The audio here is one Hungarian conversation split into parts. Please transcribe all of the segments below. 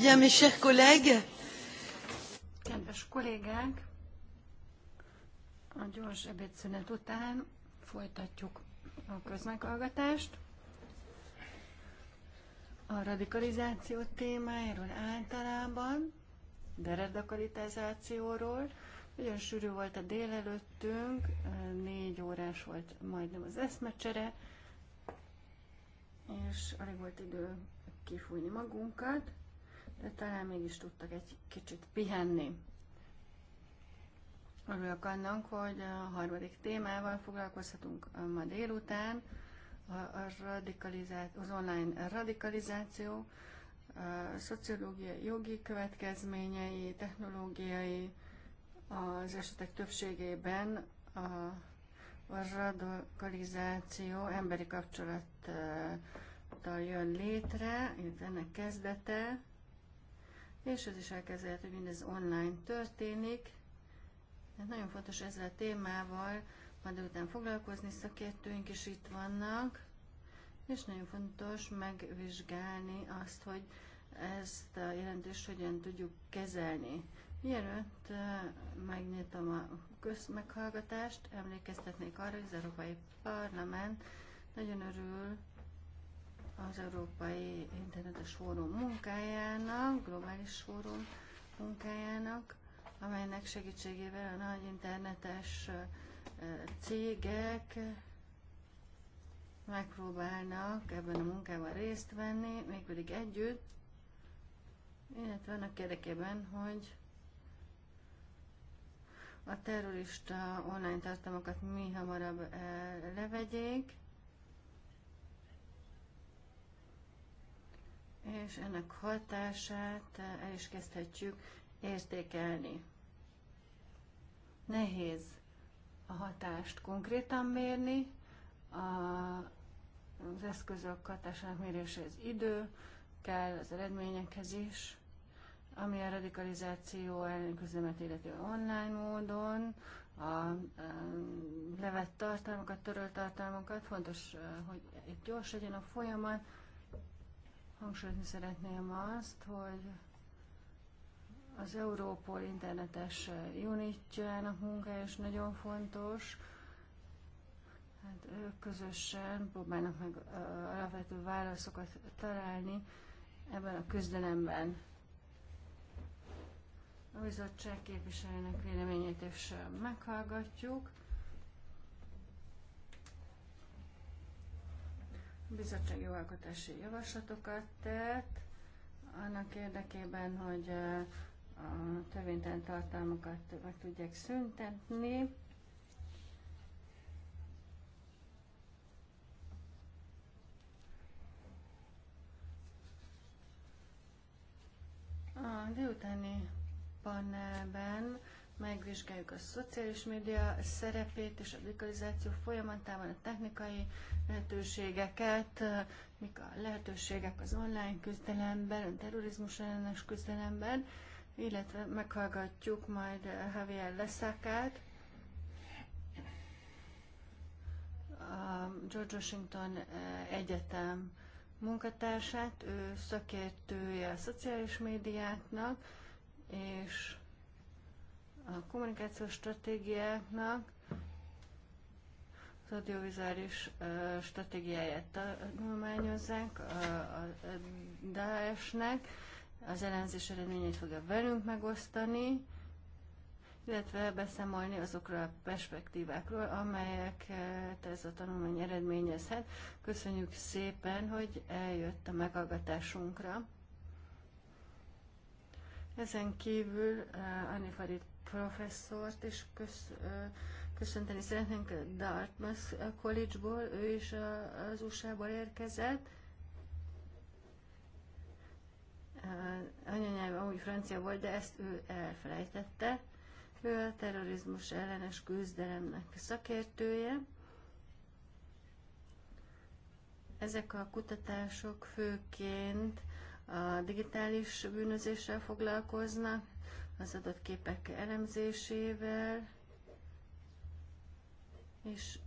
Bien, mes chers collègues. Kedves kollégák, a gyors ebédszünet után folytatjuk a közmeghallgatást. A radikalizáció témájáról általában, de radikalizációról. Nagyon sűrű volt a délelőttünk, négy órás volt majdnem az eszmecsere, és alig volt idő kifújni magunkat de talán mégis tudtak egy kicsit pihenni. Örülök annak, hogy a harmadik témával foglalkozhatunk ma délután, a radikalizáció, az online radikalizáció, a szociológiai jogi következményei, technológiai, az esetek többségében a radikalizáció emberi kapcsolattal jön létre, illetve ennek kezdete, és az is elkezdett, hogy mindez online történik. De nagyon fontos ezzel a témával ma délután foglalkozni, szakértőink is itt vannak, és nagyon fontos megvizsgálni azt, hogy ezt a jelentést hogyan tudjuk kezelni. Mielőtt megnyitom a közmeghallgatást, emlékeztetnék arra, hogy az Európai Parlament nagyon örül az Európai Internetes Fórum munkájának, globális fórum munkájának, amelynek segítségével a nagy internetes cégek megpróbálnak ebben a munkában részt venni, mégpedig együtt, illetve annak érdekében, hogy a terrorista online tartalmakat mi hamarabb levegyék, és ennek hatását el is kezdhetjük értékelni. Nehéz a hatást konkrétan mérni, a, az eszközök hatásának mérése az idő, kell az eredményekhez is, ami a radikalizáció ellen küzdemet illeti online módon, a levett tartalmakat, törölt tartalmakat, fontos, hogy itt gyors legyen a folyamat, Hangsúlyozni szeretném azt, hogy az Európol internetes unitjának munkája is nagyon fontos. Hát ők közösen próbálnak meg alapvető válaszokat találni ebben a küzdelemben. A bizottság képviselőnek véleményét is meghallgatjuk. bizottsági alkotási javaslatokat tett, annak érdekében, hogy a törvénytelen tartalmakat meg tudják szüntetni. A délutáni panelben megvizsgáljuk a szociális média szerepét és a digitalizáció folyamatában a technikai lehetőségeket, mik a lehetőségek az online küzdelemben, a terrorizmus ellenes küzdelemben, illetve meghallgatjuk majd Javier Leszákát, a George Washington Egyetem munkatársát, ő szakértője a szociális médiáknak, és a kommunikációs stratégiáknak az audiovizuális stratégiáját tanulmányozzák a, a Daesh-nek, az elemzés eredményét fogja velünk megosztani, illetve beszámolni azokról a perspektívákról, amelyeket ez a tanulmány eredményezhet. Köszönjük szépen, hogy eljött a meghallgatásunkra. Ezen kívül Anni Farid professzort is kösz, köszönteni szeretnénk Dartmouth College-ból, ő is az USA-ból érkezett. Anyanyelve amúgy francia volt, de ezt ő elfelejtette. Ő a terrorizmus ellenes küzdelemnek szakértője. Ezek a kutatások főként a digitális bűnözéssel foglalkoznak, az adott képek elemzésével, és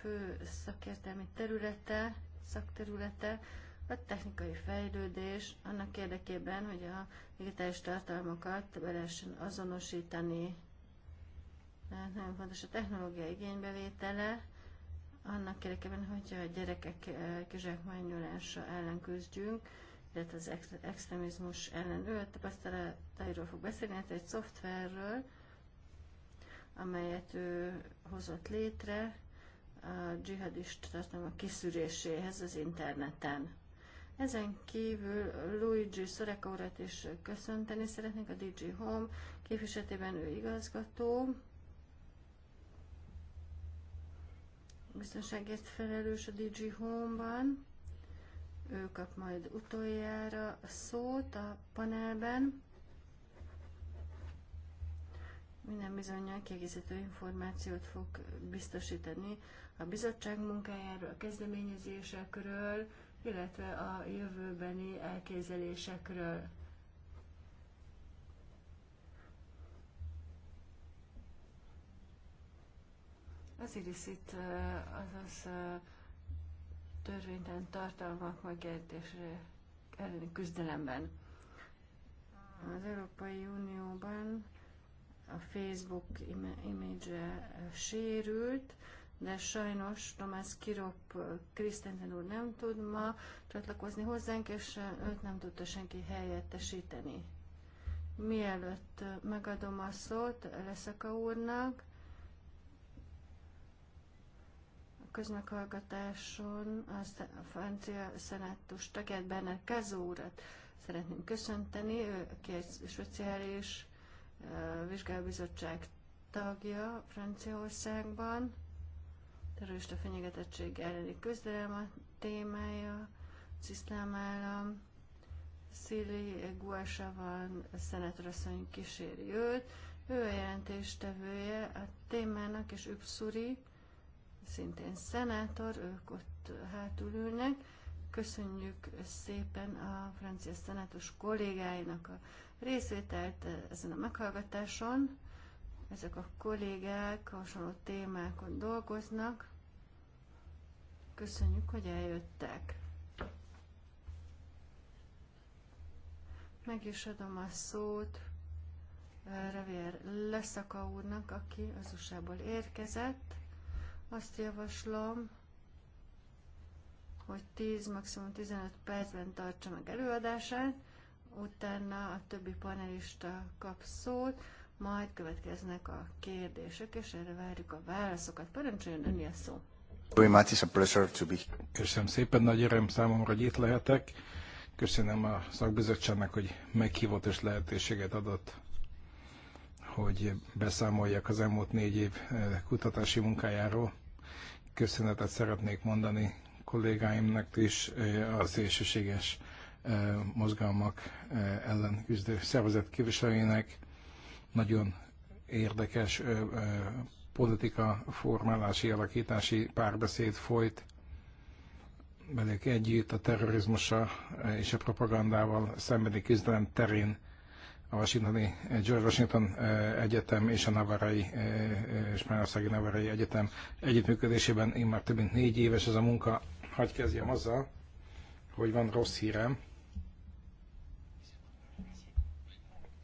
fő szakértelmi területe, szakterülete a technikai fejlődés annak érdekében, hogy a digitális tartalmakat be lehessen azonosítani. Tehát nagyon fontos a technológia igénybevétele, annak érdekében, hogyha a gyerekek kizsákmányolása ellen küzdjünk, illetve az ex- extremizmus ellen ő tapasztalatairól fog beszélni, hát egy szoftverről, amelyet ő hozott létre a dzsihadist tartalma kiszűréséhez az interneten. Ezen kívül Luigi Szoreka urat is köszönteni szeretnék a DJ Home képviseletében ő igazgató, biztonságért felelős a DJ Home-ban ő kap majd utoljára a szót a panelben. Minden bizonyal kiegészítő információt fog biztosítani a bizottság munkájáról, a kezdeményezésekről, illetve a jövőbeni elképzelésekről. Az itt eh, azaz eh, törvénytelen tartalmak megértésre elleni küzdelemben. Az Európai Unióban a Facebook image sérült, de sajnos Tomás Kirop Krisztenten úr nem tud ma csatlakozni hozzánk, és őt nem tudta senki helyettesíteni. Mielőtt megadom a szót Leszaka úrnak, közmeghallgatáson a francia szenátus tagját Bernard Kazó urat szeretném köszönteni, ő, aki egy speciális vizsgálóbizottság tagja Franciaországban, terrorista fenyegetettség elleni küzdelem a témája, az iszlám állam, Szili Guasa van, a szenátorasszony kíséri őt, ő a jelentéstevője a témának, és Üpszuri, szintén szenátor, ők ott hátul ülnek. Köszönjük szépen a francia szenátus kollégáinak a részvételt ezen a meghallgatáson. Ezek a kollégák hasonló témákon dolgoznak. Köszönjük, hogy eljöttek. Meg is adom a szót Revér eh, Leszaka úrnak, aki az USA-ból érkezett. Azt javaslom, hogy 10, maximum 15 percben tartsa meg előadását, utána a többi panelista kap szót, majd következnek a kérdések, és erre várjuk a válaszokat. Parancsoljon önni a szó. Köszönöm szépen, nagy öröm számomra, hogy itt lehetek. Köszönöm a szakbizottságnak, hogy meghívott és lehetőséget adott, hogy beszámoljak az elmúlt négy év eh, kutatási munkájáról köszönetet szeretnék mondani kollégáimnak is az szélsőséges mozgalmak ellen küzdő szervezet képviselőinek. Nagyon érdekes politika formálási, alakítási párbeszéd folyt velük együtt a terrorizmussal és a propagandával szembeni küzdelem terén a Washingtoni eh, George Washington eh, Egyetem és a Navarai, eh, Spanyolországi Navarai Egyetem együttműködésében én már több mint négy éves ez a munka. Hagy kezdjem azzal, hogy van rossz hírem.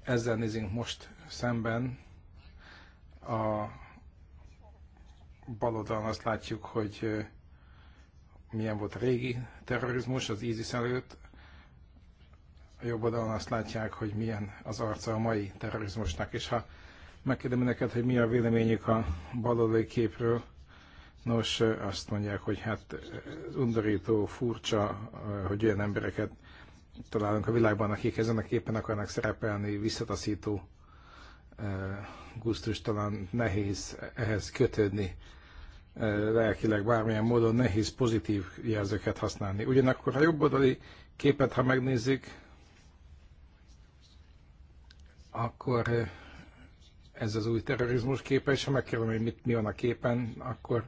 Ezzel nézünk most szemben a oldalon azt látjuk, hogy milyen volt a régi terrorizmus az ISIS előtt, jobb oldalon azt látják, hogy milyen az arca a mai terrorizmusnak. És ha megkérdem neked, hogy mi a véleményük a baloldali képről, nos, azt mondják, hogy hát undorító, furcsa, hogy olyan embereket találunk a világban, akik ezen a képen akarnak szerepelni, visszataszító, gusztustalan, nehéz ehhez kötődni lelkileg bármilyen módon nehéz pozitív jelzőket használni. Ugyanakkor, ha jobboldali képet, ha megnézzük, akkor ez az új terrorizmus képe, és ha megkérdem, hogy mit, mi van a képen, akkor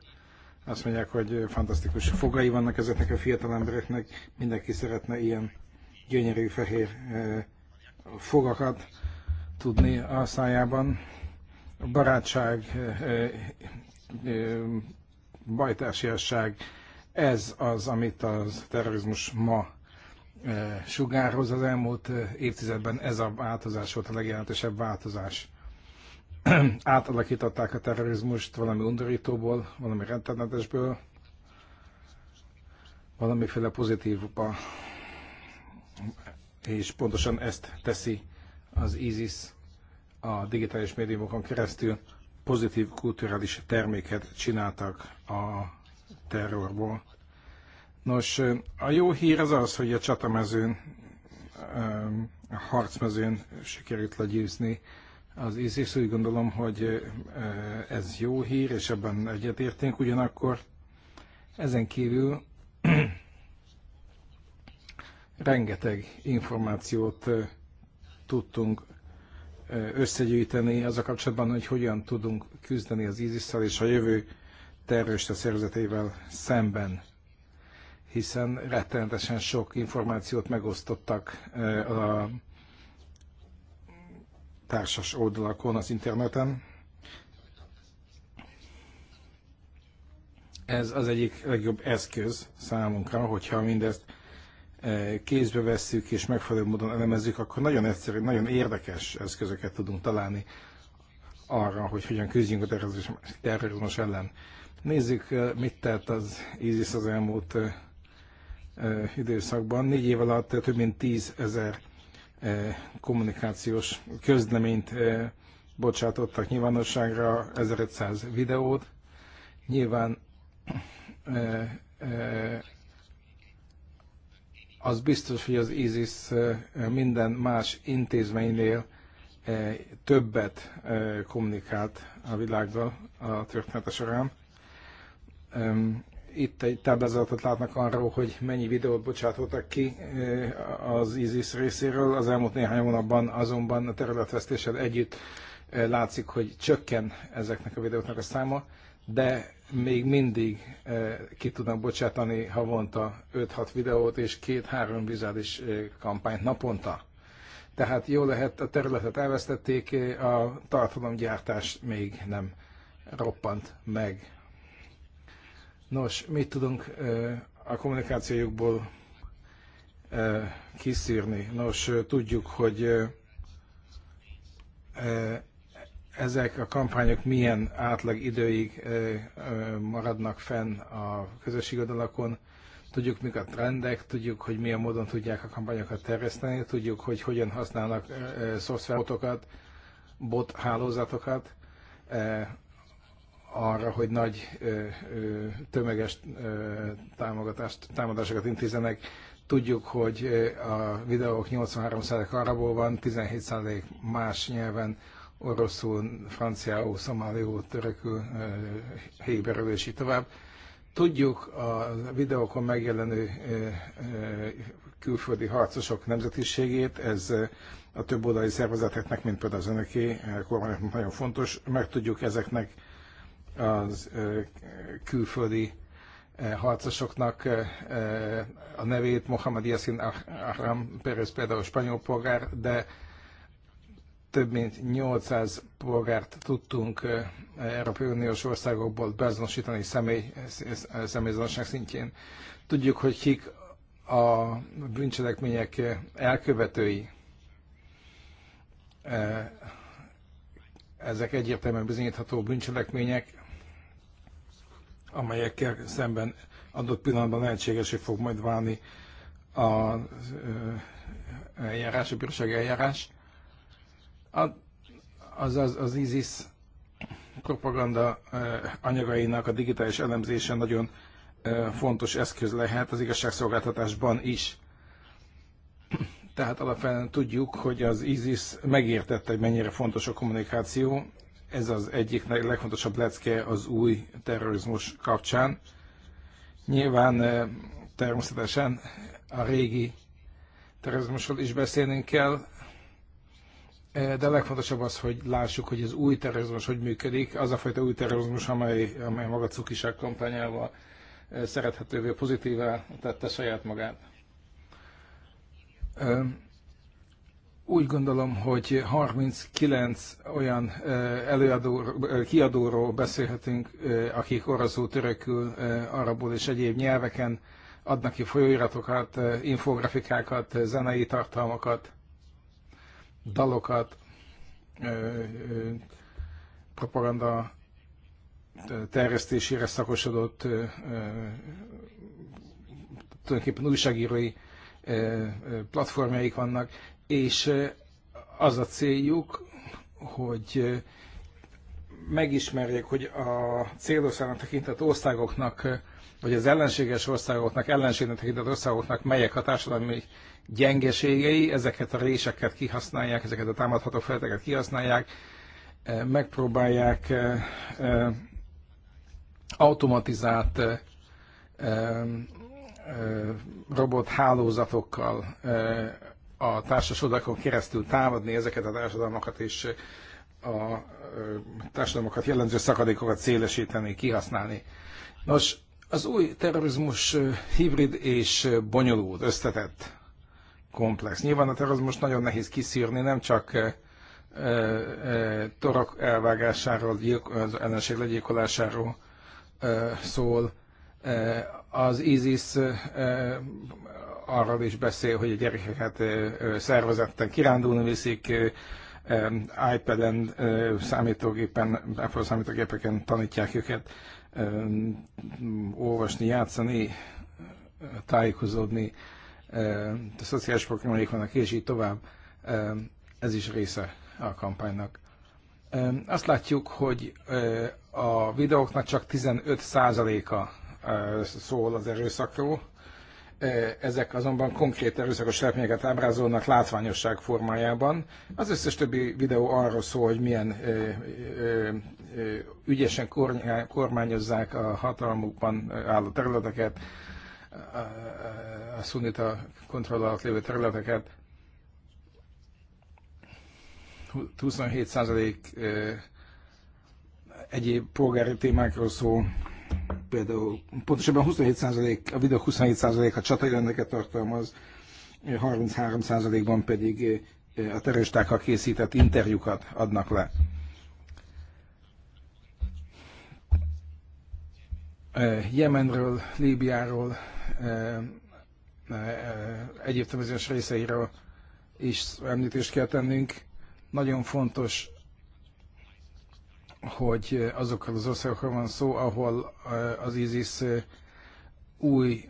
azt mondják, hogy fantasztikus fogai vannak ezeknek a fiatal embereknek, mindenki szeretne ilyen gyönyörű fehér fogakat tudni a szájában. A barátság, bajtársiasság, ez az, amit az terrorizmus ma sugárhoz az elmúlt évtizedben ez a változás volt a legjelentősebb változás. Átalakították a terrorizmust valami undorítóból, valami rettenetesből, valamiféle pozitívba. És pontosan ezt teszi az ISIS a digitális médiumokon keresztül pozitív kulturális terméket csináltak a terrorból Nos, a jó hír az az, hogy a csatamezőn, a harcmezőn sikerült legyőzni az ISIS. Úgy gondolom, hogy ez jó hír, és ebben egyetértünk. Ugyanakkor ezen kívül rengeteg információt tudtunk összegyűjteni az a kapcsolatban, hogy hogyan tudunk küzdeni az isis és a jövő terrorista szervezetével szemben hiszen rettenetesen sok információt megosztottak a társas oldalakon, az interneten. Ez az egyik legjobb eszköz számunkra, hogyha mindezt kézbe vesszük és megfelelő módon elemezzük, akkor nagyon egyszerű, nagyon érdekes eszközöket tudunk találni arra, hogy hogyan küzdjünk a terrorizmus ellen. Nézzük, mit tett az ISIS az elmúlt időszakban. Négy év alatt több mint tízezer kommunikációs közleményt bocsátottak nyilvánosságra, 1500 videót. Nyilván az biztos, hogy az ISIS minden más intézménynél többet kommunikált a világgal a története során. Itt egy táblázatot látnak arról, hogy mennyi videót bocsátottak ki eh, az ISIS részéről. Az elmúlt néhány hónapban azonban a területvesztéssel együtt eh, látszik, hogy csökken ezeknek a videóknak a száma, de még mindig eh, ki tudnak bocsátani havonta 5-6 videót és 2-3 vizuális kampányt naponta. Tehát jó lehet, a területet elvesztették, a tartalomgyártás még nem roppant meg Nos, mit tudunk a kommunikációjukból kiszírni? Nos, tudjuk, hogy ezek a kampányok milyen átlag időig maradnak fenn a közösségi oldalakon, tudjuk, mik a trendek, tudjuk, hogy milyen módon tudják a kampányokat terjeszteni, tudjuk, hogy hogyan használnak szoftverbotokat, bot hálózatokat, arra, hogy nagy ö, ö, tömeges ö, támogatást, támadásokat intézenek. Tudjuk, hogy a videók 83% arabból van, 17% más nyelven, oroszul, franciául, szomáliul, törökül, héberül és így tovább. Tudjuk a videókon megjelenő külföldi harcosok nemzetiségét, ez a több oldali szervezeteknek, mint például az önöké, eh, kormányoknak nagyon fontos, meg tudjuk ezeknek az külföldi harcosoknak a nevét, Mohamed Yassin Ahram Pérez például spanyol polgár, de több mint 800 polgárt tudtunk Európai Uniós országokból beazonosítani személy, személyzonosság szintjén. Tudjuk, hogy kik a bűncselekmények elkövetői. Ezek egyértelműen bizonyítható bűncselekmények, amelyekkel szemben adott pillanatban lehetségesé fog majd válni a eljárás, a bíróság eljárás. az, az, az ISIS propaganda anyagainak a digitális elemzése nagyon fontos eszköz lehet az igazságszolgáltatásban is. Tehát alapvetően tudjuk, hogy az ISIS megértette, hogy mennyire fontos a kommunikáció, ez az egyik legfontosabb lecke az új terrorizmus kapcsán. Nyilván természetesen a régi terrorizmusról is beszélnünk kell, de a legfontosabb az, hogy lássuk, hogy az új terrorizmus hogy működik, az a fajta új terrorizmus, amely, amely maga cukiság kampányával szerethetővé pozitívá tette saját magát. Úgy gondolom, hogy 39 olyan előadó, kiadóról beszélhetünk, akik oroszul, törökül, arabul és egyéb nyelveken adnak ki folyóiratokat, infografikákat, zenei tartalmakat, dalokat, propaganda terjesztésére szakosodott tulajdonképpen újságírói platformjaik vannak és az a céljuk, hogy megismerjék, hogy a célországnak tekintett országoknak, vagy az ellenséges országoknak, ellenségnek tekintett országoknak melyek a társadalmi gyengeségei, ezeket a réseket kihasználják, ezeket a támadható felteket kihasználják, megpróbálják automatizált robothálózatokkal a társasodakon keresztül támadni ezeket a társadalmakat, és a társadalmakat jellemző szakadékokat szélesíteni, kihasználni. Nos, az új terrorizmus hibrid és bonyolult, összetett, komplex. Nyilván a terrorizmus nagyon nehéz kiszűrni, nem csak torok elvágásáról, az ellenség legyilkolásáról szól. Az ISIS arról is beszél, hogy a gyerekeket szervezetten kirándulni viszik, iPad-en, számítógépen, Apple számítógépeken tanítják őket olvasni, játszani, tájékozódni, a szociális programjaik vannak, és így tovább. Ez is része a kampánynak. Azt látjuk, hogy a videóknak csak 15%-a szól az erőszakról, ezek azonban konkrét erőszakos cselekményeket ábrázolnak látványosság formájában. Az összes többi videó arról szól, hogy milyen ö, ö, ö, ügyesen kormányozzák a hatalmukban álló területeket, a, a szunita kontroll alatt lévő területeket. 27% egyéb polgári témákról szól, például pontosabban 27%, a videó 27%-a csatajrendeket tartalmaz, 33%-ban pedig eh, a terroristákkal készített interjúkat adnak le. Eh, Jemenről, Líbiáról, eh, egyéb bizonyos részeiről is említést kell tennünk. Nagyon fontos hogy azokkal az országokról van szó, ahol az ISIS új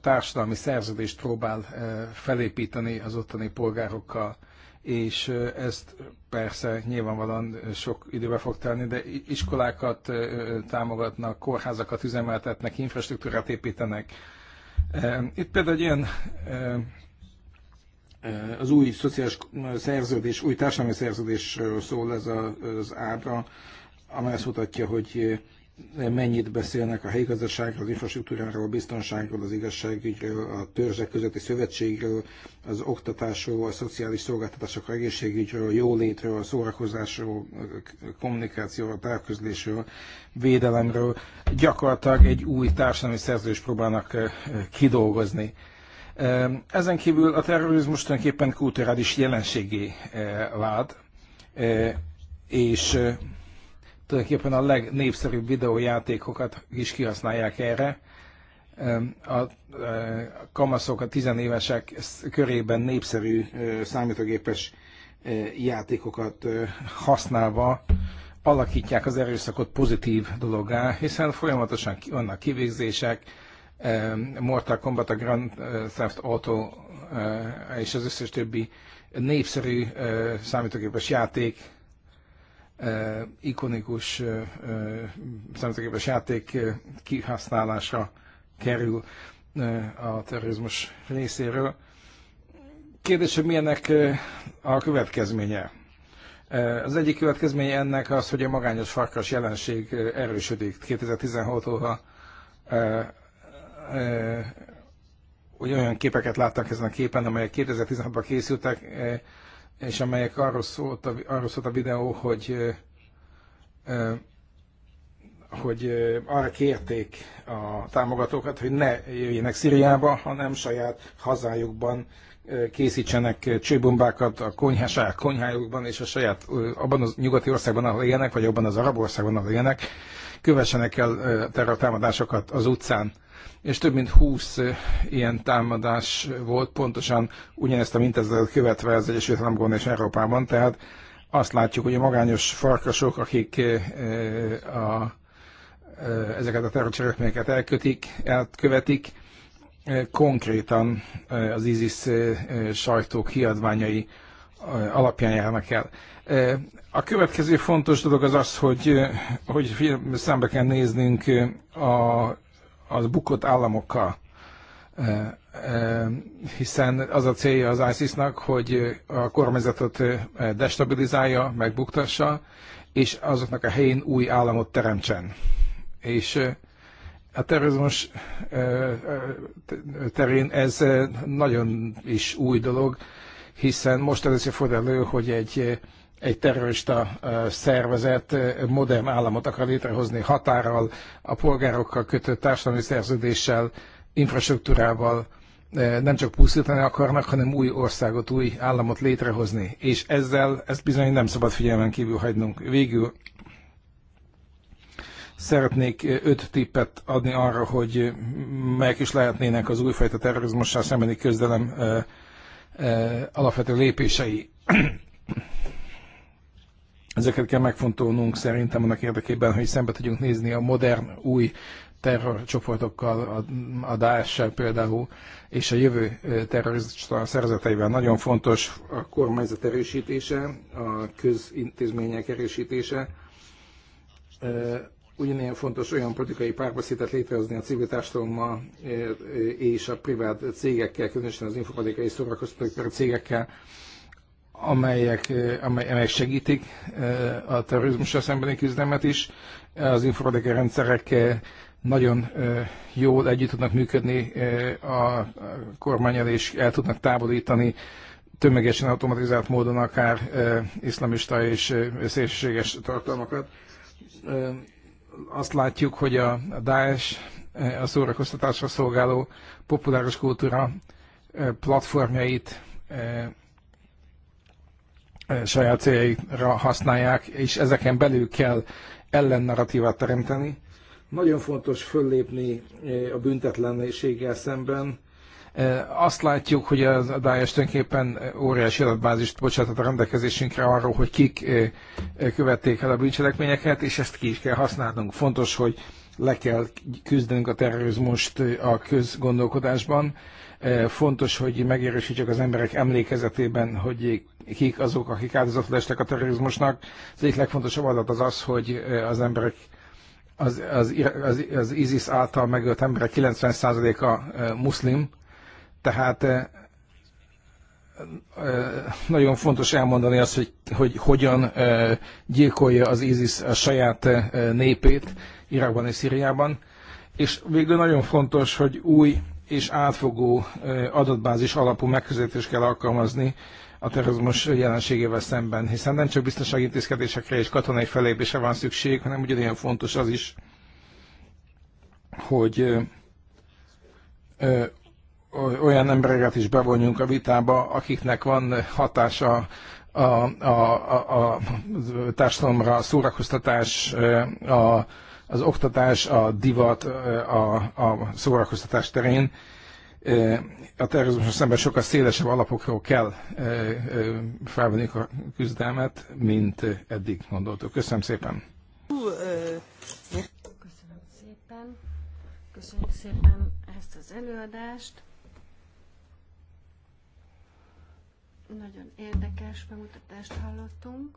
társadalmi szerződést próbál felépíteni az ottani polgárokkal, és ezt persze nyilvánvalóan sok időbe fog telni, de iskolákat támogatnak, kórházakat üzemeltetnek, infrastruktúrát építenek. Itt például egy ilyen az új szociális szerződés, új társadalmi szerződésről szól ez az ábra, amely azt mutatja, hogy eh, mennyit beszélnek a helyi gazdaságról, az infrastruktúráról, a biztonságról, az igazságügyről, a törzsek közötti szövetségről, az oktatásról, a szociális szolgáltatásokról, egészségügyről, jólétről, a szórakozásról, a kommunikációról, a távközlésről, védelemről. Gyakorlatilag egy új társadalmi szerződést próbálnak eh, kidolgozni. Eh, ezen kívül a terrorizmus tulajdonképpen kulturális jelenségé vált, és tulajdonképpen a legnépszerűbb videójátékokat is kihasználják erre. Eh, a kamaszok, a tizenévesek körében népszerű eh, számítógépes eh, játékokat használva alakítják az erőszakot pozitív dologá, hiszen folyamatosan vannak kivégzések, Mortal Kombat, a Grand Theft Auto és az összes többi népszerű számítógépes játék ikonikus számítógépes játék kihasználása kerül a terrorizmus részéről. Kérdés, hogy milyennek a következménye? Az egyik következménye ennek az, hogy a magányos farkas jelenség erősödik 2016-óta hogy olyan képeket láttak ezen a képen, amelyek 2016-ban készültek, és amelyek arról szólt a, arról szólt a videó, hogy hogy arra kérték a támogatókat, hogy ne jöjjenek Szíriába, hanem saját hazájukban készítsenek csőbombákat a konyhásák konyhájukban, és a saját, abban az nyugati országban, ahol élnek, vagy abban az arab országban, ahol élnek, kövessenek el terrortámadásokat az utcán és több mint 20 ilyen támadás volt, pontosan ugyanezt a mintázatot követve az Egyesült Államokban és Európában, tehát azt látjuk, hogy a magányos farkasok, akik a, ezeket a terrorcselekményeket elkötik, elkövetik, konkrétan az ISIS sajtók kiadványai alapján járnak el. A következő fontos dolog az az, hogy, hogy szembe kell néznünk a az bukott államokkal, hiszen az a célja az ISIS-nak, hogy a kormányzatot destabilizálja, megbuktassa, és azoknak a helyén új államot teremtsen. És a terrorizmus terén ez nagyon is új dolog, hiszen most először fordul elő, hogy egy egy terrorista szervezet modern államot akar létrehozni határral, a polgárokkal kötött társadalmi szerződéssel, infrastruktúrával, nem csak pusztítani akarnak, hanem új országot, új államot létrehozni. És ezzel ezt bizony nem szabad figyelmen kívül hagynunk. Végül szeretnék öt tippet adni arra, hogy melyek is lehetnének az újfajta terrorizmussal szembeni közdelem alapvető lépései. Ezeket kell megfontolnunk szerintem annak érdekében, hogy szembe tudjunk nézni a modern, új terrorcsoportokkal, a daesh például, és a jövő terrorista szerzeteivel. Nagyon fontos a kormányzat erősítése, a közintézmények erősítése. Ugyanilyen fontos olyan politikai párbeszédet létrehozni a civil társadalommal és a privát cégekkel, különösen az informatikai szórakoztatóipari cégekkel, amelyek, amelyek segítik a terrorizmusra szembeni küzdelmet is. Az informatikai rendszerek nagyon jól együtt tudnak működni a kormányal, és el tudnak távolítani tömegesen automatizált módon akár iszlamista és szélsőséges tartalmakat. Azt látjuk, hogy a Daesh, a szórakoztatásra szolgáló populáris kultúra platformjait saját céljaikra használják, és ezeken belül kell ellennarratívát teremteni. Nagyon fontos föllépni a büntetlenséggel szemben. Azt látjuk, hogy a Daesh tulajdonképpen óriási adatbázist bocsátott a rendelkezésünkre arról, hogy kik követték el a bűncselekményeket, és ezt ki is kell használnunk. Fontos, hogy le kell küzdenünk a terrorizmust a közgondolkodásban Fontos, hogy megerősítsük az emberek emlékezetében, hogy kik azok, akik áldozatul estek a terrorizmusnak. Az egyik legfontosabb adat az az, hogy az emberek az, az, az, az ISIS által megölt emberek 90%-a muszlim, tehát nagyon fontos elmondani azt, hogy, hogy hogyan gyilkolja az ISIS a saját népét Irakban és Szíriában. És végül nagyon fontos, hogy új és átfogó adatbázis alapú megközelítést kell alkalmazni a terrorizmus jelenségével szemben, hiszen nem csak biztonsági intézkedésekre és katonai felépése van szükség, hanem ugyanilyen fontos az is, hogy olyan embereket is bevonjunk a vitába, akiknek van hatása a, a, a, a társadalomra, a szórakoztatás, a, az oktatás, a divat, a, a szórakoztatás terén a terrorizmusra szemben sokkal szélesebb alapokról kell felvenni a küzdelmet, mint eddig gondoltuk. Köszönöm szépen! Köszönöm szépen! Köszönjük szépen ezt az előadást! Nagyon érdekes bemutatást hallottunk.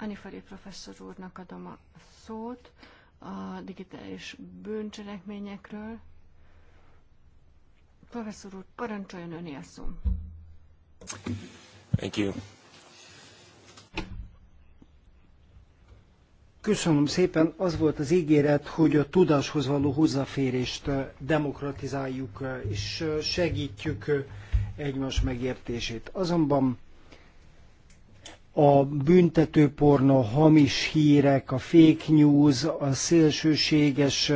Anifari professzor úrnak adom a szót a digitális bűncselekményekről. Professzor úr, parancsoljon öné a szó. Thank you. Köszönöm szépen. Az volt az ígéret, hogy a tudáshoz való hozzáférést eh, demokratizáljuk eh, és eh, segítjük egymás megértését. Azonban a büntetőporno, a hamis hírek, a fake news, a szélsőséges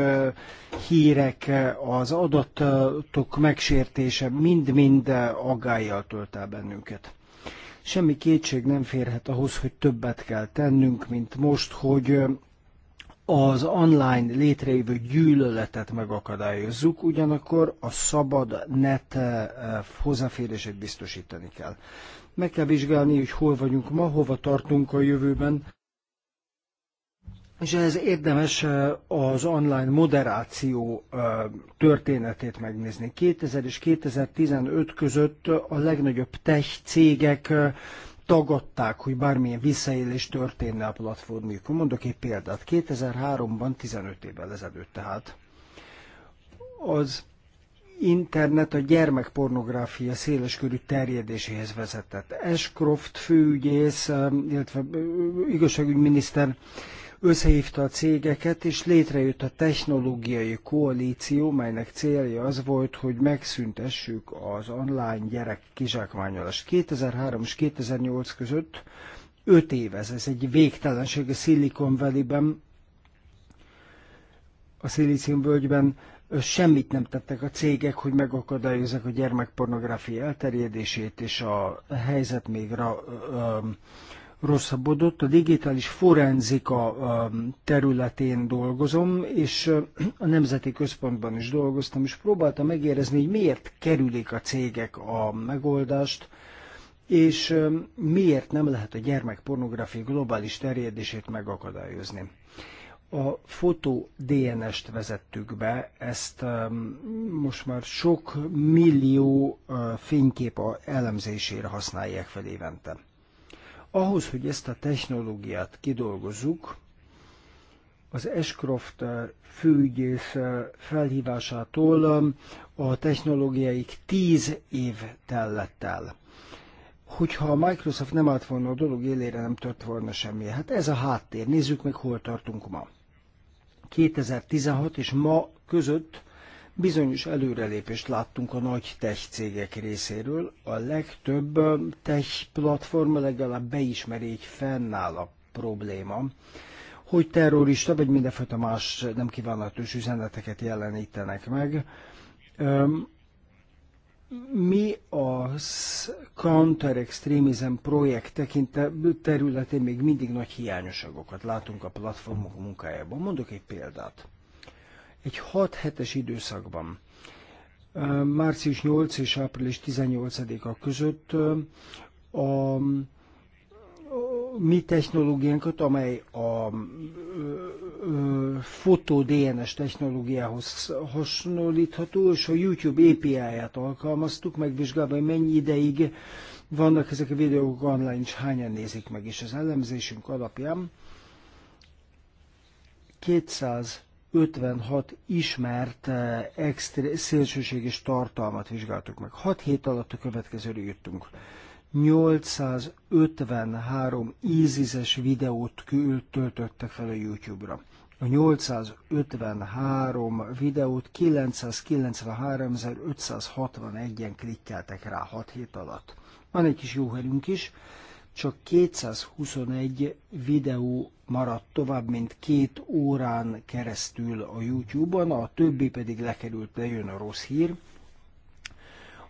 hírek, az adatok megsértése mind-mind aggájjal tölt el bennünket. Semmi kétség nem férhet ahhoz, hogy többet kell tennünk, mint most, hogy az online létrejövő gyűlöletet megakadályozzuk, ugyanakkor a szabad net hozzáférését biztosítani kell. Meg kell vizsgálni, hogy hol vagyunk ma, hova tartunk a jövőben. És ez érdemes eh, az online moderáció eh, történetét megnézni. 2000 és 2015 között a legnagyobb tech cégek eh, tagadták, hogy bármilyen visszaélés történne a platformjukon. Mondok egy példát. 2003-ban, 15 évvel ezelőtt tehát, az internet a gyermekpornográfia széleskörű terjedéséhez vezetett. Ashcroft főügyész, um, illetve igazságügyminiszter összehívta a cégeket, és létrejött a technológiai koalíció, melynek célja az volt, hogy megszüntessük az online gyerek kizsákmányolás. 2003 és 2008 között 5 év ez, ez egy végtelenség a Silicon Valley-ben, a Szilícium völgyben semmit nem tettek a cégek, hogy megakadályozzák a gyermekpornográfia elterjedését, és a helyzet még ra, ö, rosszabbodott. A digitális forenzika területén dolgozom, és a Nemzeti Központban is dolgoztam, és próbáltam megérezni, hogy miért kerülik a cégek a megoldást, és miért nem lehet a gyermekpornográfia globális terjedését megakadályozni a fotó DNS-t vezettük be, ezt um, most már sok millió uh, fénykép a elemzésére használják fel évente. Ahhoz, hogy ezt a technológiát kidolgozzuk, az Ashcroft uh, főügyész uh, felhívásától um, a technológiáik tíz év tellett el. Hogyha a Microsoft nem állt volna a dolog élére, nem tört volna semmi. Hát ez a háttér. Nézzük meg, hol tartunk ma. 2016 és ma között bizonyos előrelépést láttunk a nagy tech cégek részéről. A legtöbb tech platforma legalább beismeri, hogy fennáll a probléma, hogy terrorista vagy mindenfajta más nem kívánatos üzeneteket jelenítenek meg mi a Counter Extremism projekt tekinte, területén még mindig nagy hiányosságokat látunk a platformok munkájában. Mondok egy példát. Egy 6 hetes időszakban, március 8 és április 18-a között a mi technológiánkat, amely a fotó DNS technológiához hasonlítható, és a YouTube API-ját alkalmaztuk, megvizsgálva, hogy mennyi ideig vannak ezek a videók online, és hányan nézik meg, és az elemzésünk alapján 256 ismert extra szélsőséges tartalmat vizsgáltuk meg. 6 hét alatt a következőre jöttünk. 853 ízizes videót töltöttek fel a YouTube-ra a 853 videót 993.561-en klikkeltek rá 6 hét alatt. Van egy kis jó helyünk is, csak 221 videó maradt tovább, mint két órán keresztül a YouTube-on, a többi pedig lekerült, de jön a rossz hír.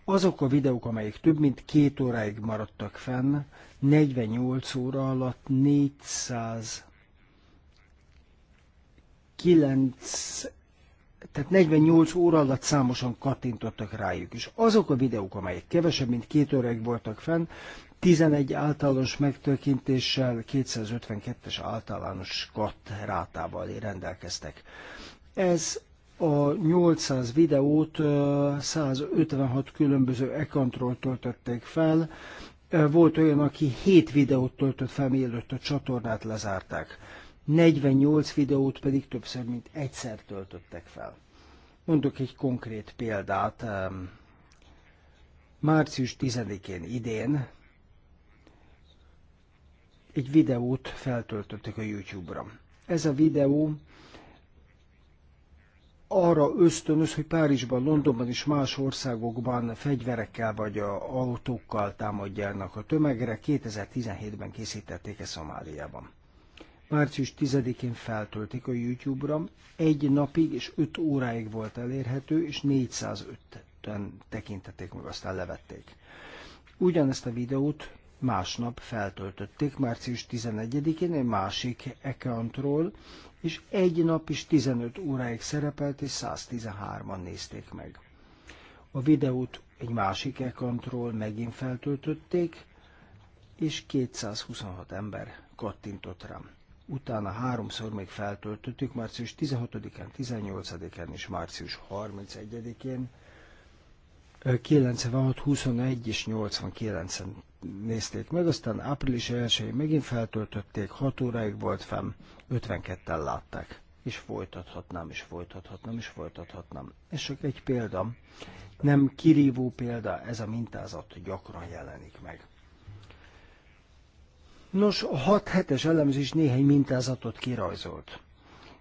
Azok a videók, amelyek több mint két óráig maradtak fenn, 48 óra alatt 400 9 tehát 48 óra alatt számosan kattintottak rájuk. És azok a videók, amelyek kevesebb, mint két óráig voltak fenn, 11 általános megtökintéssel, 252-es általános katt rátával rendelkeztek. Ez a 800 videót 156 különböző e-control töltötték fel, volt olyan, aki 7 videót töltött fel, mielőtt a csatornát lezárták. 48 videót pedig többször, mint egyszer töltöttek fel. Mondok egy konkrét példát. Március 10-én idén egy videót feltöltöttek a YouTube-ra. Ez a videó arra ösztönöz, hogy Párizsban, Londonban és más országokban fegyverekkel vagy a autókkal támadjanak a tömegre. 2017-ben készítették ezt Szomáliában március 10-én feltöltik a YouTube-ra, egy napig és 5 óráig volt elérhető, és 405-en tekintették meg, aztán levették. Ugyanezt a videót másnap feltöltötték, március 11-én egy másik accountról, és egy nap is 15 óráig szerepelt, és 113-an nézték meg. A videót egy másik accountról megint feltöltötték, és 226 ember kattintott rám utána háromszor még feltöltöttük, március 16-án, 18-án és március 31-én. 96, 21 és 89-en nézték meg, aztán április 1 megint feltöltötték, 6 óráig volt fenn, 52-en látták. És folytathatnám, és folytathatnám, és folytathatnám. Ez csak egy példa. Nem kirívó példa, ez a mintázat gyakran jelenik meg. Nos, a 6 hetes elemzés néhány mintázatot kirajzolt.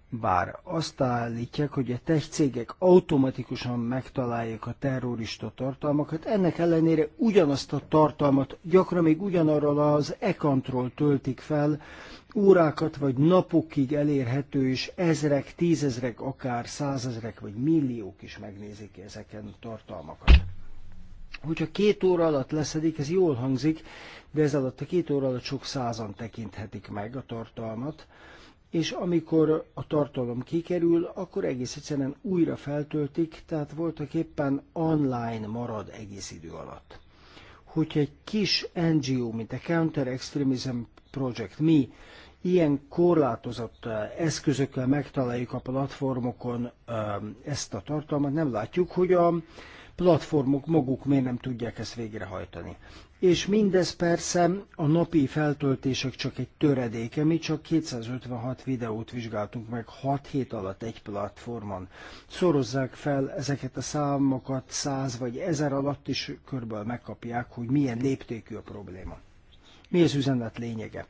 Bár azt állítják, hogy a tech cégek automatikusan megtalálják a terrorista tartalmakat, ennek ellenére ugyanazt a tartalmat gyakran még ugyanarról az e töltik fel, órákat vagy napokig elérhető, és ezrek, tízezrek, akár százezrek vagy milliók is megnézik ezeken a tartalmakat. Hogyha két óra alatt leszedik, ez jól hangzik, de ez alatt a két óra alatt sok százan tekinthetik meg a tartalmat, és amikor a tartalom kikerül, akkor egész egyszerűen újra feltöltik, tehát voltak éppen online marad egész idő alatt. Hogyha egy kis NGO, mint a Counter Extremism Project, mi ilyen korlátozott eh, eszközökkel megtaláljuk a platformokon eh, ezt a tartalmat, nem látjuk, hogy a platformok maguk miért nem tudják ezt végrehajtani. És mindez persze a napi feltöltések csak egy töredéke, mi csak 256 videót vizsgáltunk meg 6 hét alatt egy platformon. Szorozzák fel ezeket a számokat 100 vagy 1000 alatt, is körből megkapják, hogy milyen léptékű a probléma. Mi az üzenet lényege?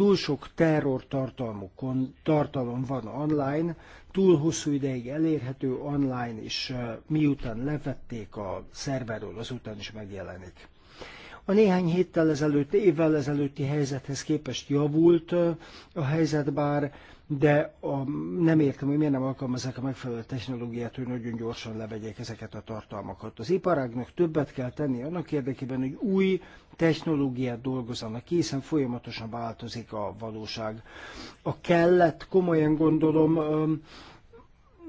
túl sok terror tartalmukon, tartalom van online, túl hosszú ideig elérhető online, és eh, miután levették a szerverről, azután is megjelenik. A néhány héttel ezelőtt, évvel ezelőtti helyzethez képest javult eh, a helyzet, bár de a, nem értem, hogy miért nem alkalmazzák a megfelelő technológiát, hogy nagyon gyorsan levegyék ezeket a tartalmakat. Az iparágnak többet kell tenni annak érdekében, hogy új technológiát dolgozzanak ki, hiszen folyamatosan változik a valóság. A kellett, komolyan gondolom,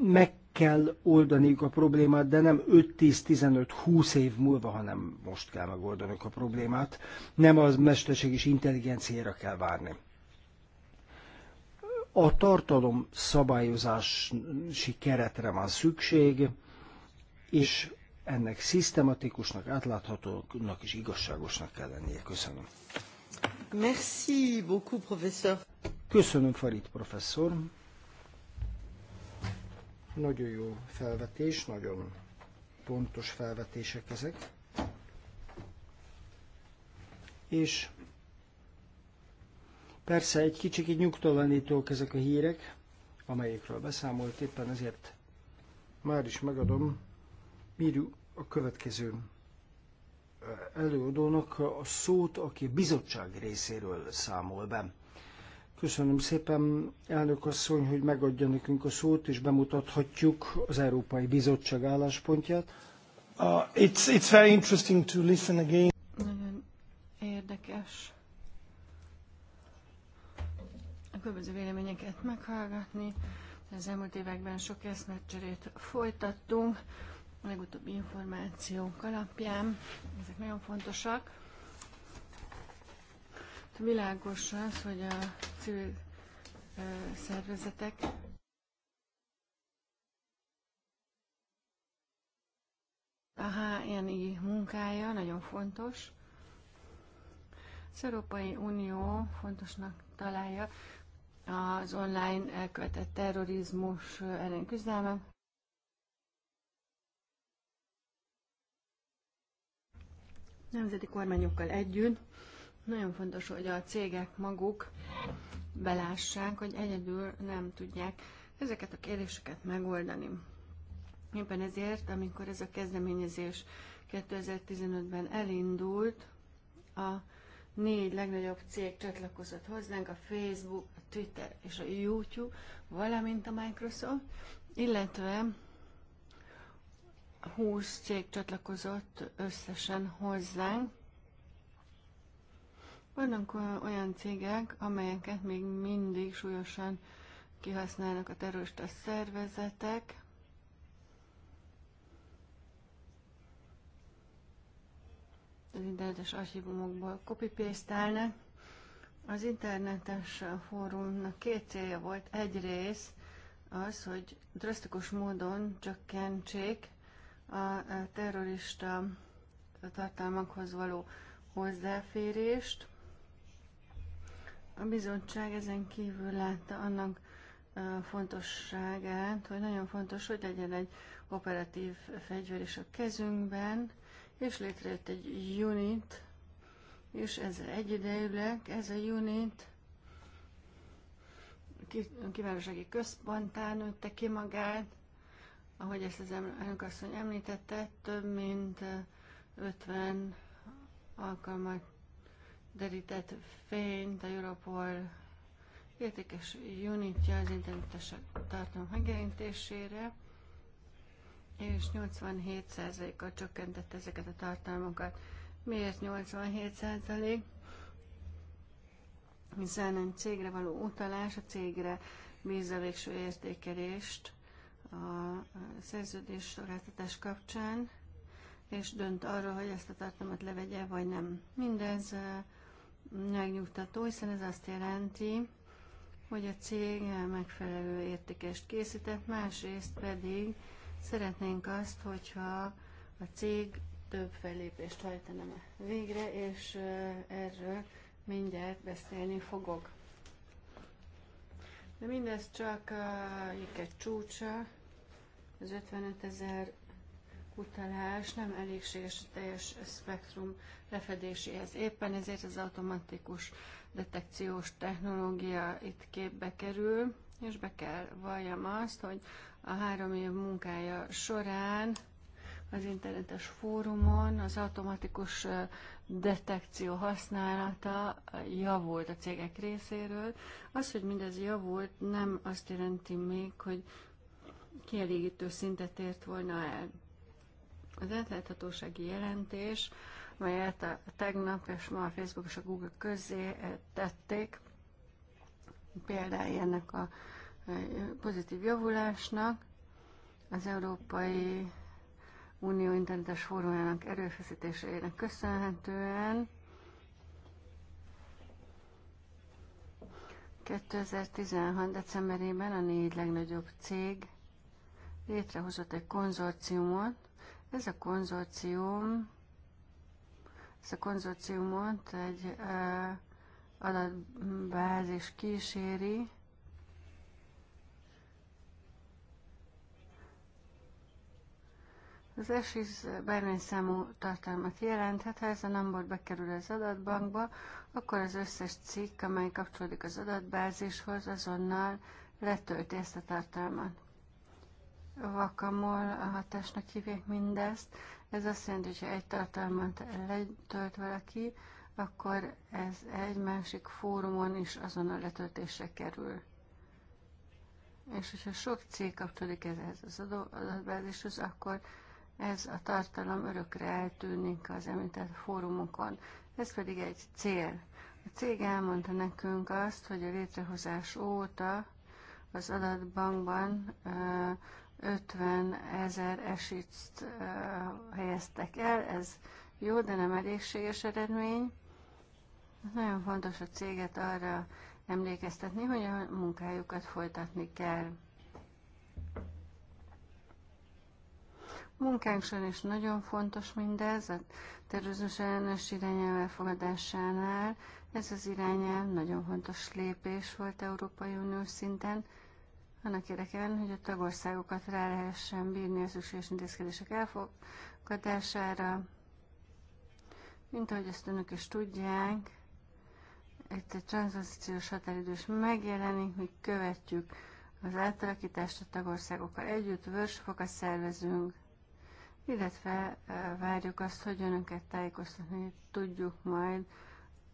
meg kell oldaniuk a problémát, de nem 5-10-15-20 év múlva, hanem most kell megoldanunk a problémát. Nem az mesterséges intelligenciára kell várni. A tartalom szabályozási keretre van szükség, és ennek szisztematikusnak, átláthatónak és igazságosnak kell lennie. Köszönöm. Merci beaucoup, professeur. Köszönöm, Farid professzor. Nagyon jó felvetés, nagyon pontos felvetések ezek. És Persze egy kicsit nyugtalanítók ezek a hírek, amelyekről beszámolt éppen ezért már is megadom Mirju a következő eh, előadónak a szót, aki a bizottság részéről számol be. Köszönöm szépen, elnök asszony, hogy megadja nekünk a szót, és bemutathatjuk az Európai Bizottság álláspontját. Uh, it's, it's very interesting to listen again. Nagyon érdekes különböző véleményeket meghallgatni. Az elmúlt években sok eszmecserét folytattunk, a legutóbbi információk alapján. Ezek nagyon fontosak. Világos az, hogy a civil szervezetek a HNI munkája nagyon fontos. Az Európai Unió fontosnak találja az online elkövetett terrorizmus ellen küzdelme. Nemzeti kormányokkal együtt nagyon fontos, hogy a cégek maguk belássák, hogy egyedül nem tudják ezeket a kérdéseket megoldani. Éppen ezért, amikor ez a kezdeményezés 2015-ben elindult, a négy legnagyobb cég csatlakozott hozzánk, a Facebook, a Twitter és a YouTube, valamint a Microsoft, illetve 20 cég csatlakozott összesen hozzánk. Vannak olyan cégek, amelyeket még mindig súlyosan kihasználnak a terrorista szervezetek, az internetes archívumokból copy paste Az internetes fórumnak két célja volt. Egyrészt az, hogy drasztikus módon csökkentsék a terrorista tartalmakhoz való hozzáférést. A bizottság ezen kívül látta annak fontosságát, hogy nagyon fontos, hogy legyen egy operatív fegyver is a kezünkben, és létrejött egy unit, és ezzel egyidejűleg ez a unit kiválósági központtá nőtte ki magát, ahogy ezt az asszony említette, több mint 50 alkalmat derített fényt a Europol értékes unitja az internetes tartalom megjelentésére és 87%-kal csökkentett ezeket a tartalmakat. Miért 87%? Hiszen egy cégre való utalás, a cégre bízza végső értékelést a szerződés szolgáltatás kapcsán, és dönt arról, hogy ezt a tartalmat levegye, vagy nem. Mindez megnyugtató, hiszen ez azt jelenti, hogy a cég megfelelő értékest készített, másrészt pedig Szeretnénk azt, hogyha a cég több fellépést hajtana végre, és erről mindjárt beszélni fogok. De mindez csak egy csúcsa, az 55 ezer utalás nem elégséges a teljes spektrum lefedéséhez. Éppen ezért az automatikus detekciós technológia itt képbe kerül, és be kell valljam azt, hogy a három év munkája során az internetes fórumon az automatikus detekció használata javult a cégek részéről. Az, hogy mindez javult, nem azt jelenti még, hogy kielégítő szintet ért volna el. Az átláthatósági jelentés, melyet a tegnap és ma a Facebook és a Google közé tették, példája ennek a pozitív javulásnak. Az Európai Unió internetes fórumának erőfeszítéseinek köszönhetően 2016. decemberében a négy legnagyobb cég létrehozott egy konzorciumot. Ez a konzorcium, ez a konzorciumot egy adatbázis kíséri, Az ESIS bármilyen számú tartalmat jelenthet, ha ez a number bekerül az adatbankba, akkor az összes cikk, amely kapcsolódik az adatbázishoz, azonnal letölti ezt a tartalmat. Vakamol a hatásnak hívják mindezt. Ez azt jelenti, hogy ha egy tartalmat letölt valaki, akkor ez egy másik fórumon is azonnal letöltésre kerül. És hogyha sok cég kapcsolódik ehhez az adatbázishoz, akkor ez a tartalom örökre eltűnik az említett fórumokon. Ez pedig egy cél. A cég elmondta nekünk azt, hogy a létrehozás óta az adatbankban 50 ezer esít helyeztek el, ez jó, de nem elégséges eredmény. Nagyon fontos a céget arra emlékeztetni, hogy a munkájukat folytatni kell. munkánk során is nagyon fontos mindez, a terrorizmus ellenes irányelv elfogadásánál. Ez az irányelv nagyon fontos lépés volt Európai Unió szinten, annak érdekében, hogy a tagországokat rá lehessen bírni a szükséges intézkedések elfogadására. Mint ahogy ezt önök is tudják, itt egy transzanszíciós határidős megjelenik, mi követjük az átalakítást a tagországokkal együtt, vörsfokat szervezünk, illetve várjuk azt, hogy önöket tájékoztatni tudjuk majd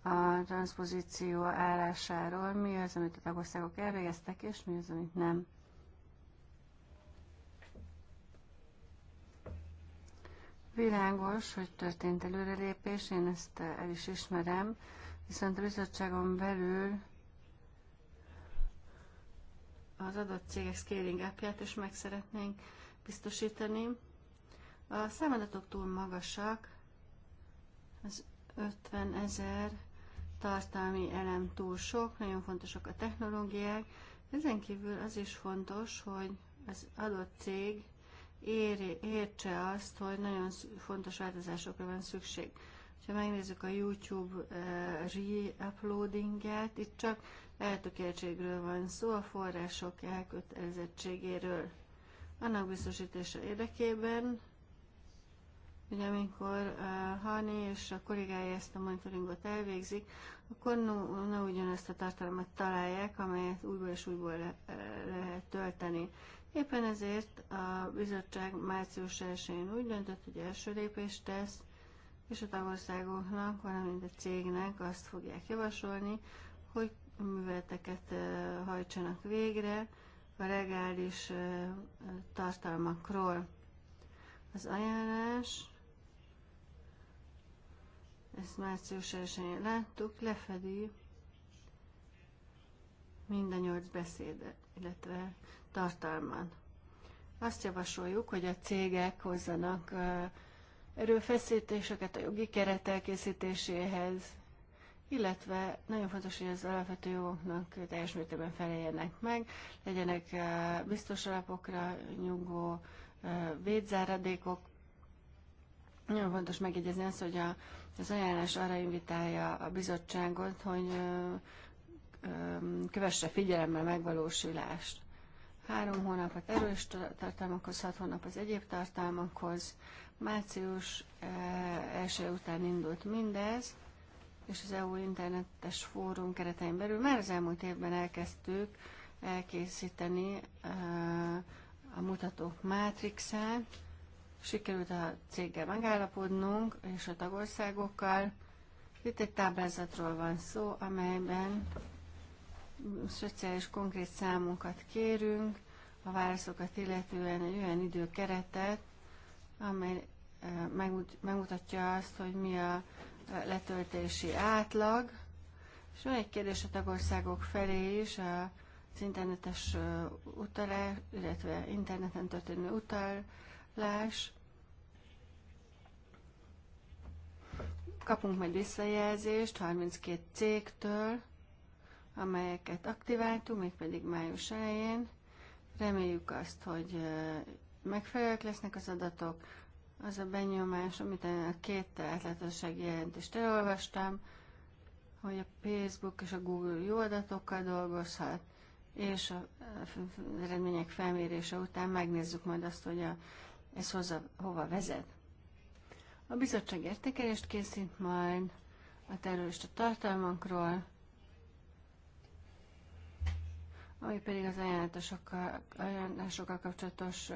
a transzpozíció állásáról, mi az, amit a tagországok elvégeztek, és mi az, amit nem. Világos, hogy történt előrelépés, én ezt el is ismerem, viszont a bizottságon belül az adott cégek scaling és is meg szeretnénk biztosítani. A számadatok túl magasak, az 50 ezer tartalmi elem túl sok, nagyon fontosak a technológiák. Ezen kívül az is fontos, hogy az adott cég ér, értse azt, hogy nagyon fontos változásokra van szükség. Ha megnézzük a YouTube eh, reuploadinget, itt csak eltökéltségről van szó, a források elkötelezettségéről. Annak biztosítása érdekében, hogy amikor uh, Hani és a kollégái ezt a monitoringot elvégzik, akkor no, no, ugyanezt a tartalmat találják, amelyet újból és újból le, lehet tölteni. Éppen ezért a bizottság március 1-én úgy döntött, hogy első lépést tesz, és a tagországoknak, valamint a cégnek azt fogják javasolni, hogy műveleteket hajtsanak végre a legális tartalmakról. Az ajánlás ezt március 1 láttuk, lefedi mind a nyolc beszédet, illetve tartalmat. Azt javasoljuk, hogy a cégek hozzanak erőfeszítéseket a jogi keret elkészítéséhez, illetve nagyon fontos, hogy az alapvető jogoknak teljes mértékben feleljenek meg, legyenek biztos alapokra nyugó védzáradékok. Nagyon fontos megjegyezni azt, hogy a az ajánlás arra invitálja a bizottságot, hogy kövesse figyelemmel megvalósulást. Három hónap az erős tartalmakhoz, hat hónap az egyéb tartalmakhoz. Március első után indult mindez, és az EU internetes fórum keretein belül már az elmúlt évben elkezdtük elkészíteni a mutatók mátrixát, Sikerült a céggel megállapodnunk, és a tagországokkal. Itt egy táblázatról van szó, amelyben szociális konkrét számokat kérünk, a válaszokat illetően egy olyan időkeretet, amely eh, megmutatja azt, hogy mi a eh, letöltési átlag. És van egy kérdés a tagországok felé is, az internetes eh, utalás, illetve interneten történő utalás, Láss. Kapunk majd visszajelzést 32 cégtől, amelyeket aktiváltunk, mégpedig május elején. Reméljük azt, hogy megfelelők lesznek az adatok. Az a benyomás, amit a két átlátossági jelentést elolvastam, hogy a Facebook és a Google jó adatokkal dolgozhat, és a eredmények felmérése után megnézzük majd azt, hogy a ez hozzá, hova vezet. A bizottság értékelést készít majd a terrorista tartalmakról, ami pedig az ajánlásokkal, kapcsolatos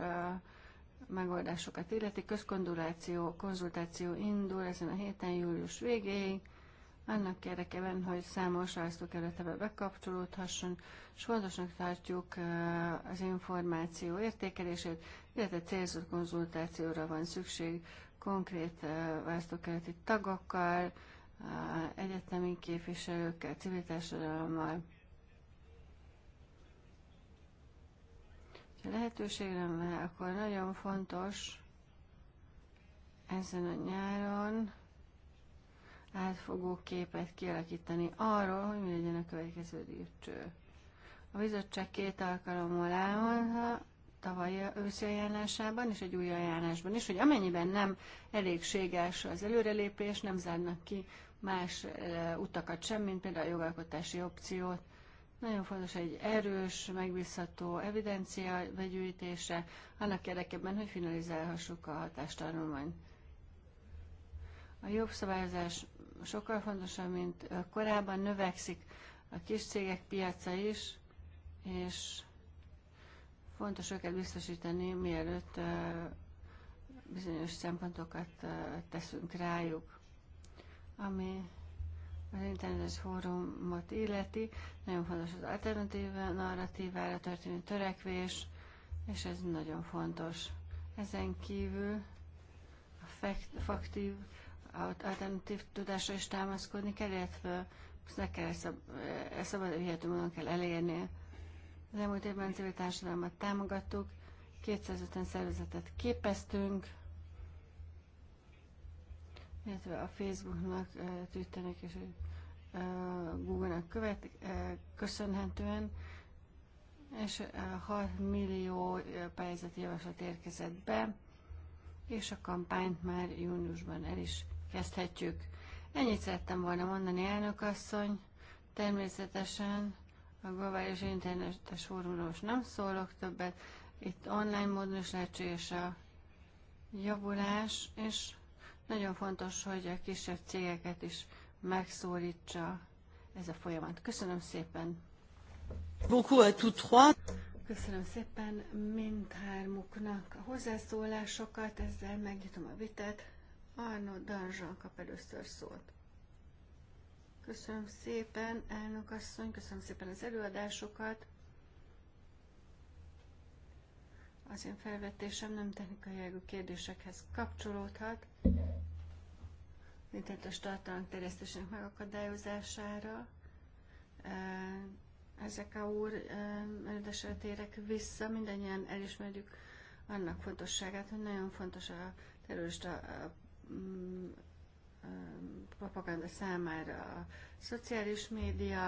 megoldásokat illeti. Közkonduláció, konzultáció indul ezen a héten július végéig, annak érdekében, hogy számos rajztókerületebe bekapcsolódhasson, és fontosnak tartjuk az információ értékelését, illetve célzott konzultációra van szükség konkrét választókerületi tagokkal, egyetemi képviselőkkel, civil társadalommal. Ha lehetőségre akkor nagyon fontos ezen a nyáron átfogó képet kialakítani arról, hogy mi legyen a következő lépcső. A bizottság két alkalommal elmondta, tavaly őszi ajánlásában és egy új ajánlásban is, hogy amennyiben nem elégséges az előrelépés, nem zárnak ki más e, utakat sem, mint például a jogalkotási opciót. Nagyon fontos egy erős, megbízható evidencia begyűjtése, annak érdekében, hogy finalizálhassuk a hatástanulmányt. A jobb szabályozás sokkal fontosabb, mint korábban, növekszik a kis cégek piaca is, és fontos őket biztosítani, mielőtt bizonyos szempontokat teszünk rájuk. Ami az internetes fórumot illeti, nagyon fontos az alternatív narratívára történő törekvés, és ez nagyon fontos. Ezen kívül a faktív alternatív tudásra is támaszkodni kell, illetve meg kell ezt szabad ügyhető módon kell elérni. Az elmúlt évben a civil társadalmat támogattuk, 250 szervezetet képeztünk, illetve a Facebooknak, Twitternek és Google-nak követ, köszönhetően, és 6 millió pályázati javaslat érkezett be, és a kampányt már júniusban el is kezdhetjük. Ennyit szerettem volna mondani, elnök asszony. Természetesen a globális internetes fórumról nem szólok többet. Itt online módon is lehetséges a javulás, és nagyon fontos, hogy a kisebb cégeket is megszólítsa ez a folyamat. Köszönöm szépen! Köszönöm szépen mindhármuknak a hozzászólásokat, ezzel megnyitom a vitát. Arno Danzsan kap először szót. Köszönöm szépen, elnök asszony, köszönöm szépen az előadásokat. Az én felvetésem nem technikai jelgű kérdésekhez kapcsolódhat, internetes tartalmak terjesztésének megakadályozására. Ezek a úr előadásra térek vissza, mindannyian elismerjük annak fontosságát, hogy nagyon fontos a terrorista propaganda számára a szociális média,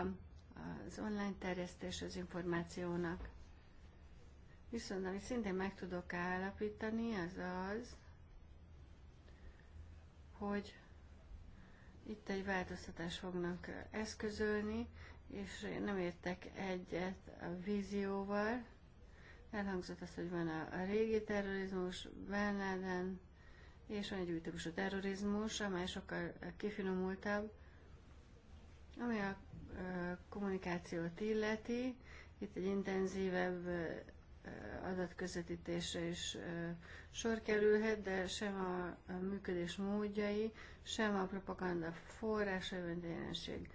az online terjesztés az információnak. Viszont amit szintén meg tudok állapítani, az az, hogy itt egy változtatást fognak eszközölni, és én nem értek egyet a vízióval. Elhangzott az, hogy van a, régi terrorizmus, Bin és van egy új típusú terrorizmus, amely sokkal kifinomultabb, ami a kommunikációt illeti. Itt egy intenzívebb adatközvetítésre is sor kerülhet, de sem a működés módjai, sem a propaganda forrása, mint jelenség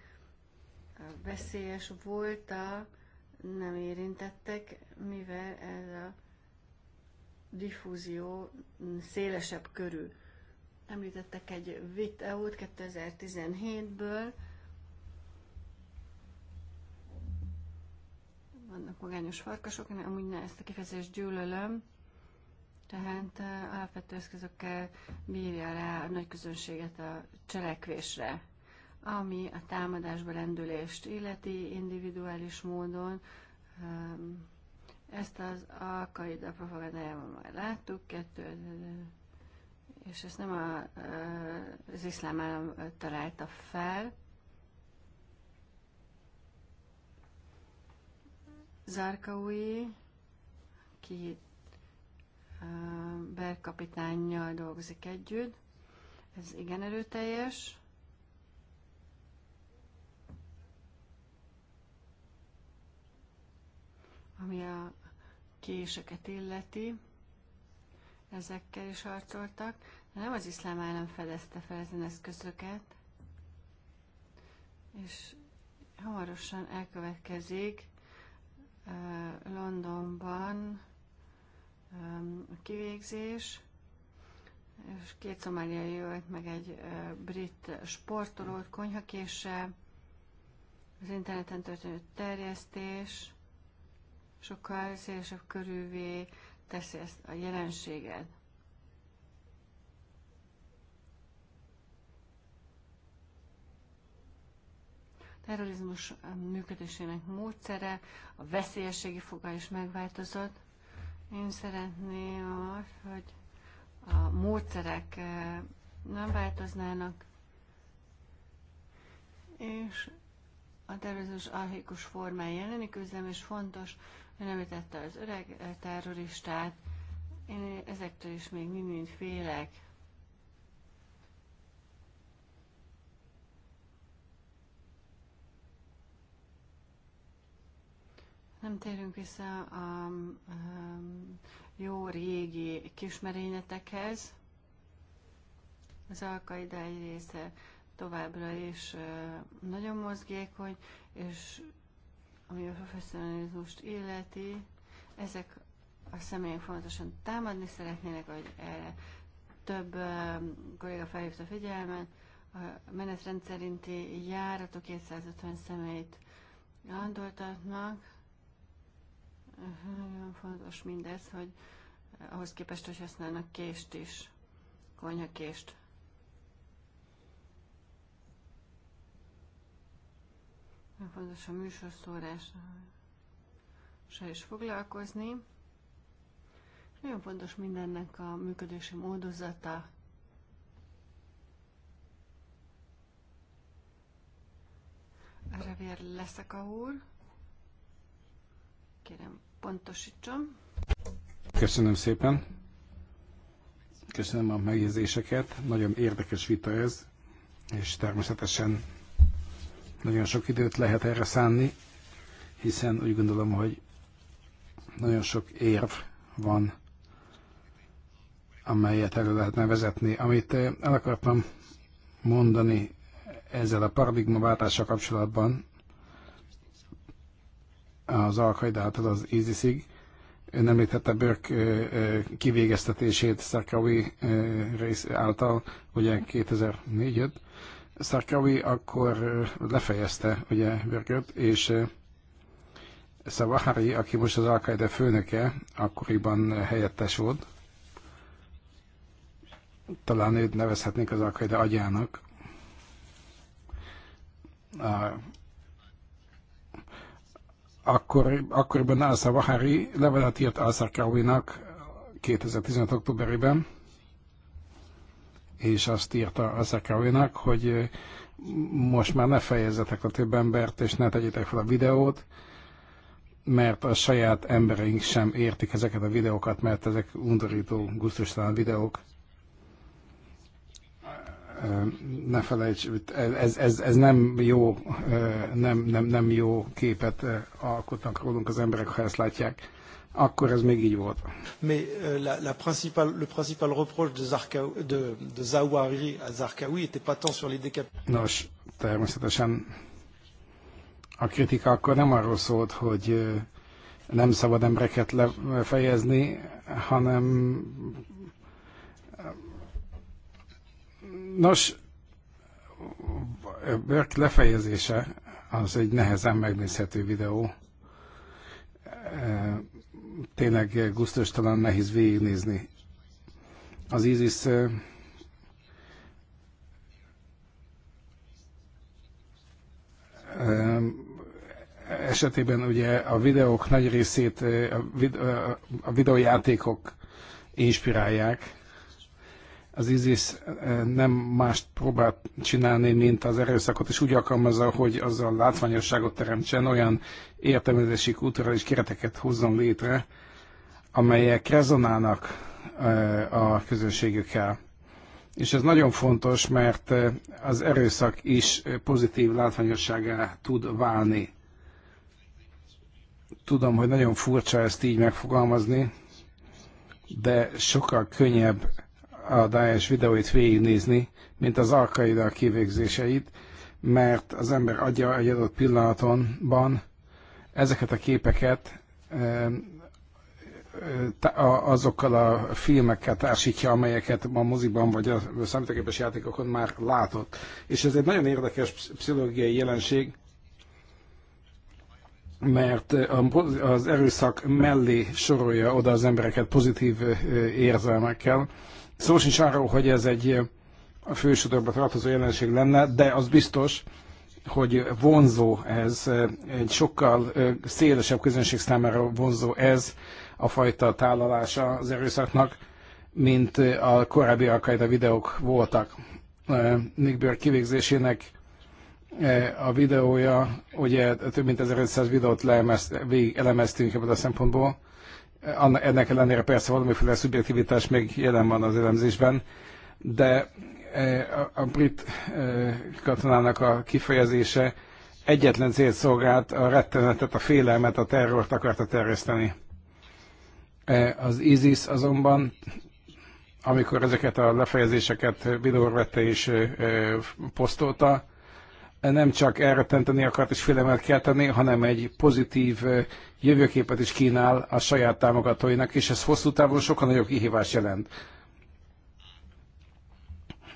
veszélyes volta, nem érintettek, mivel ez a diffúzió szélesebb körű. Említettek egy videót 2017-ből, vannak magányos farkasok, én amúgy ne ezt a kifejezést gyűlölöm, tehát eh, alapvető eszközökkel bírja rá a nagy közönséget a cselekvésre, ami a támadásba lendülést illeti individuális módon, ehm, ezt az Al-Qaida propagandájában már láttuk, kettő, és ezt nem a, eh, az iszlám állam eh, találta fel. Zarkaui, ki eh, Berkapitánnyal dolgozik együtt, ez igen erőteljes. ami a késeket illeti, ezekkel is harcoltak, de nem az iszlám állam fedezte fel ezen eszközöket, és hamarosan elkövetkezik uh, Londonban um, a kivégzés, és két szomáliai jött, meg egy uh, brit sportolót konyhakéssel, az interneten történő terjesztés, sokkal szélesebb körülvé teszi ezt a jelenséget. terrorizmus működésének módszere, a veszélyességi foga is megváltozott. Én szeretném azt, hogy a módszerek eh, nem változnának, és a terrorizmus archikus formája jelenik üzem, és fontos, Ön említette az öreg eh, terroristát, én ezektől is még mind-mind félek. Nem térünk vissza a, a jó régi kismerényetekhez. Az alkaida egy része továbbra is eh, nagyon mozgékony, és ami a professzionalizmust illeti, ezek a személyek fontosan támadni szeretnének, hogy erre több e, kolléga felhívta figyelmet, a menetrend szerinti járatok 250 személyt landoltatnak. Nagyon fontos mindez, hogy eh, ahhoz képest, hogy használnak kést is, konyhakést. Nagyon fontos a műsorszórásra is foglalkozni. Nagyon fontos mindennek a működési módozata. Revér leszek a úr. Kérem, pontosítsam. Köszönöm szépen. Köszönöm a megjegyzéseket. Nagyon érdekes vita ez, és természetesen nagyon sok időt lehet erre szánni, hiszen úgy gondolom, hogy nagyon sok érv van, amelyet elő lehetne vezetni. Amit eh, el akartam mondani ezzel a paradigmaváltással kapcsolatban, az Al-Qaidától az ISIS-ig, ön említette Börk eh, eh, kivégeztetését Szarkawi rész által, ugye 2004 -öt. Sarkawi akkor lefejezte ugye Bürgert, és Szavahari, aki most az al főnöke, akkoriban helyettes volt, talán őt nevezhetnék az al agyának. Akkor, akkoriban Al-Szavahari levelet írt al 2015. októberében, és azt írta az Ekavénak, hogy most már ne fejezzetek a több embert, és ne tegyétek fel a videót, mert a saját embereink sem értik ezeket a videókat, mert ezek undorító, gusztustalan videók. Ne felejts, ez, ez, ez nem jó, nem, nem, nem jó képet alkotnak rólunk az emberek, ha ezt látják akkor ez még így volt. Mais euh, la, la principal, le principal reproche de, Zarka, de, de Zawahiri à Zarkawi était pas tant sur les décap... Nos, természetesen a kritika akkor nem arról szólt, hogy euh, nem szabad embereket lefejezni, hanem nos, Burke lefejezése az egy nehezen megnézhető videó tényleg guztustalan, nehéz végignézni. Az ISIS esetében ugye a videók nagy részét a videójátékok inspirálják, az ISIS eh, nem mást próbál csinálni, mint az erőszakot, és úgy alkalmazza, hogy azzal látványosságot teremtsen, olyan értelmezési kulturális kereteket hozzon létre, amelyek rezonálnak eh, a közönségükkel. És ez nagyon fontos, mert eh, az erőszak is pozitív látványosságá tud válni. Tudom, hogy nagyon furcsa ezt így megfogalmazni, de sokkal könnyebb a Daesh videóit végignézni, mint az Alkaida kivégzéseit, mert az ember adja egy adott pillanatonban ezeket a képeket azokkal a filmekkel társítja, amelyeket a moziban vagy a számítógépes játékokon már látott. És ez egy nagyon érdekes pszichológiai jelenség, mert az erőszak mellé sorolja oda az embereket pozitív érzelmekkel, Szó sincs arról, hogy ez egy a fősodorba tartozó jelenség lenne, de az biztos, hogy vonzó ez, egy sokkal szélesebb közönség számára vonzó ez a fajta tálalása az erőszaknak, mint a korábbi alkaida videók voltak. Nick Burke kivégzésének a videója, ugye több mint 1500 videót elemeztünk ebből a szempontból, ennek ellenére persze valamiféle szubjektivitás még jelen van az elemzésben, de e, a brit e, katonának a kifejezése egyetlen célt szolgált, a rettenetet, a félelmet, a terrort akarta terjeszteni. E, az ISIS azonban, amikor ezeket a lefejezéseket videóra vette és posztolta, nem csak elrettenteni akart és félelmet kelteni, hanem egy pozitív jövőképet is kínál a saját támogatóinak, és ez hosszú távon sokkal nagyobb kihívás jelent.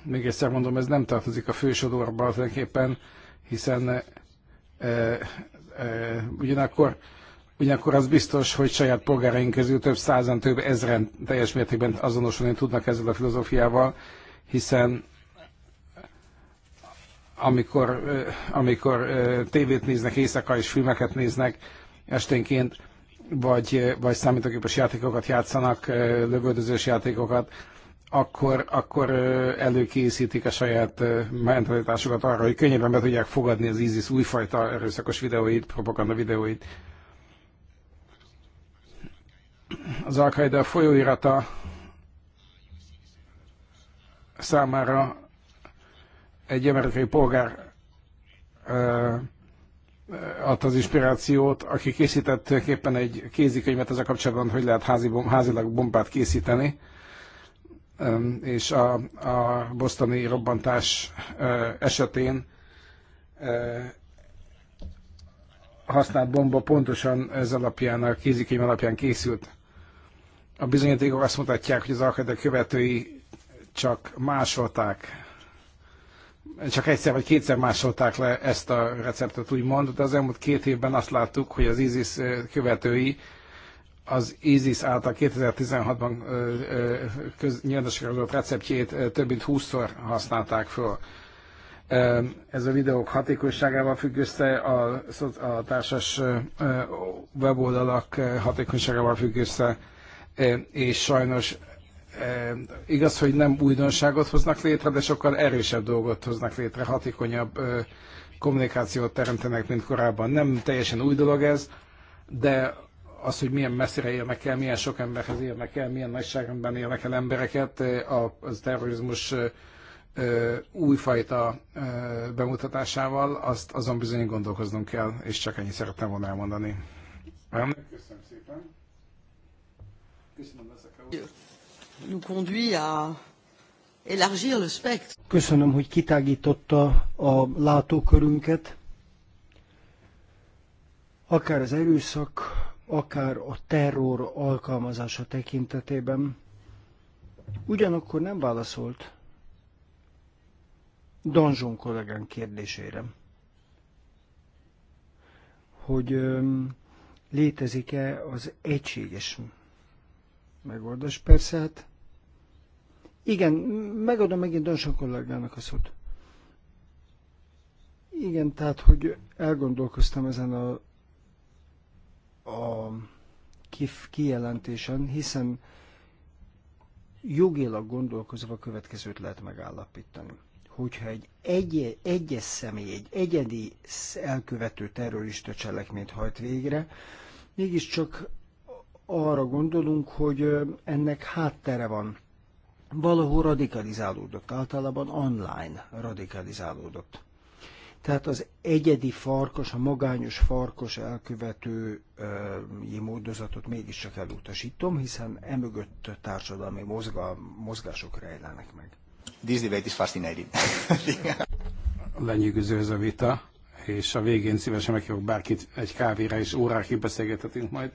Még egyszer mondom, ez nem tartozik a fősodorba tulajdonképpen, hiszen e, e, ugyanakkor Ugyanakkor az biztos, hogy saját polgáraink közül több százan, több ezren teljes mértékben azonosulni tudnak ezzel a filozófiával, hiszen amikor, amikor tévét néznek éjszaka és filmeket néznek esténként, vagy, vagy számítógépes játékokat játszanak, lövöldözős játékokat, akkor, akkor előkészítik a saját mentalitásukat arra, hogy könnyebben be tudják fogadni az ISIS újfajta erőszakos videóit, propaganda videóit. Az Al-Qaeda folyóirata számára egy amerikai polgár adta az inspirációt, aki készített éppen egy kézikönyvet ezzel kapcsolatban, hogy lehet házi, házilag bombát készíteni, és a, a bosztoni robbantás esetén használt bomba pontosan ez alapján, a kézikönyv alapján készült. A bizonyítékok azt mutatják, hogy az alkaida követői csak másolták csak egyszer vagy kétszer másolták le ezt a receptet, úgymond, de az elmúlt két évben azt láttuk, hogy az ISIS követői az ISIS által 2016-ban nyilvánosságra adott receptjét több mint 20-szor használták föl. Ez a videók hatékonyságával függ össze, a, a társas weboldalak hatékonyságával függ össze, és sajnos Igaz, hogy nem újdonságot hoznak létre, de sokkal erősebb dolgot hoznak létre, hatékonyabb kommunikációt teremtenek, mint korábban. Nem teljesen új dolog ez, de az, hogy milyen messzire érnek el, milyen sok emberhez érnek el, milyen nagyságrendben érnek el embereket, a, az terrorizmus újfajta bemutatásával, azt azon bizony gondolkoznunk kell, és csak ennyit szerettem volna elmondani. Köszönöm szépen. Köszönöm, Köszönöm, hogy kitágította a látókörünket. Akár az erőszak, akár a terror alkalmazása tekintetében. Ugyanakkor nem válaszolt Danzson kollégán kérdésére, hogy létezik-e az egységes megoldás. Persze hát igen, megadom megint Dansa kollégának a szót. Igen, tehát, hogy elgondolkoztam ezen a, a kif kijelentésen, hiszen jogilag gondolkozva a következőt lehet megállapítani. Hogyha egy egy, egyes személy, egy egyedi elkövető terrorista cselekményt hajt végre, mégiscsak arra gondolunk, hogy ennek háttere van valahol radikalizálódott, általában online radikalizálódott. Tehát az egyedi farkas, a magányos farkas elkövetői módozatot mégiscsak elutasítom, hiszen emögött társadalmi mozga, mozgások rejlenek meg. This debate is fascinating. Lenyűgöző ez a vita, és a végén szívesen meghívok bárkit egy kávéra, és órákig beszélgethetünk majd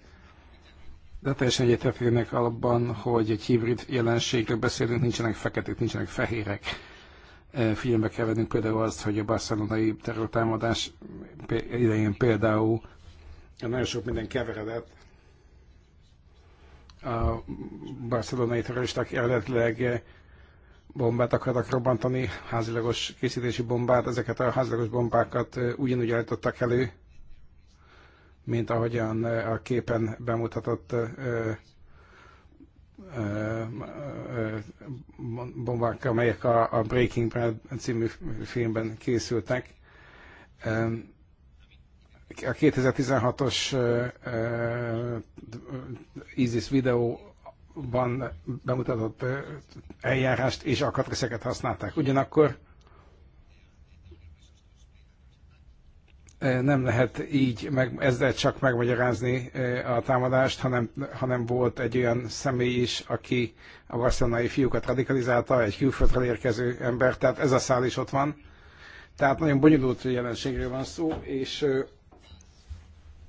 de teljesen egyetértőnek abban, hogy egy hibrid jelenségről beszélünk, nincsenek feketék, nincsenek fehérek. E, figyelembe kell vennünk például azt, hogy a barcelonai terrortámadás idején például nagyon sok minden keveredett. A barcelonai terroristák eredetileg bombát akartak robbantani, házilagos készítési bombát, ezeket a házilagos bombákat ugyanúgy állították elő, mint ahogyan eh, a képen bemutatott eh, eh, bombák, amelyek a, Breaking Bad című filmben készültek. A 2016-os ISIS videóban bemutatott eljárást és alkatrészeket használták. Ugyanakkor E, nem lehet így meg, ezzel csak megmagyarázni e, a támadást, hanem, hanem volt egy olyan személy is, aki a barcelonai fiúkat radikalizálta, egy külföldről érkező ember, tehát ez a szál is ott van. Tehát nagyon bonyolult jelenségről van szó, és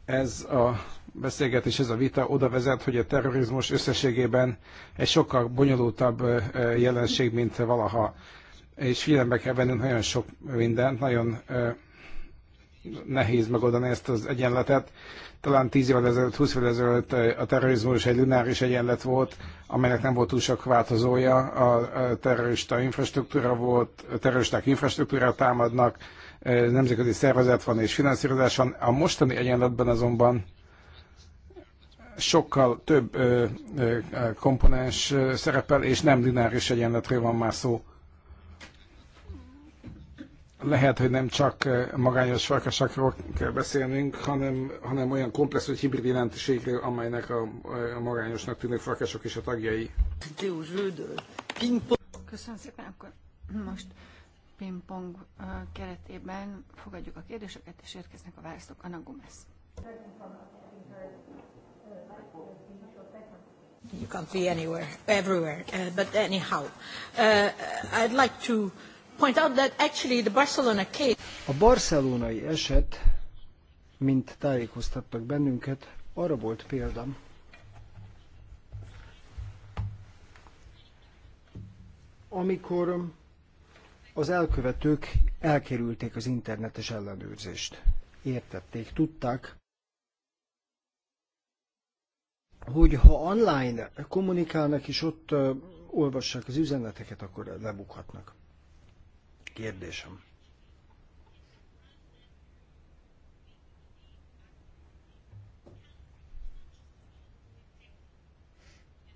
ez a beszélgetés, ez a vita oda vezet, hogy a terrorizmus összességében egy sokkal bonyolultabb jelenség, mint valaha. És figyelembe kell vennünk nagyon sok mindent, nagyon nehéz megoldani ezt az egyenletet. Talán 10 évvel ezelőtt, 20 évvel ezelőtt eh, a terrorizmus egy lunáris egyenlet volt, amelynek nem volt túl sok változója. A terrorista infrastruktúra volt, a terroristák infrastruktúrát támadnak, eh, nemzetközi szervezet van és finanszírozás van. A mostani egyenletben azonban sokkal több eh, komponens szerepel, és nem lineáris egyenletről van már szó lehet, hogy nem csak eh, magányos farkasakról kell beszélnünk, hanem, hanem olyan komplex vagy hibrid jelentőségről, amelynek a, eh, a magányosnak tűnő farkasok és a tagjai. Köszönöm szépen, akkor most pingpong eh, keretében fogadjuk a kérdéseket, és érkeznek a választok. Anna Gomez. You can't be anywhere, everywhere, uh, but anyhow, uh, I'd like to point out that actually the Barcelona case... A barcelonai eset, mint tájékoztattak bennünket, arra volt példám, amikor az elkövetők elkerülték az internetes ellenőrzést. Értették, tudták, hogy ha online kommunikálnak és ott olvassák az üzeneteket, akkor lebukhatnak kérdésem.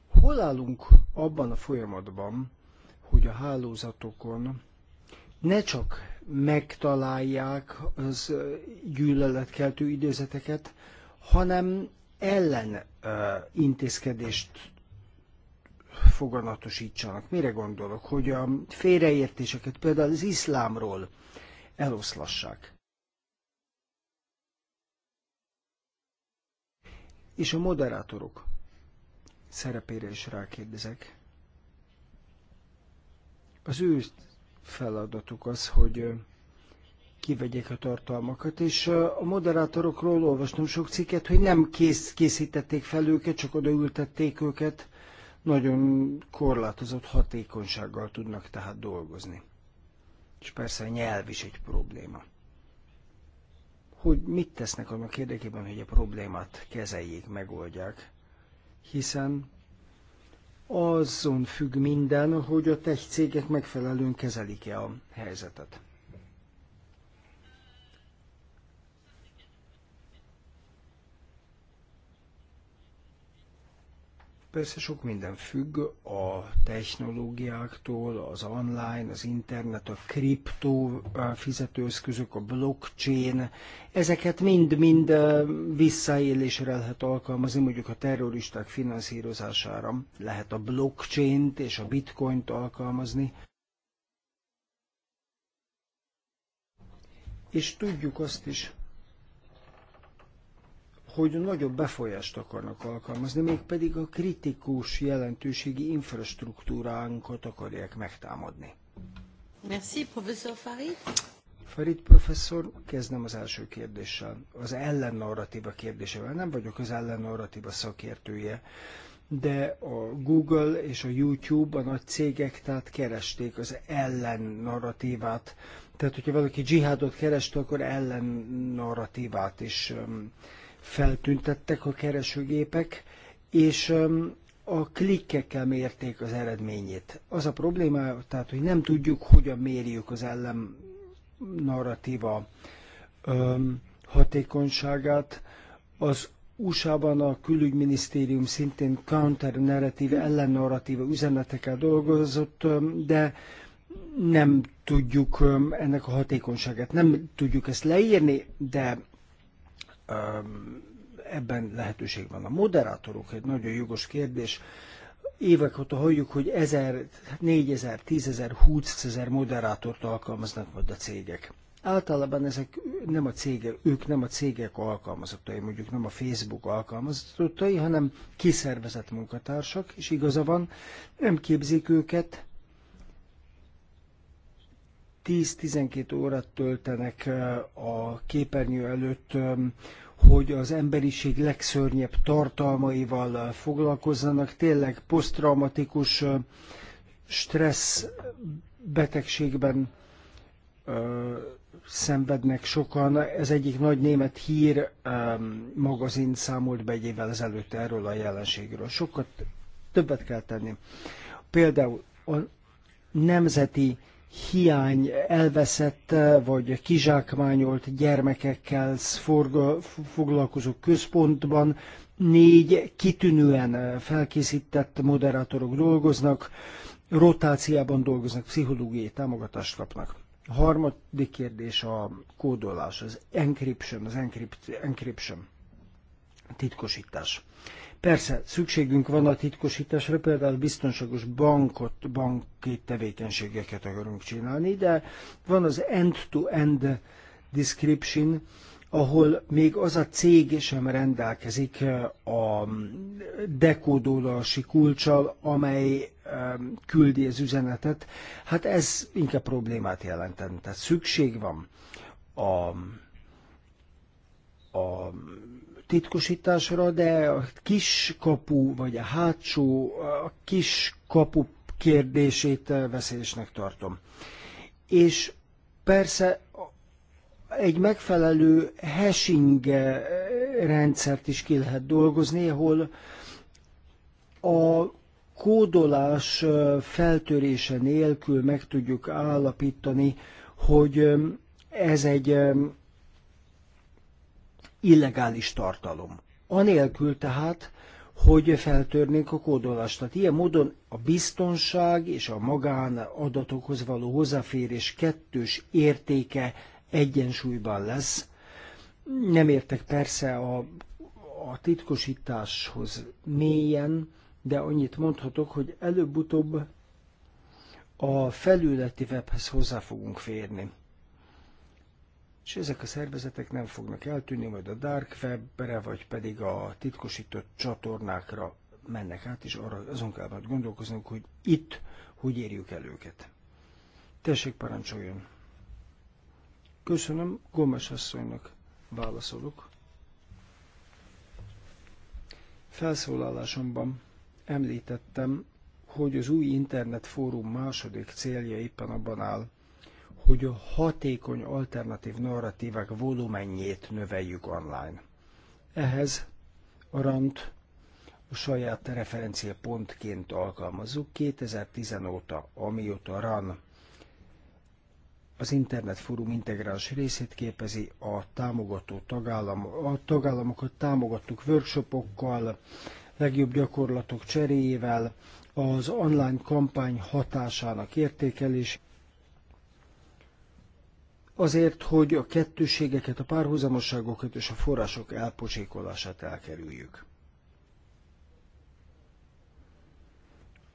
Hol állunk abban a folyamatban, hogy a hálózatokon ne csak megtalálják az gyűlöletkeltő idézeteket, hanem ellen intézkedést foganatosítsanak. Mire gondolok? Hogy a félreértéseket például az iszlámról eloszlassák. És a moderátorok szerepére is rákérdezek. Az ő feladatuk az, hogy kivegyék a tartalmakat, és a moderátorokról olvastam sok cikket, hogy nem kész, készítették fel őket, csak odaültették őket, nagyon korlátozott hatékonysággal tudnak tehát dolgozni. És persze a nyelv is egy probléma. Hogy mit tesznek annak érdekében, hogy a problémát kezeljék, megoldják, hiszen azon függ minden, hogy a tech cégek megfelelően kezelik-e a helyzetet. Persze sok minden függ a technológiáktól, az online, az internet, a kriptó fizetőeszközök, a blockchain. Ezeket mind-mind visszaélésre lehet alkalmazni, mondjuk a terroristák finanszírozására. Lehet a blockchain-t és a bitcoint alkalmazni. És tudjuk azt is, hogy nagyobb befolyást akarnak alkalmazni, mégpedig a kritikus jelentőségi infrastruktúránkat akarják megtámadni. Merci, professzor Farid. Farid professzor, kezdem az első kérdéssel. Az ellennarratíva kérdésével. Nem vagyok az ellennarratíva szakértője, de a Google és a YouTube, a nagy cégek, tehát keresték az ellennarratívát. Tehát, hogyha valaki dzsihádot kereste, akkor ellennarratívát is um, feltüntettek a keresőgépek, és a klikkekkel mérték az eredményét. Az a probléma, tehát, hogy nem tudjuk, hogyan mérjük az ellen narratíva hatékonyságát. Az USA-ban a külügyminisztérium szintén counter ellen narratíva üzenetekkel dolgozott, de nem tudjuk ennek a hatékonyságát. Nem tudjuk ezt leírni, de ebben lehetőség van. A moderátorok egy nagyon jogos kérdés. Évek óta halljuk, hogy 1000, 4000, 10000, 20000 moderátort alkalmaznak majd a cégek. Általában ezek nem a cégek, ők nem a cégek alkalmazottai, mondjuk nem a Facebook alkalmazottai, hanem kiszervezett munkatársak, és igaza van, nem képzik őket, 10-12 órát töltenek a képernyő előtt, hogy az emberiség legszörnyebb tartalmaival foglalkozzanak. Tényleg posztraumatikus stressz betegségben ö, szenvednek sokan. Ez egyik nagy német hír ö, magazin számolt be egy évvel ezelőtt erről a jelenségről. Sokat többet kell tenni. Például a nemzeti hiány elveszett vagy kizsákmányolt gyermekekkel foglalkozó központban négy kitűnően felkészített moderátorok dolgoznak, rotáciában dolgoznak, pszichológiai támogatást kapnak. A harmadik kérdés a kódolás, az encryption, az encryption, titkosítás. Persze, szükségünk van a titkosításra, például biztonságos bankot, banki tevékenységeket akarunk csinálni, de van az end-to-end -end description, ahol még az a cég sem rendelkezik eh, a dekódolási kulcsal, amely küldi az üzenetet, hát ez inkább problémát jelenten. Tehát szükség van a, a titkosításra, de a kis kapu vagy a hátsó, a kis kapu kérdését veszélyesnek tartom. És persze egy megfelelő hashing rendszert is ki lehet dolgozni, ahol a kódolás feltörése nélkül meg tudjuk állapítani, hogy ez egy illegális tartalom. Anélkül tehát, hogy feltörnénk a kódolást. Tehát ilyen módon a biztonság és a magán adatokhoz való hozzáférés kettős értéke egyensúlyban lesz. Nem értek persze a, a titkosításhoz mélyen, de annyit mondhatok, hogy előbb-utóbb a felületi webhez hozzá fogunk férni és ezek a szervezetek nem fognak eltűnni, majd a dark webre, vagy pedig a titkosított csatornákra mennek át, és arra azon kell majd gondolkoznunk, hogy itt hogy érjük el őket. Tessék, parancsoljon! Köszönöm, Gomes asszonynak válaszolok. Felszólalásomban említettem, hogy az új internetfórum második célja éppen abban áll, hogy a hatékony alternatív narratívák volumenjét növeljük online. Ehhez a RANT a saját referenciapontként alkalmazzuk 2010 óta, amióta RAN az fórum integráns részét képezi, a támogató tagállam, a tagállamokat támogattuk workshopokkal, legjobb gyakorlatok cseréjével, az online kampány hatásának értékelés azért, hogy a kettőségeket, a párhuzamosságokat és a források elpocsékolását elkerüljük.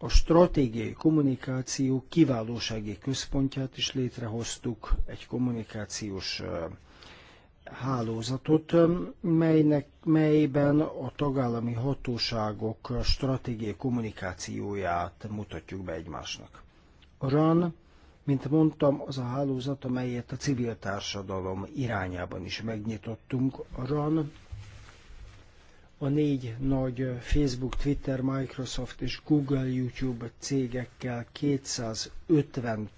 A stratégiai kommunikáció kiválósági központját is létrehoztuk, egy kommunikációs hálózatot, melynek, melyben a tagállami hatóságok stratégiai kommunikációját mutatjuk be egymásnak. A RAN mint mondtam, az a hálózat, amelyet a civil társadalom irányában is megnyitottunk, a RAN, a négy nagy Facebook, Twitter, Microsoft és Google, YouTube cégekkel 250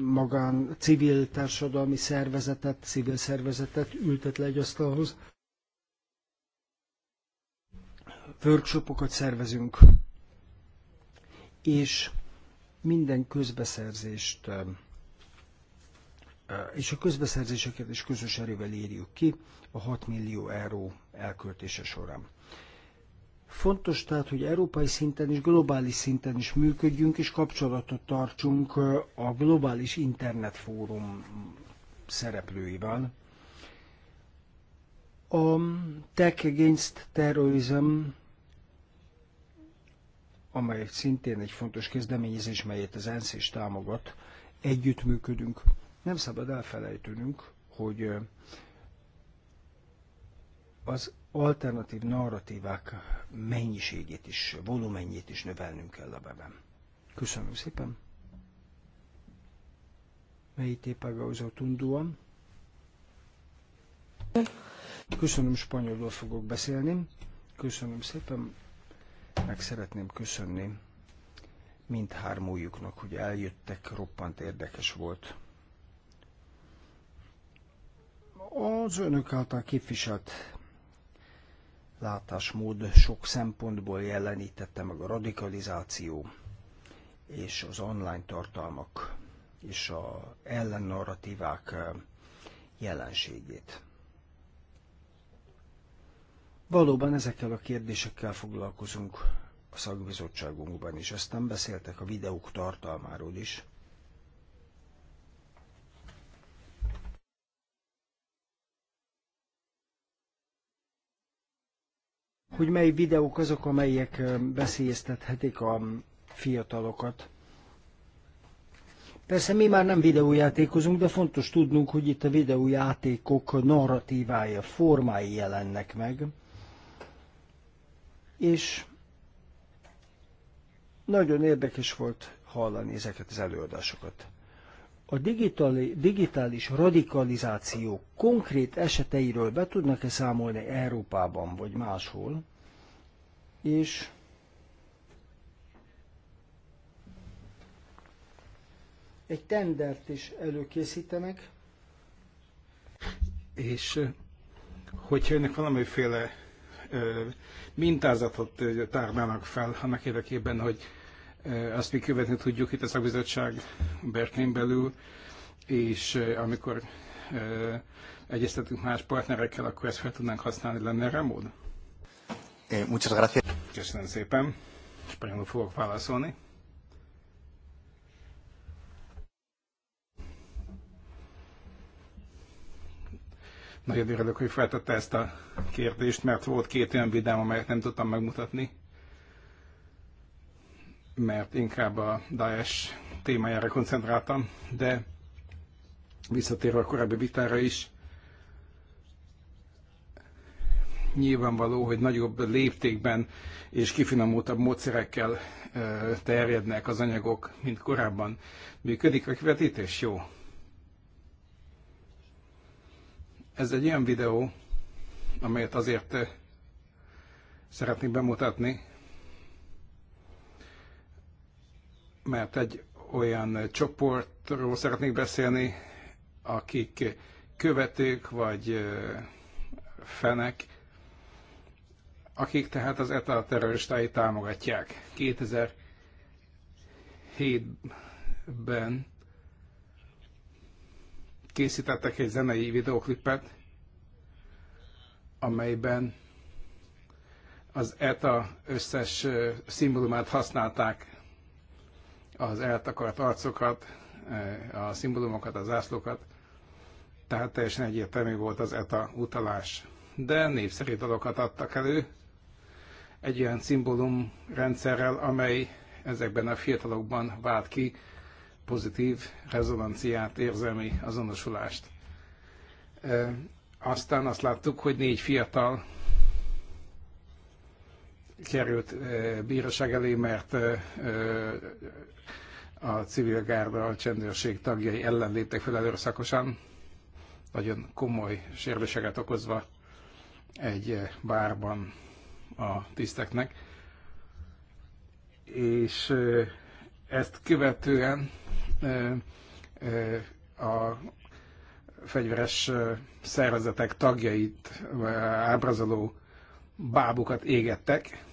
magán civil társadalmi szervezetet, civil szervezetet ültet le egy asztalhoz. Workshopokat szervezünk, és minden közbeszerzést és a közbeszerzéseket is közös erővel írjuk ki a 6 millió euró elköltése során. Fontos tehát, hogy európai szinten és globális szinten is működjünk, és kapcsolatot tartsunk a globális internetfórum szereplőivel. A Tech Against Terrorism amely szintén egy fontos kezdeményezés, melyet az ENSZ is támogat, együttműködünk. Nem szabad elfelejtőnünk, hogy az alternatív narratívák mennyiségét is, volumenjét is növelnünk kell a beben. Köszönöm szépen! Meité Pagauzó Tunduan. Köszönöm, spanyolul fogok beszélni. Köszönöm szépen meg szeretném köszönni mindhármójuknak, hogy eljöttek, roppant érdekes volt. Az önök által képviselt látásmód sok szempontból jelenítette meg a radikalizáció és az online tartalmak és a ellennarratívák eh, jelenségét. Valóban ezekkel a kérdésekkel foglalkozunk a szakbizottságunkban is, Ezt nem beszéltek a videók tartalmáról is. Hogy mely videók azok, amelyek beszélyeztethetik a fiatalokat. Persze mi már nem videójátékozunk, de fontos tudnunk, hogy itt a videójátékok narratívája, formái jelennek meg és nagyon érdekes volt hallani ezeket az előadásokat. A digitali, digitális radikalizáció konkrét eseteiről be tudnak-e számolni Európában vagy máshol, és egy tendert is előkészítenek. És hogyha ennek valamiféle mintázatot tárnának fel annak érdekében, hogy azt mi követni tudjuk itt a szakbizottság Berkén belül, és amikor egyeztetünk más partnerekkel, akkor ezt fel tudnánk használni, lenne erre mód? Eh, muchas gracias. Köszönöm szépen. Spanyolul fogok válaszolni. Nagyon örülök, hogy feltette ezt a kérdést, mert volt két olyan vidám, amelyet nem tudtam megmutatni, mert inkább a Daesh témájára koncentráltam, de visszatérve a korábbi vitára is, nyilvánvaló, hogy nagyobb léptékben és kifinomultabb módszerekkel terjednek az anyagok, mint korábban. Működik a kivetítés? Jó. Ez egy olyan videó, amelyet azért eh, szeretnék bemutatni, mert egy olyan csoportról szeretnék beszélni, akik követők vagy eh, fenek, akik tehát az ETA terroristái támogatják. 2007-ben készítettek egy zenei videoklipet, amelyben az ETA összes szimbólumát használták, az eltakart arcokat, a szimbólumokat, az zászlókat, tehát teljesen egyértelmű volt az ETA utalás. De népszerű dolgokat adtak elő, egy olyan szimbólum rendszerrel, amely ezekben a fiatalokban vált ki pozitív rezonanciát, érzelmi azonosulást. Aztán azt láttuk, hogy négy fiatal került bíróság elé, mert a civil gárda, a csendőrség tagjai ellen léptek fel erőszakosan, nagyon komoly sérüléseket okozva egy bárban a tiszteknek. És ezt követően a fegyveres szervezetek tagjait ábrázoló bábukat égettek.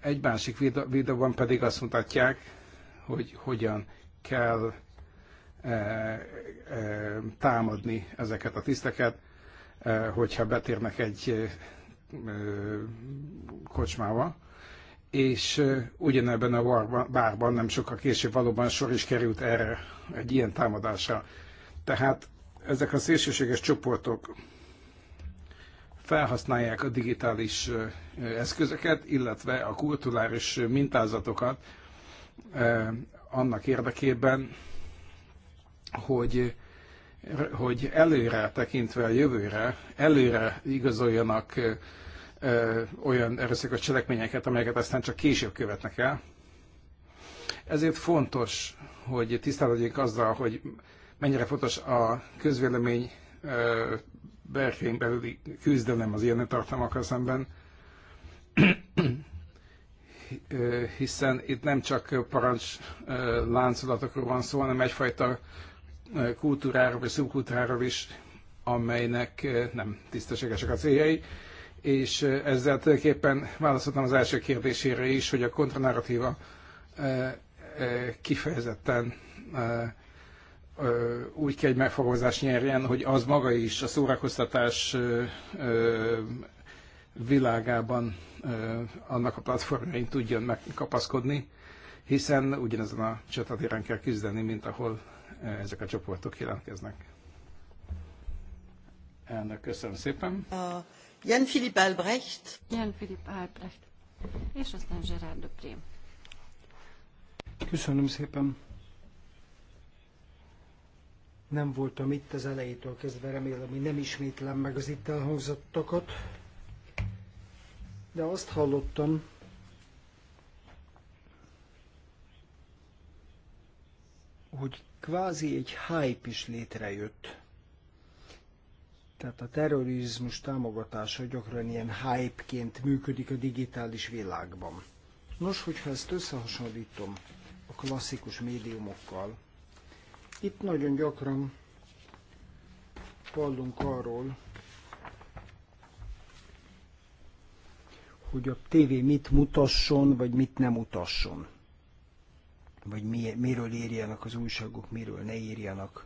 Egy másik videóban pedig azt mutatják, hogy hogyan kell támadni ezeket a tiszteket, hogyha betérnek egy kocsmába és ugyanebben a bárban nem sokkal később valóban sor is került erre, egy ilyen támadásra. Tehát ezek a szélsőséges csoportok felhasználják a digitális eszközöket, illetve a kulturális mintázatokat annak érdekében, hogy, hogy előre tekintve a jövőre, előre igazoljanak olyan erőszakos cselekményeket, amelyeket aztán csak később követnek el. Ezért fontos, hogy tisztában legyünk azzal, hogy mennyire fontos a közvélemény berkein belüli küzdelem az ilyen tartalmakkal szemben, hiszen itt nem csak parancs láncolatokról van szó, hanem egyfajta kultúráról vagy szubkultúráról is, amelynek nem tisztességesek a céljai és ezzel tulajdonképpen válaszoltam az első kérdésére is, hogy a kontranarratíva kifejezetten úgy kell egy megfogalmazást nyerjen, hogy az maga is a szórakoztatás világában annak a platformjain tudjon megkapaszkodni, hiszen ugyanezen a csatatéren kell küzdeni, mint ahol ezek a csoportok jelentkeznek. Elnök, köszönöm szépen. Jan Philipp Albrecht. Jan Philipp Albrecht. És aztán Gerard Dupré. Köszönöm szépen. Nem voltam itt az elejétől kezdve, remélem, hogy nem ismétlem meg az itt elhangzottakat. De azt hallottam, hogy kvázi egy hype is létrejött tehát a terrorizmus támogatása gyakran ilyen hype-ként működik a digitális világban. Nos, hogyha ezt összehasonlítom a klasszikus médiumokkal, itt nagyon gyakran hallunk arról, hogy a tévé mit mutasson, vagy mit nem mutasson. Vagy mi, miről írjanak az újságok, miről ne írjanak.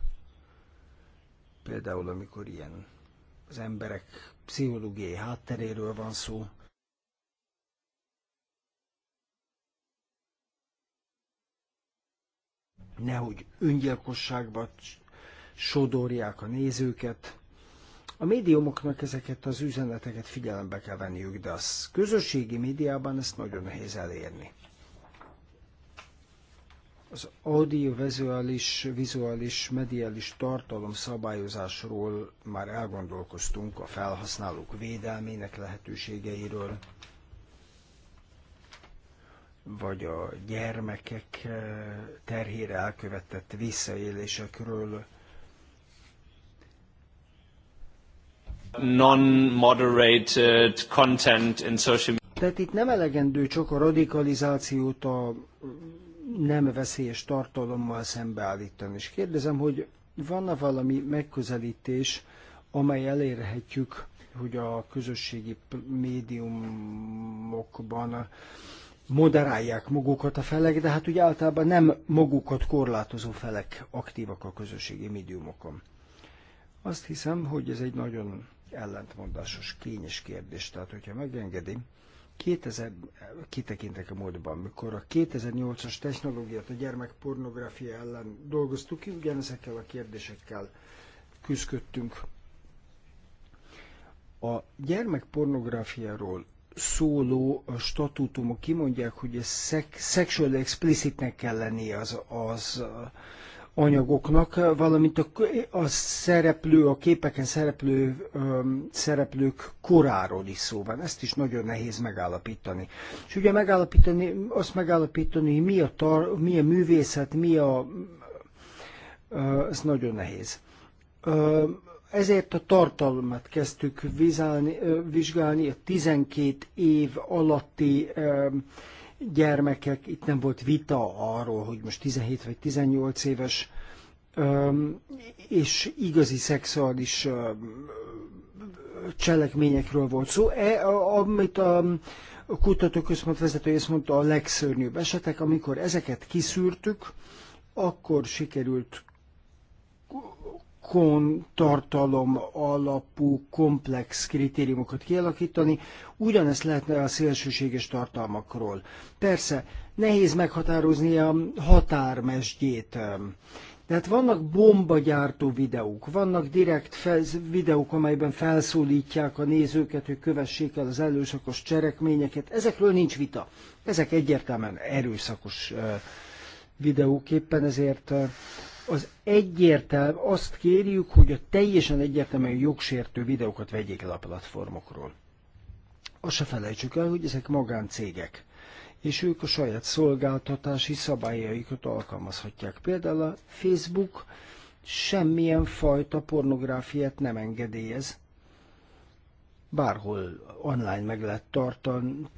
Például, amikor ilyen az emberek pszichológiai hátteréről van szó. Nehogy öngyilkosságba sodorják a nézőket. A médiumoknak ezeket az üzeneteket figyelembe kell venniük, de a közösségi médiában ezt nagyon nehéz elérni az audiovizuális, vizuális, mediális tartalom szabályozásról már elgondolkoztunk, a felhasználók védelmének lehetőségeiről, vagy a gyermekek eh, terhére elkövetett visszaélésekről. Non-moderated content in social media. Tehát itt nem elegendő csak a radikalizációt, a nem veszélyes tartalommal szembeállítani. És kérdezem, hogy van-e valami megközelítés, amely elérhetjük, hogy a közösségi médiumokban moderálják magukat a felek, de hát ugye általában nem magukat korlátozó felek aktívak a közösségi médiumokon. Azt hiszem, hogy ez egy nagyon ellentmondásos, kényes kérdés, tehát hogyha megengedi, 2000, kitekintek a múltban, amikor a 2008-as technológiát a gyermekpornográfia ellen dolgoztuk ki, ugyanezekkel a kérdésekkel küzdködtünk. A gyermekpornográfiáról szóló statútumok kimondják, hogy ez szek, sexual explicitnek kell lennie az, az anyagoknak, valamint a, a szereplő, a képeken szereplő öm, szereplők koráról is szó van. Ezt is nagyon nehéz megállapítani. És ugye megállapítani, azt megállapítani, hogy mi a, tar, mi a művészet, mi a... ez nagyon nehéz. Ö, ezért a tartalmat kezdtük vizálni, vizsgálni a 12 év alatti gyermekek, itt nem volt vita arról, hogy most 17 vagy 18 éves, és igazi szexuális cselekményekről volt szó, e, amit a kutatóközpont vezetője ezt mondta, a legszörnyűbb esetek, amikor ezeket kiszűrtük, akkor sikerült kon, tartalom alapú komplex kritériumokat kialakítani, ugyanezt lehetne a szélsőséges tartalmakról. Persze, nehéz meghatározni a határmesgyét. Tehát vannak bombagyártó videók, vannak direkt videók, amelyben felszólítják a nézőket, hogy kövessék el az előszakos cserekményeket. Ezekről nincs vita. Ezek egyértelműen erőszakos eh, videók, éppen ezért eh, az egyértelmű, azt kérjük, hogy a teljesen egyértelműen jogsértő videókat vegyék el a platformokról. Azt se felejtsük el, hogy ezek magáncégek, és ők a saját szolgáltatási szabályaikat alkalmazhatják. Például a Facebook semmilyen fajta pornográfiát nem engedélyez, bárhol online meg lehet tartan,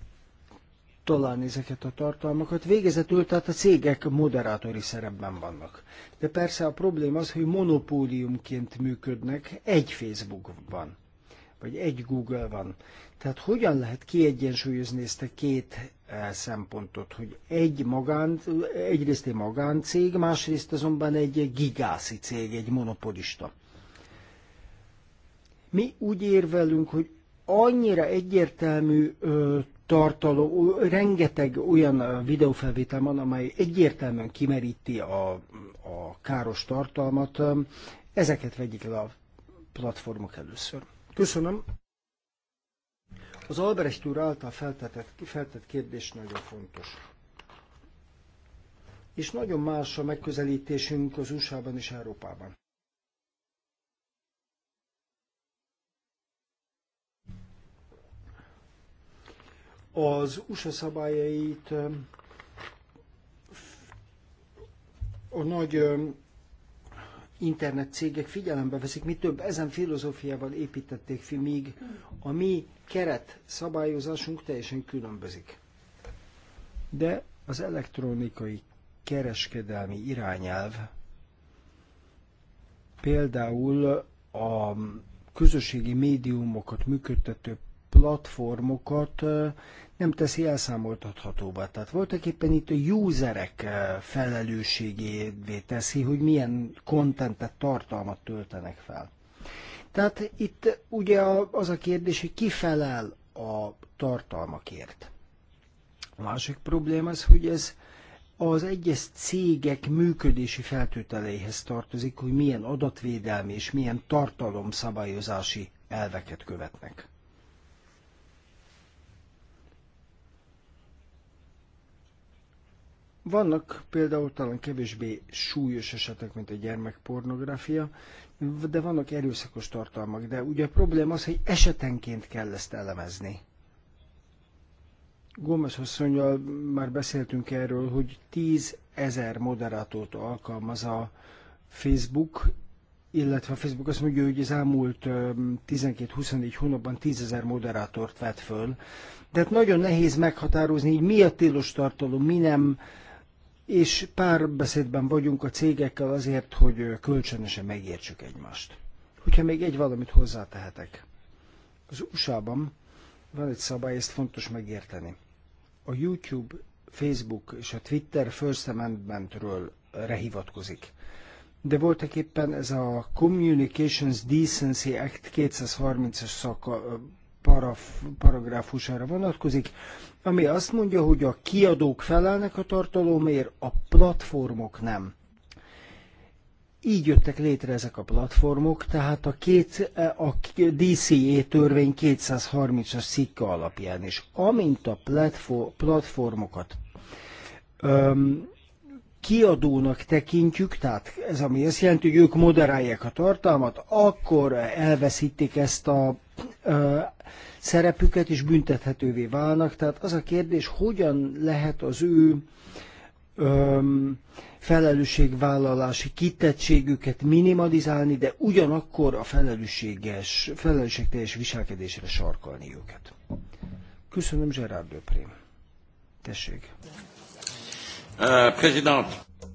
találni ezeket a tartalmakat. Végezetül tehát a cégek moderátori szerepben vannak. De persze a probléma az, hogy monopóliumként működnek, egy Facebook van, vagy egy Google van. Tehát hogyan lehet kiegyensúlyozni ezt a két eh, szempontot, hogy egy magán, egyrészt egy magáncég, másrészt azonban egy gigászi cég, egy monopolista. Mi úgy érvelünk, hogy annyira egyértelmű ö, tartaló, rengeteg olyan videófelvétel van, amely egyértelműen kimeríti a, a káros tartalmat. Ezeket vegyik le a platformok először. Köszönöm. Az Albrecht úr által feltetett, feltett kérdés nagyon fontos. És nagyon más a megközelítésünk az USA-ban és Európában. az USA szabályait a nagy internet cégek figyelembe veszik, mi több ezen filozófiával építették fi, míg a mi keret szabályozásunk teljesen különbözik. De az elektronikai kereskedelmi irányelv például a közösségi médiumokat működtető platformokat nem teszi elszámoltathatóvá. Tehát voltak éppen itt a userek felelősségévé teszi, hogy milyen kontentet, tartalmat töltenek fel. Tehát itt ugye az a kérdés, hogy ki felel a tartalmakért. A másik probléma az, hogy ez az egyes cégek működési feltételeihez tartozik, hogy milyen adatvédelmi és milyen tartalomszabályozási elveket követnek. Vannak például talán kevésbé súlyos esetek, mint a gyermekpornográfia, de vannak erőszakos tartalmak. De ugye a probléma az, hogy esetenként kell ezt elemezni. Gómez asszonyjal már beszéltünk erről, hogy 10 ezer moderátort alkalmaz a Facebook, illetve a Facebook azt mondja, hogy az elmúlt 12-24 hónapban 10 ezer moderátort vett föl. de nagyon nehéz meghatározni, hogy mi a tilos tartalom, mi nem, és párbeszédben vagyunk a cégekkel azért, hogy kölcsönösen megértsük egymást. Hogyha még egy valamit hozzátehetek. Az USA-ban van egy szabály, ezt fontos megérteni. A YouTube, Facebook és a Twitter First Amendmentről rehivatkozik. De voltak éppen ez a Communications Decency Act 230-as paraf, paragráfusára vonatkozik, ami azt mondja, hogy a kiadók felelnek a tartalomért, a platformok nem. Így jöttek létre ezek a platformok, tehát a, két, a DCA e törvény 230-as szikka alapján is. Amint a platformokat kiadónak tekintjük, tehát ez ami azt jelenti, hogy ők moderálják a tartalmat, akkor elveszítik ezt a ö, szerepüket, és büntethetővé válnak. Tehát az a kérdés, hogyan lehet az ő ö, felelősségvállalási kitettségüket minimalizálni, de ugyanakkor a felelősséges, felelősségteljes viselkedésre sarkalni őket. Köszönöm, Gerard Döprém. Tessék. Uh,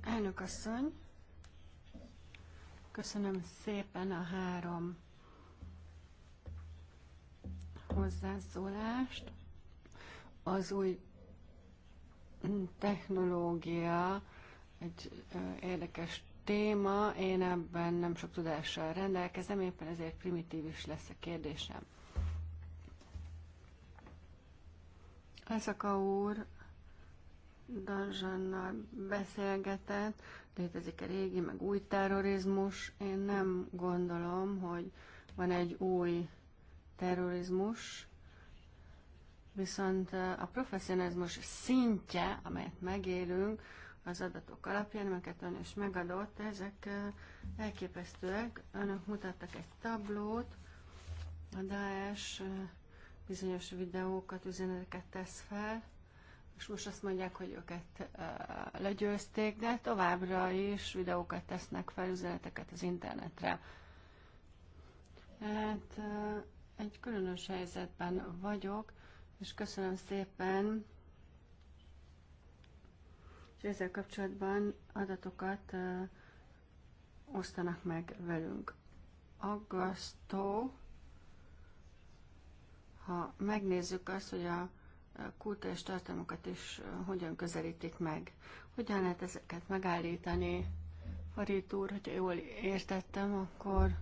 Elnök asszony, köszönöm szépen a három hozzászólást. Az új technológia egy érdekes téma, én ebben nem sok tudással rendelkezem, éppen ezért primitív is lesz a kérdésem. a úr Garzsannal beszélgetett, létezik a régi, meg új terrorizmus. Én nem gondolom, hogy van egy új terrorizmus, viszont a professzionalizmus szintje, amelyet megélünk, az adatok alapján, amiket ön is megadott, ezek elképesztőek. Önök mutattak egy tablót, a Daesh bizonyos videókat, üzeneteket tesz fel, és most azt mondják, hogy őket legyőzték, de továbbra is videókat tesznek fel, üzeneteket az internetre. Hát egy különös helyzetben vagyok, és köszönöm szépen, és ezzel kapcsolatban adatokat osztanak meg velünk. Aggasztó, ha megnézzük azt, hogy a kultúrás tartalmakat is hogyan közelítik meg. Hogyan lehet ezeket megállítani? Harit úr, hogyha jól értettem, akkor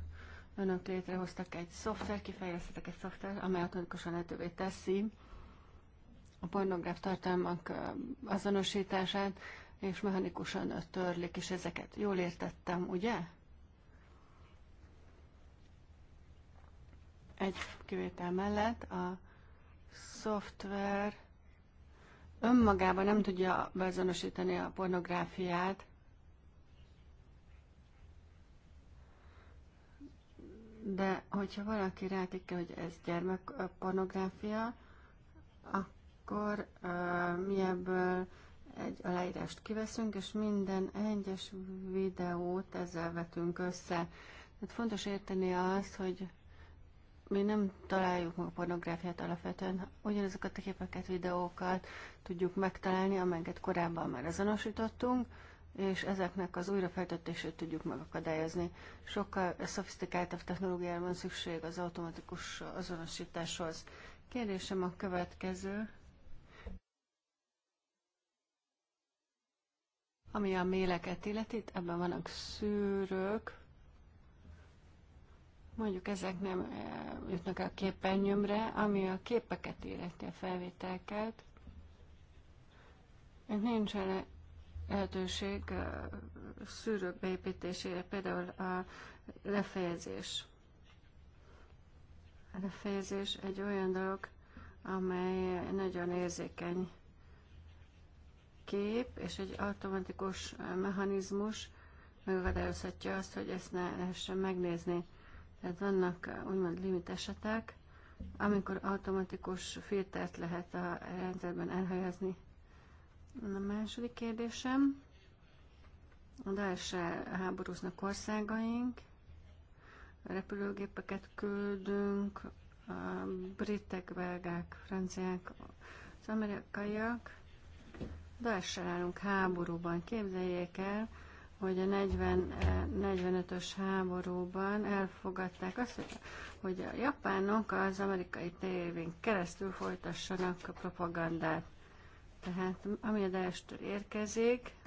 önök létrehoztak egy szoftver, kifejlesztettek egy szoftver, amely automatikusan lehetővé teszi a pornográf tartalmak azonosítását, és mechanikusan törlik, is ezeket jól értettem, ugye? Egy kivétel mellett a szoftver önmagában nem tudja beazonosítani a pornográfiát, de hogyha valaki rátikke, hogy ez gyermekpornográfia, akkor uh, mi ebből egy aláírást kiveszünk, és minden egyes videót ezzel vetünk össze. Tehát fontos érteni azt, hogy mi nem találjuk meg a pornográfiát alapvetően, ugyanazokat a képeket, videókat tudjuk megtalálni, amelyeket korábban már azonosítottunk, és ezeknek az újrafeltöltését tudjuk megakadályozni. Sokkal szofisztikáltabb technológiára van szükség az automatikus azonosításhoz. Kérdésem a következő. Ami a méleket illeti, ebben vannak szűrők, mondjuk ezek nem eh, jutnak a képernyőmre, ami a képeket illeti a felvételeket. Nincs lehetőség eh, szűrők beépítésére, például a lefejezés. A lefejezés egy olyan dolog, amely nagyon érzékeny kép, és egy automatikus mechanizmus megadályozhatja azt, hogy ezt ne lehessen megnézni. Tehát vannak eh, úgymond limit esetek, amikor automatikus filtert lehet a rendszerben elhelyezni. A második kérdésem, a Daesh háborúznak országaink, repülőgépeket küldünk, a britek, belgák, franciák, az amerikaiak, daesh állunk háborúban, képzeljék el, hogy a 40, 45-ös eh, háborúban elfogadták azt, hogy a japánok az amerikai tévén keresztül folytassanak a propagandát. Tehát ami a Daesh-től érkezik,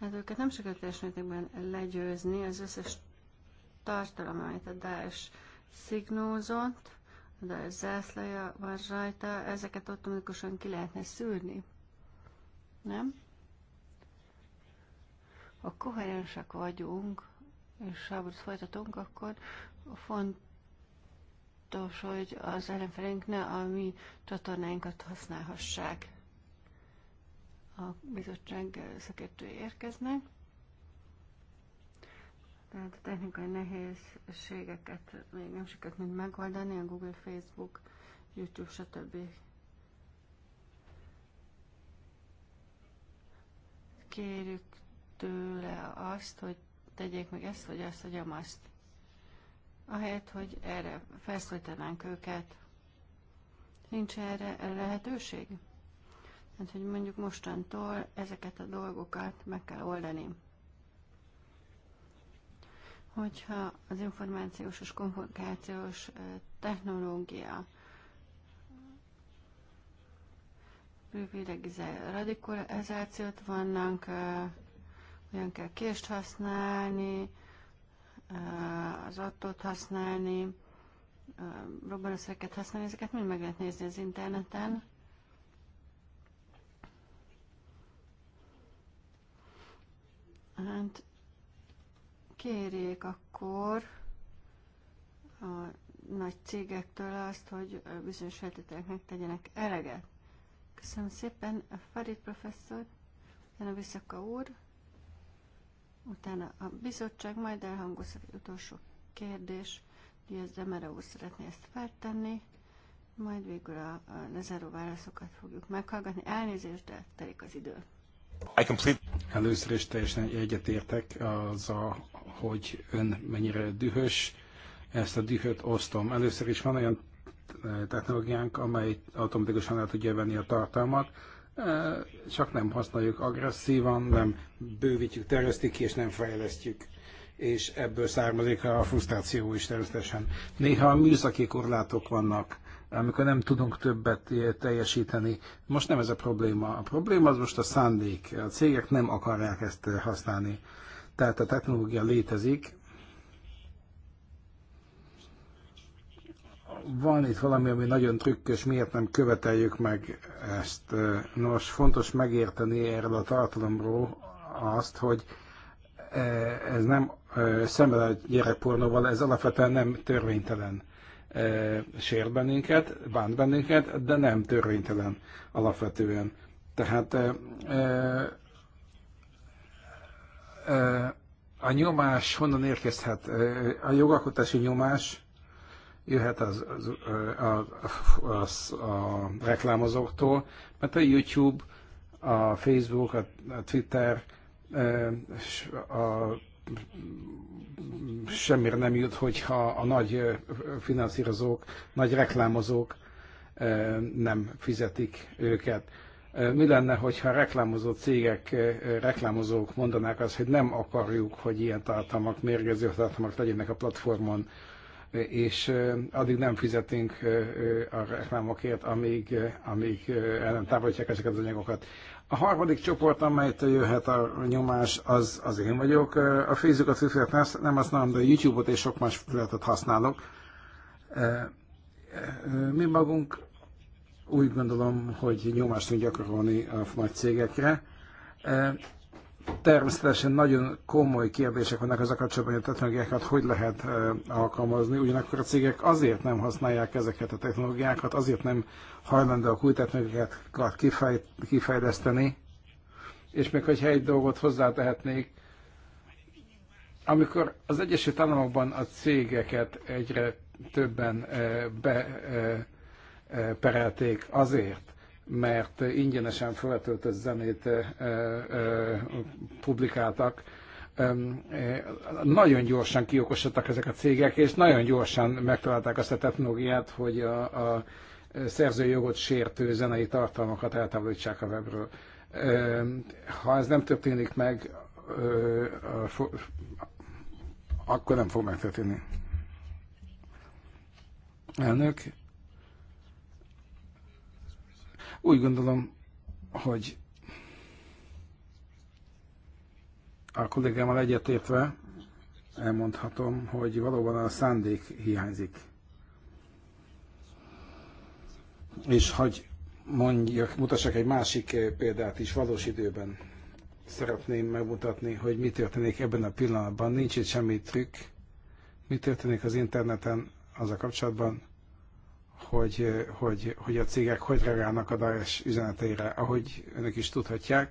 Hát őket nem sikerült teljes legyőzni, az összes tartalom, amit a Daesh szignózott, de a zászlaja van rajta, ezeket automatikusan ki lehetne szűrni. Nem? Ha koherensek vagyunk, és háborút folytatunk, akkor fontos, hogy az ellenfelénk ne a mi csatornáinkat használhassák. A bizottság szakértői érkeznek. Tehát a technikai nehézségeket még nem sikerült mind megoldani, a Google, Facebook, YouTube, stb. Kérjük tőle azt, hogy tegyék meg ezt, vagy azt, vagy amazt. Ahelyett, hogy erre felszólítanánk őket. Nincs erre lehetőség? Tehát, hogy mondjuk mostantól ezeket a dolgokat meg kell oldani hogyha az információs és kommunikációs technológia privilegizál radikalizációt vannak, olyan kell kést használni, az attót használni, robbanószereket használni, ezeket mind meg lehet nézni az interneten. Hát kérjék akkor a nagy cégektől azt, hogy bizonyos feltételeknek tegyenek eleget. Köszönöm szépen, a Farid professzor, utána Visszaka úr, utána a bizottság, majd elhangoz az utolsó kérdés, Diaz Demere úr szeretné ezt feltenni, majd végül a, a lezáró válaszokat fogjuk meghallgatni. Elnézést, de telik az idő. I complete... Először is teljesen egyetértek az a, hogy ön mennyire dühös. Ezt a dühöt osztom. Először is van olyan eh, technológiánk, amely automatikusan el tudja venni a tartalmat, eh, csak nem használjuk agresszívan, nem bővítjük, terjesztjük ki, és nem fejlesztjük és ebből származik a frusztráció is természetesen. Néha a műszaki korlátok vannak, amikor nem tudunk többet teljesíteni. Most nem ez a probléma. A probléma az most a szándék. A cégek nem akarják ezt eh, használni. Tehát a technológia létezik. Van itt valami, ami nagyon trükkös, miért nem követeljük meg ezt. Nos, fontos megérteni erről a tartalomról azt, hogy e, ez nem e, szemben a gyerekpornóval, ez alapvetően nem törvénytelen e, sért bennünket, bánt bennünket, de nem törvénytelen alapvetően. Tehát a nyomás honnan érkezhet? A jogalkotási nyomás jöhet az, az, a, az a reklámozóktól, mert a YouTube, a Facebook, a Twitter a, semmire nem jut, hogyha a nagy finanszírozók, nagy reklámozók nem fizetik őket. Mi lenne, hogyha reklámozó cégek, reklámozók mondanák azt, hogy nem akarjuk, hogy ilyen tartalmak, mérgező tartalmak legyenek a platformon, és addig nem fizetünk a reklámokért, amíg, amíg el nem távolítják ezeket az anyagokat. A harmadik csoport, amelytől jöhet a nyomás, az, az én vagyok. A Facebookot, Twittert nem használom, de a YouTube-ot és sok más felületet használok. Mi magunk úgy gondolom, hogy nyomást tud gyakorolni a nagy cégekre. E, természetesen nagyon komoly kérdések vannak az a kapcsolatban, hogy a technológiákat hogy lehet e, alkalmazni, ugyanakkor a cégek azért nem használják ezeket a technológiákat, azért nem hajlandóak új technológiákat kifej, kifejleszteni. És még hogyha egy dolgot hozzátehetnék, amikor az Egyesült Államokban a cégeket egyre többen e, be perelték azért, mert ingyenesen feltöltött zenét publikáltak, nagyon gyorsan kiokosodtak ezek a cégek, és nagyon gyorsan megtalálták azt a technológiát, hogy a, a szerzőjogot sértő zenei tartalmakat eltávolítsák a webről. Ha ez nem történik meg, akkor nem fog megtörténni. Elnök, úgy gondolom, hogy a kollégámmal egyetértve elmondhatom, hogy valóban a szándék hiányzik. És hogy mondjak, mutassak egy másik példát is valós időben. Szeretném megmutatni, hogy mi történik ebben a pillanatban. Nincs itt semmi trükk. Mi történik az interneten az a kapcsolatban, hogy, hogy, hogy a cégek hogy reagálnak a Daesh üzeneteire. Ahogy önök is tudhatják,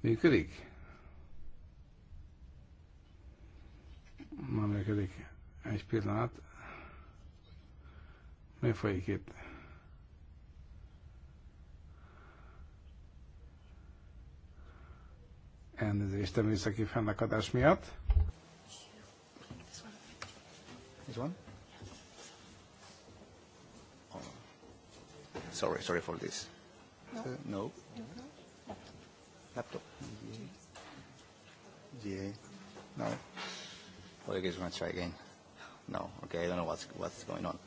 működik? Na, működik. Egy pillanat. Mi folyik itt? Elnézést a műszaki fennakadás miatt. This one? This one? Sorry, sorry for this. No. Uh, no. Laptop. Yeah. No. Well, I guess we're gonna try again. No. Okay. I don't know what's what's going on.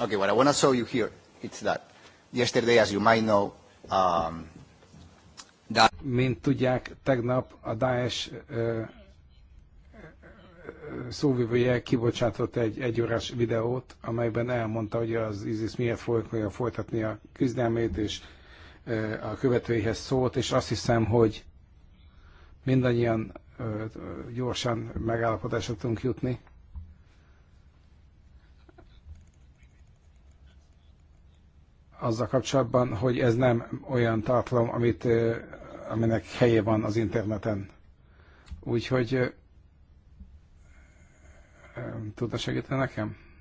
Okay. What I wanna show you here it's that. Yesterday, as you might know, um, that. Mint tudják, tegnap a Daesh uh, szóvivője kibocsátott egy egyórás videót, amelyben elmondta, hogy az ISIS miért fogja folytatni a küzdelmét, és a követőihez szólt, és azt hiszem, hogy mindannyian gyorsan megállapodásra tudunk jutni. Azzal kapcsolatban, hogy ez nem olyan tartalom, amit, aminek helye van az interneten. Úgyhogy Tudna segíteni nekem? Mm-hmm.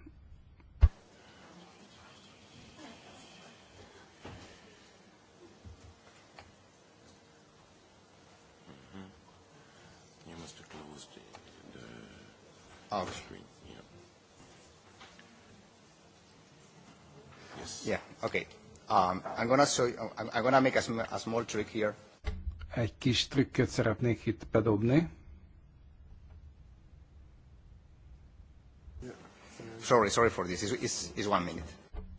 I'm gonna show you, I'm gonna make a, small trick here. Egy kis trükköt szeretnék itt bedobni. sorry, sorry for this. It's, it's one minute.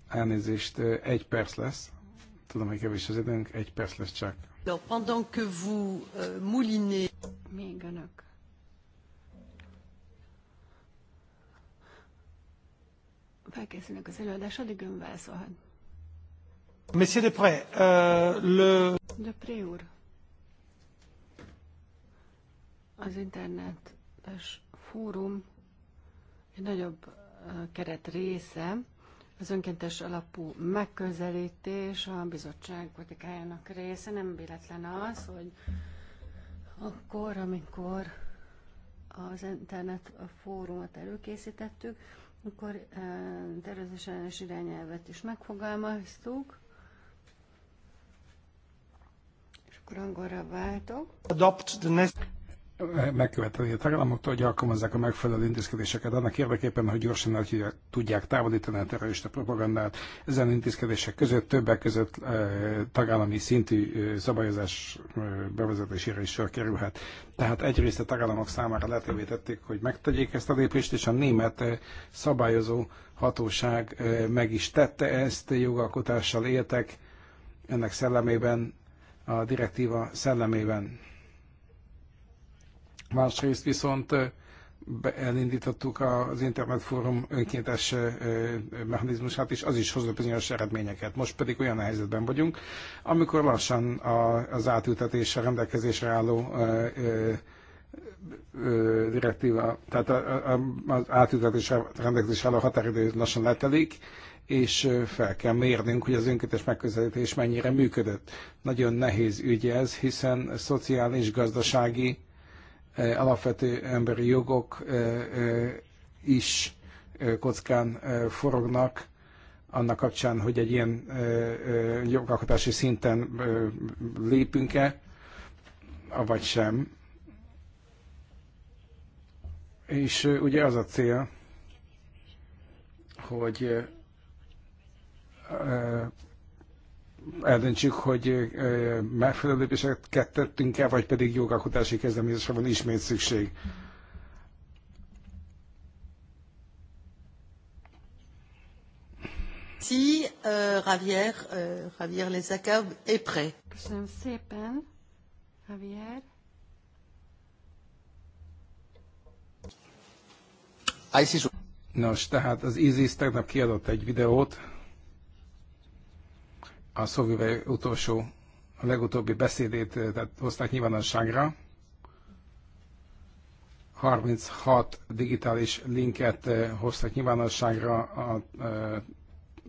Elnézést, egy perc lesz. Tudom, hogy kevés az időnk, egy perc lesz csak. Alors, pendant que vous euh, moulinez... Még önök. Felkészülnek az előadás, addig ön válaszolhat. Monsieur Depré, euh, le... Depré úr. Az internetes fórum egy nagyobb keret része az önkéntes alapú megközelítés a bizottság politikájának része. Nem véletlen az, hogy akkor, amikor az internet fórumot előkészítettük, akkor eh, tervezésen és irányelvet is megfogalmaztuk, és akkor angolra váltok. Adopt the next megköveteli a tagállamoktól, hogy alkalmazzák a megfelelő intézkedéseket annak érdekében, hogy gyorsan el tudják távolítani a terrorista propagandát. Ezen intézkedések között többek között e, tagállami szintű e, szabályozás e, bevezetésére is sor kerülhet. Tehát egyrészt a tagállamok számára lehetővé tették, hogy megtegyék ezt a lépést, és a német szabályozó hatóság meg is tette ezt, jogalkotással éltek ennek szellemében, a direktíva szellemében Másrészt viszont elindítottuk az internetfórum önkéntes mechanizmusát, és az is hozott bizonyos eredményeket. Most pedig olyan helyzetben vagyunk, amikor lassan az átültetésre rendelkezésre álló direktíva, tehát az átültetésre rendelkezésre álló határidő lassan letelik, és fel kell mérnünk, hogy az önkéntes megközelítés mennyire működött. Nagyon nehéz ügy ez, hiszen szociális, gazdasági, Eh, alapvető emberi jogok eh, eh, is kockán forognak annak kapcsán, hogy egy ilyen jogalkotási szinten lépünk-e, vagy sem. És ugye az a cél, hogy eldöntsük, hogy megfelelő lépéseket tettünk el, vagy pedig jogalkotási kezdeményezésre van ismét szükség. Si, uh, Javier, uh, Javier Lezaka est prêt. Köszönöm szépen, Javier. Nos, tehát az ISIS tegnap kiadott egy videót, a szóvivő utolsó, a legutóbbi beszédét eh, tehát hozták nyilvánosságra. 36 digitális linket eh, hoztak nyilvánosságra a eh,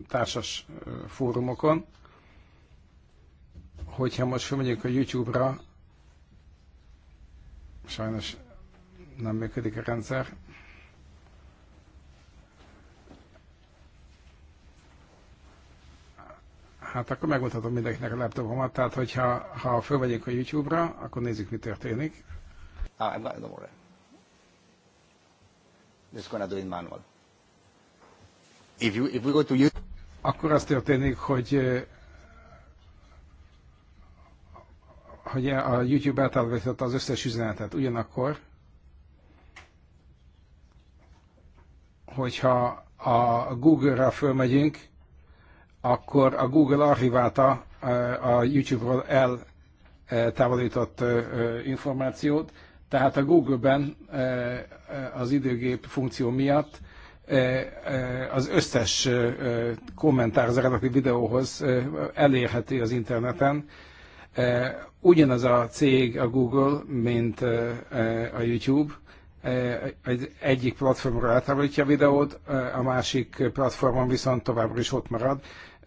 társas fórumokon. Hogyha most fölmegyünk a YouTube-ra, sajnos nem működik a rendszer, Hát akkor megmutatom mindenkinek a laptopomat, tehát hogyha ha fölvegyünk a YouTube-ra, akkor nézzük, mi történik. Ah, I'm not, don't worry. Just gonna do it manual. If, you, if we go to YouTube... Akkor az történik, hogy hogy a YouTube átalakította az összes üzenetet. Ugyanakkor, hogyha a Google-ra fölmegyünk, akkor a Google archiválta a YouTube-ról eltávolított e, e, e, információt, tehát a Google-ben az időgép funkció miatt az összes kommentár az eredeti videóhoz elérhető az interneten. Ugyanaz a cég, a Google, mint a YouTube, egy, egyik platformra eltávolítja a videót, a másik platformon viszont továbbra is ott marad.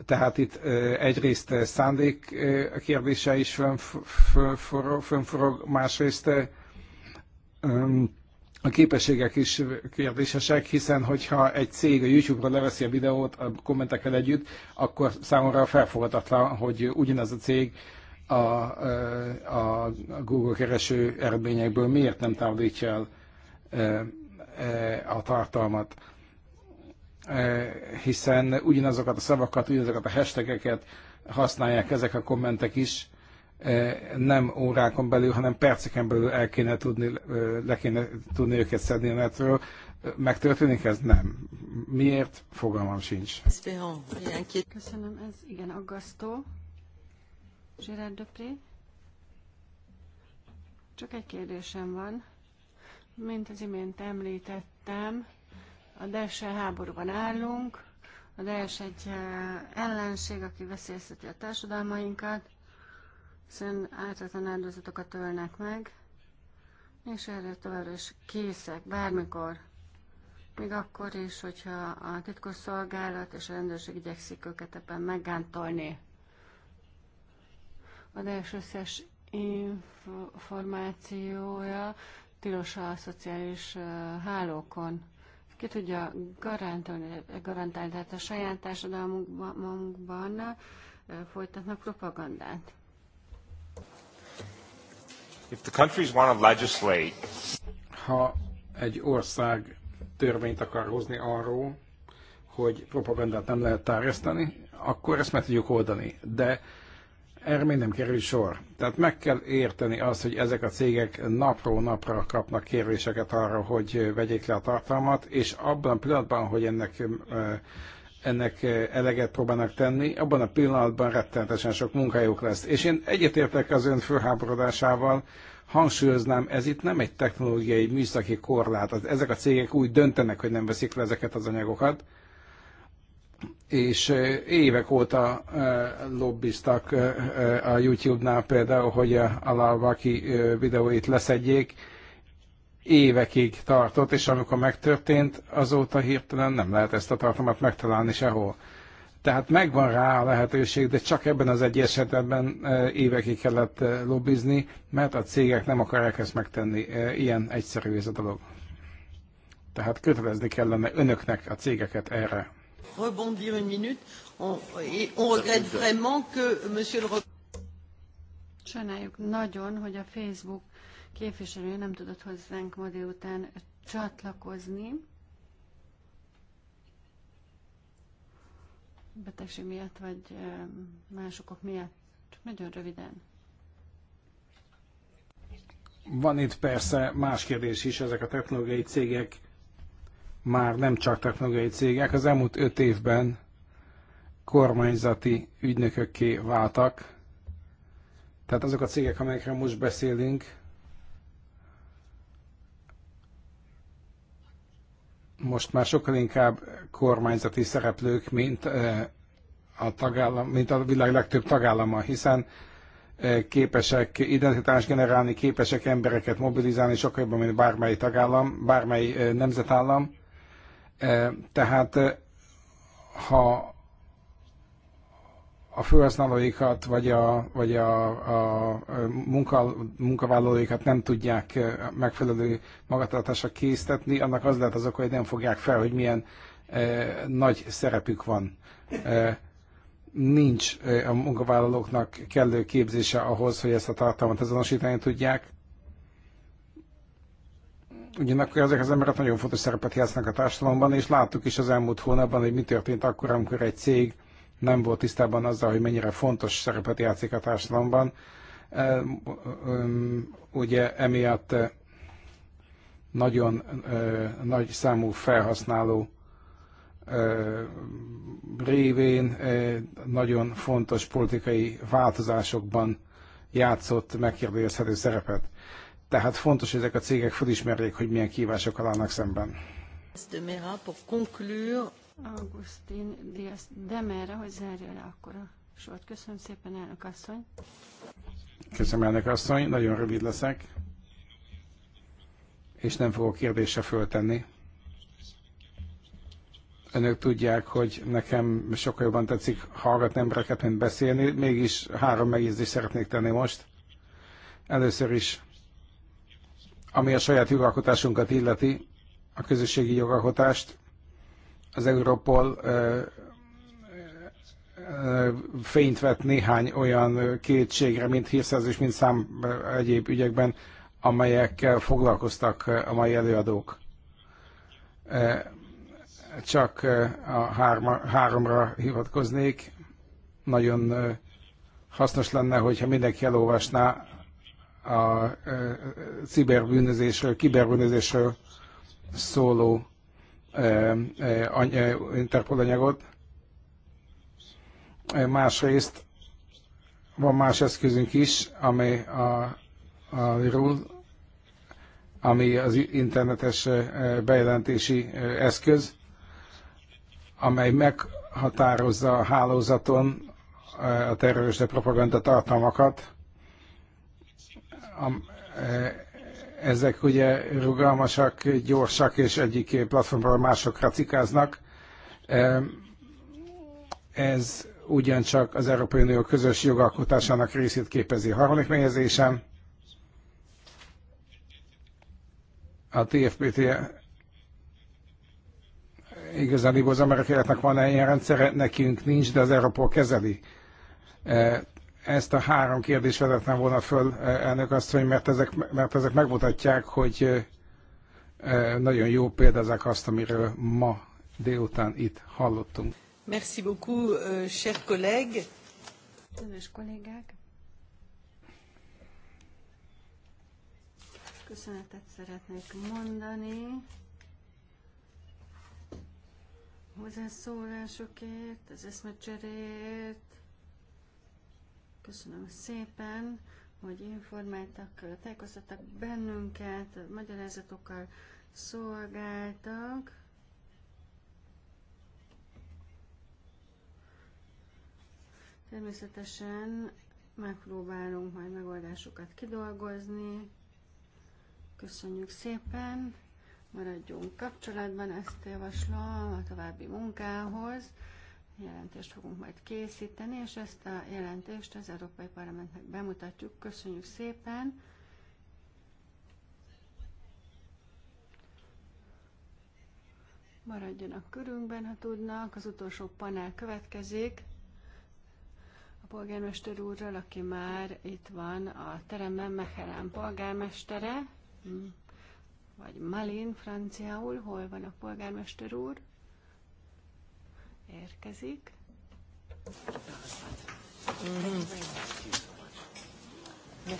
Tehát itt egyrészt szándék kérdése is fönforog, másrészt a képességek is kérdésesek, hiszen hogyha egy cég a YouTube-ra leveszi a videót a kommentekkel együtt, akkor számomra felfogadatlan, hogy ugyanaz a cég a, a Google kereső eredményekből miért nem távolítja el a tartalmat. Eh, hiszen ugyanazokat a szavakat, ugyanazokat a hashtageket használják ezek a kommentek is, eh, nem órákon belül, hanem perceken belül el kéne tudni, eh, le kéne tudni őket szedni a netről. Megtörténik ez? Nem. Miért? Fogalmam sincs. Köszönöm, ez igen aggasztó. Gérard Döpré? Csak egy kérdésem van. Mint az imént említettem, a Daesh háborúban állunk, a Daesh egy eh, ellenség, aki veszélyezteti a társadalmainkat, hiszen ártatlan áldozatokat ölnek meg, és erre továbbra is készek, bármikor, még akkor is, hogyha a szolgálat és a rendőrség igyekszik őket ebben meggántolni. A Daesh összes információja tilos a szociális eh, hálókon ki tudja garantálni, garantálni tehát a saját társadalmunkban eh, folytatnak propagandát. If the countries want to legislate... Ha egy ország törvényt akar hozni arról, hogy propagandát nem lehet tárjesztani, akkor ezt meg tudjuk oldani. De erre még nem kerül sor. Tehát meg kell érteni azt, hogy ezek a cégek napról napra kapnak kéréseket arra, hogy vegyék le a tartalmat, és abban a pillanatban, hogy ennek ennek eleget próbálnak tenni, abban a pillanatban rettenetesen sok munkájuk lesz. És én egyetértek az ön fölháborodásával, hangsúlyoznám, ez itt nem egy technológiai műszaki korlát. Ezek a cégek úgy döntenek, hogy nem veszik le ezeket az anyagokat, és évek óta lobbiztak a YouTube-nál például, hogy a Lalvaki videóit leszedjék. Évekig tartott, és amikor megtörtént, azóta hirtelen nem lehet ezt a tartalmat megtalálni sehol. Tehát megvan rá a lehetőség, de csak ebben az egy esetben évekig kellett lobbizni, mert a cégek nem akarják ezt megtenni. Ilyen egyszerű ez a dolog. Tehát kötelezni kellene önöknek a cégeket erre rebondir une minute. On, et on regrette vraiment que Monsieur le Sajnáljuk nagyon, hogy a Facebook képviselője nem tudott hozzánk ma délután csatlakozni. Betegség miatt, vagy másokok miatt. Csak nagyon röviden. Van itt persze más kérdés is, ezek a technológiai cégek már nem csak technológiai cégek, az elmúlt öt évben kormányzati ügynökökké váltak. Tehát azok a cégek, amelyekről most beszélünk, most már sokkal inkább kormányzati szereplők, mint a, tagállam, mint a világ legtöbb tagállama, hiszen képesek identitást generálni, képesek embereket mobilizálni sokkal jobban, mint bármely tagállam, bármely nemzetállam. Eh, tehát eh, ha a felhasználóikat vagy a, vagy a, a munka, munkavállalóikat nem tudják eh, megfelelő magatartásra késztetni, annak az lehet az oka, hogy nem fogják fel, hogy milyen e, nagy szerepük van. E, nincs a munkavállalóknak kellő képzése ahhoz, hogy ezt a tartalmat azonosítani tudják. Ugyanakkor ezek az emberek nagyon fontos szerepet játszanak a társadalomban, és láttuk is az elmúlt hónapban, hogy mi történt akkor, amikor egy cég nem volt tisztában azzal, hogy mennyire fontos szerepet játszik a társadalomban. Ugye emiatt nagyon nagy számú felhasználó révén nagyon fontos politikai változásokban játszott megkérdőjelezhető szerepet. Tehát fontos, hogy ezek a cégek felismerjék, hogy milyen kívásokkal állnak szemben. Augustin hogy zárja le akkor a sort. Köszönöm szépen, elnök asszony. Köszönöm, elnök asszony. Nagyon rövid leszek, és nem fogok kérdésre föltenni. Önök tudják, hogy nekem sokkal jobban tetszik hallgatni embereket, mint beszélni, mégis három megjegyzést szeretnék tenni most. Először is ami a saját jogalkotásunkat illeti, a közösségi jogalkotást, az Europol fényt vett néhány olyan kétségre, mint hírszerzés, mint szám egyéb ügyekben, amelyekkel foglalkoztak a mai előadók. Csak a hárma, háromra hivatkoznék. Nagyon hasznos lenne, hogyha mindenki elolvasná a ciberbűnözésről, kiberbűnözésről szóló e, e, e, Interpol anyagot. Másrészt van más eszközünk is, ami a, a RUL, ami az internetes bejelentési eszköz, amely meghatározza a hálózaton a terrorista propaganda tartalmakat, Eh, ezek ugye rugalmasak, gyorsak, és egyik platformról másokra cikáznak. Ez ugyancsak az Európai Unió közös jogalkotásának részét képezi. Harmadik megjegyzésem, a TFPT igazán az amerikaiaknak van-e ilyen rendszere, nekünk nincs, de az Európa kezeli. Eh, ezt a három kérdést vezettem volna föl, e, elnök asszony, mert ezek, mert ezek megmutatják, hogy e, e, nagyon jó példázák azt, amiről ma délután itt hallottunk. Merci beaucoup, euh, cher collègue. Kedves kollégák! Köszönetet szeretnék mondani hozzászólásokért, az eszmecseréért, Köszönöm szépen, hogy informáltak, tájékoztattak bennünket, magyarázatokkal szolgáltak. Természetesen megpróbálunk majd megoldásokat kidolgozni. Köszönjük szépen, maradjunk kapcsolatban, ezt javaslom a további munkához jelentést fogunk majd készíteni, és ezt a jelentést az Európai Parlamentnek bemutatjuk. Köszönjük szépen! Maradjanak körünkben, ha tudnak. Az utolsó panel következik. A polgármester úrral, aki már itt van a teremben, Mechelen polgármestere, vagy Malin franciául, hol van a polgármester úr? érkezik. Mm-hmm. Yes.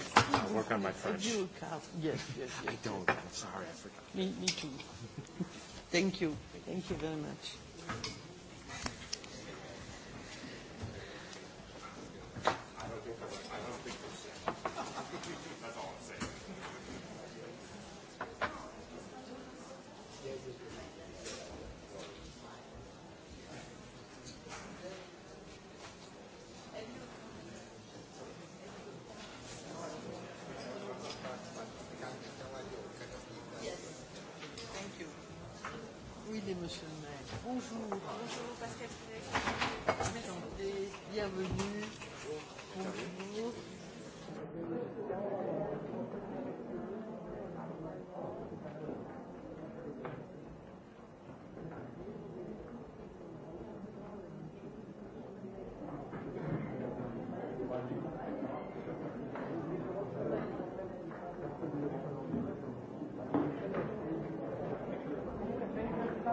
work on my French. Yes, yes, yes. I don't. I'm sorry, I forgot. Me, me too. Thank you. Thank you very much.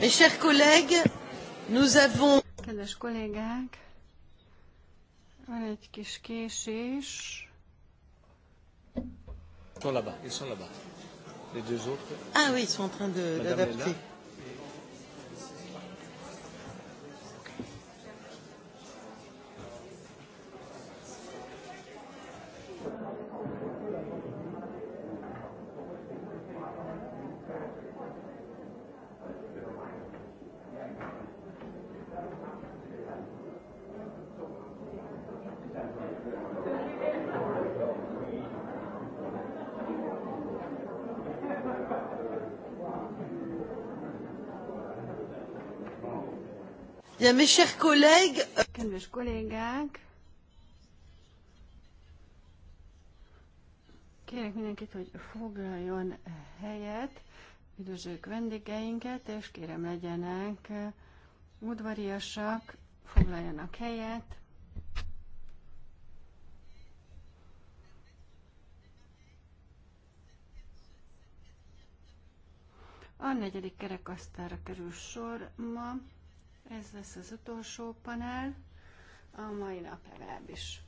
Mes chers collègues, nous avons... Kedves kollégák, van egy kis késés. Ils sont là-bas, Les deux autres. Ah oui, ils sont en train d'adapter. Bien, mes chers collègues. Euh, Kedves kollégák, kérek mindenkit, hogy foglaljon eh, helyet, üdvözlők vendégeinket, és kérem legyenek eh, udvariasak, foglaljanak helyet. A negyedik kerekasztára kerül sor ma. Ez lesz az utolsó panel, a mai nap legalábbis.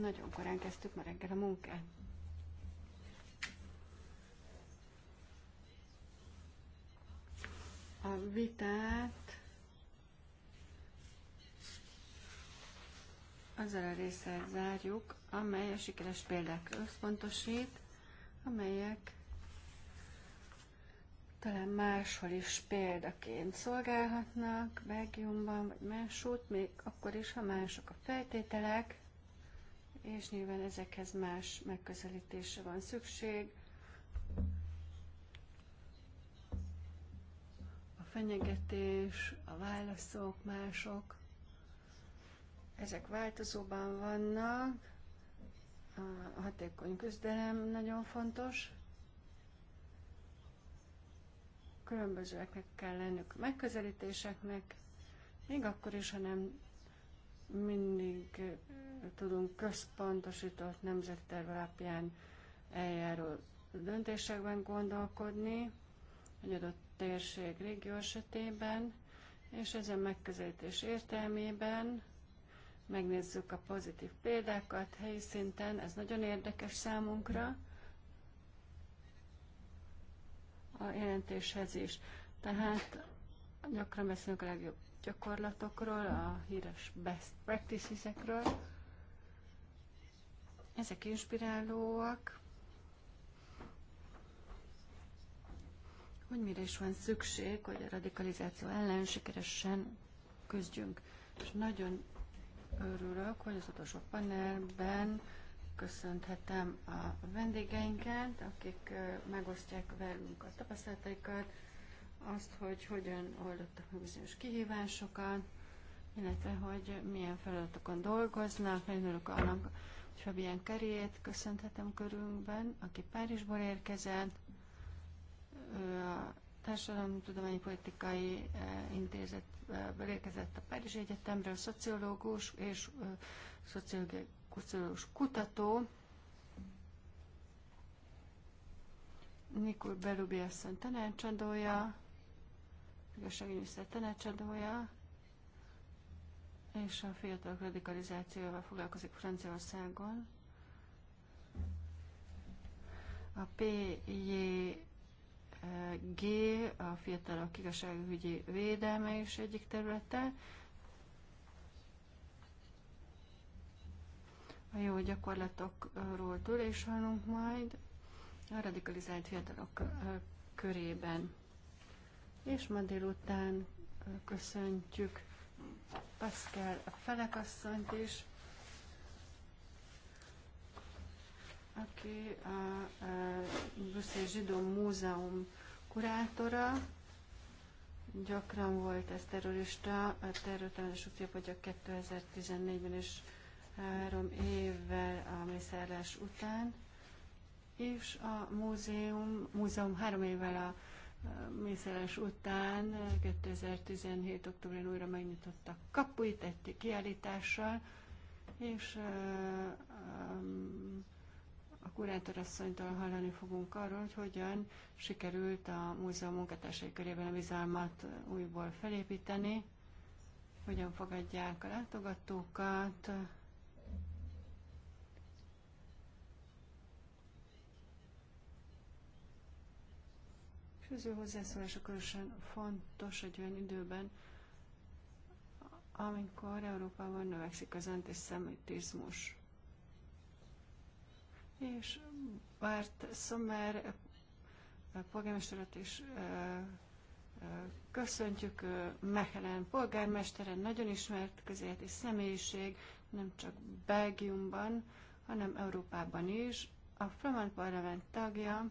Nagyon korán kezdtük ma reggel a munkát. A vitát azzal a részsel zárjuk, amely a sikeres példák összpontosít, amelyek talán máshol is példaként szolgálhatnak, Belgiumban vagy máshogy, még akkor is, ha mások a feltételek, és nyilván ezekhez más megközelítésre van szükség. A fenyegetés, a válaszok, mások, ezek változóban vannak, a hatékony küzdelem nagyon fontos, különbözőeknek kell lennük megközelítéseknek, még akkor is, ha nem mindig eh, tudunk központosított nemzetterv alapján eljáró döntésekben gondolkodni, egy adott térség régió esetében, és ezen megközelítés értelmében megnézzük a pozitív példákat helyi szinten, ez nagyon érdekes számunkra, a jelentéshez is. Tehát gyakran beszélünk a legjobb gyakorlatokról, a híres best practices-ekről. Ezek inspirálóak. Hogy mire is van szükség, hogy a radikalizáció ellen sikeresen küzdjünk. És nagyon örülök, hogy az utolsó panelben köszönhetem a vendégeinket, akik megosztják velünk a tapasztalataikat, azt, hogy hogyan oldottak meg bizonyos kihívásokat, illetve hogy milyen feladatokon dolgoznak. Nagyon örülök annak, hogy Fabián Kerét köszönhetem körünkben, aki Párizsból érkezett. Ő a Társadalomtudományi Politikai Intézetből érkezett a Párizsi Egyetemről, szociológus és szociológiai kuszulós kutató, Nikol Belubi asszony tanácsadója, igazságügyminiszter tanácsadója, és a fiatalok radikalizációval foglalkozik Franciaországon. A PJG, a fiatalok igazságügyi védelme is egyik területe, a jó gyakorlatokról tőlés hallunk majd a radikalizált fiatalok körében. És ma délután köszöntjük Pascal Felekasszonyt is, aki a, a Brüsszel Zsidó Múzeum kurátora, gyakran volt ez terrorista, a terrortámadások célpontja 2014-ben is három évvel a mészárlás után, és a múzeum, múzeum három évvel a mészárlás után, 2017. Eh, októberén újra megnyitottak kapuit egy kiállítással, és eh, a kurátorasszonytól hallani fogunk arról, hogy hogyan sikerült a múzeum munkatársai körében a bizalmat eh, újból felépíteni, hogyan fogadják a látogatókat, különböző hozzászólása különösen fontos egy olyan időben, amikor Európában növekszik az antiszemitizmus. És Bart Sommer eh, polgármesteret is eh, eh, köszöntjük, Mechelen polgármesteren, nagyon ismert közéleti személyiség, nem csak Belgiumban, hanem Európában is. A Flamand Parlament tagja,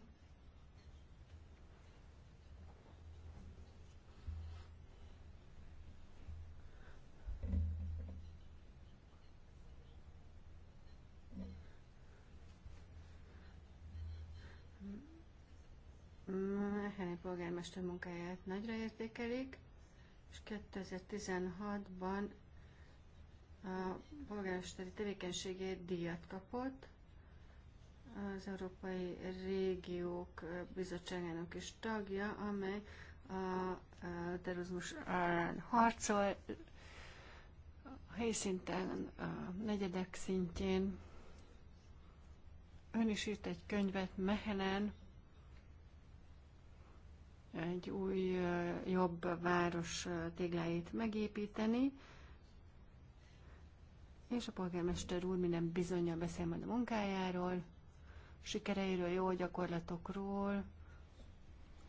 Mehely polgármester munkáját nagyra értékelik, és 2016-ban a polgármesteri tevékenységét díjat kapott. Az Európai Régiók Bizottságának is tagja, amely a terrorizmus ellen harcol, a helyszinten, a negyedek szintjén. Ön is írt egy könyvet Mehelen, egy új, jobb város tégláit megépíteni, és a polgármester úr minden bizonyal beszél majd a munkájáról, sikereiről, jó gyakorlatokról,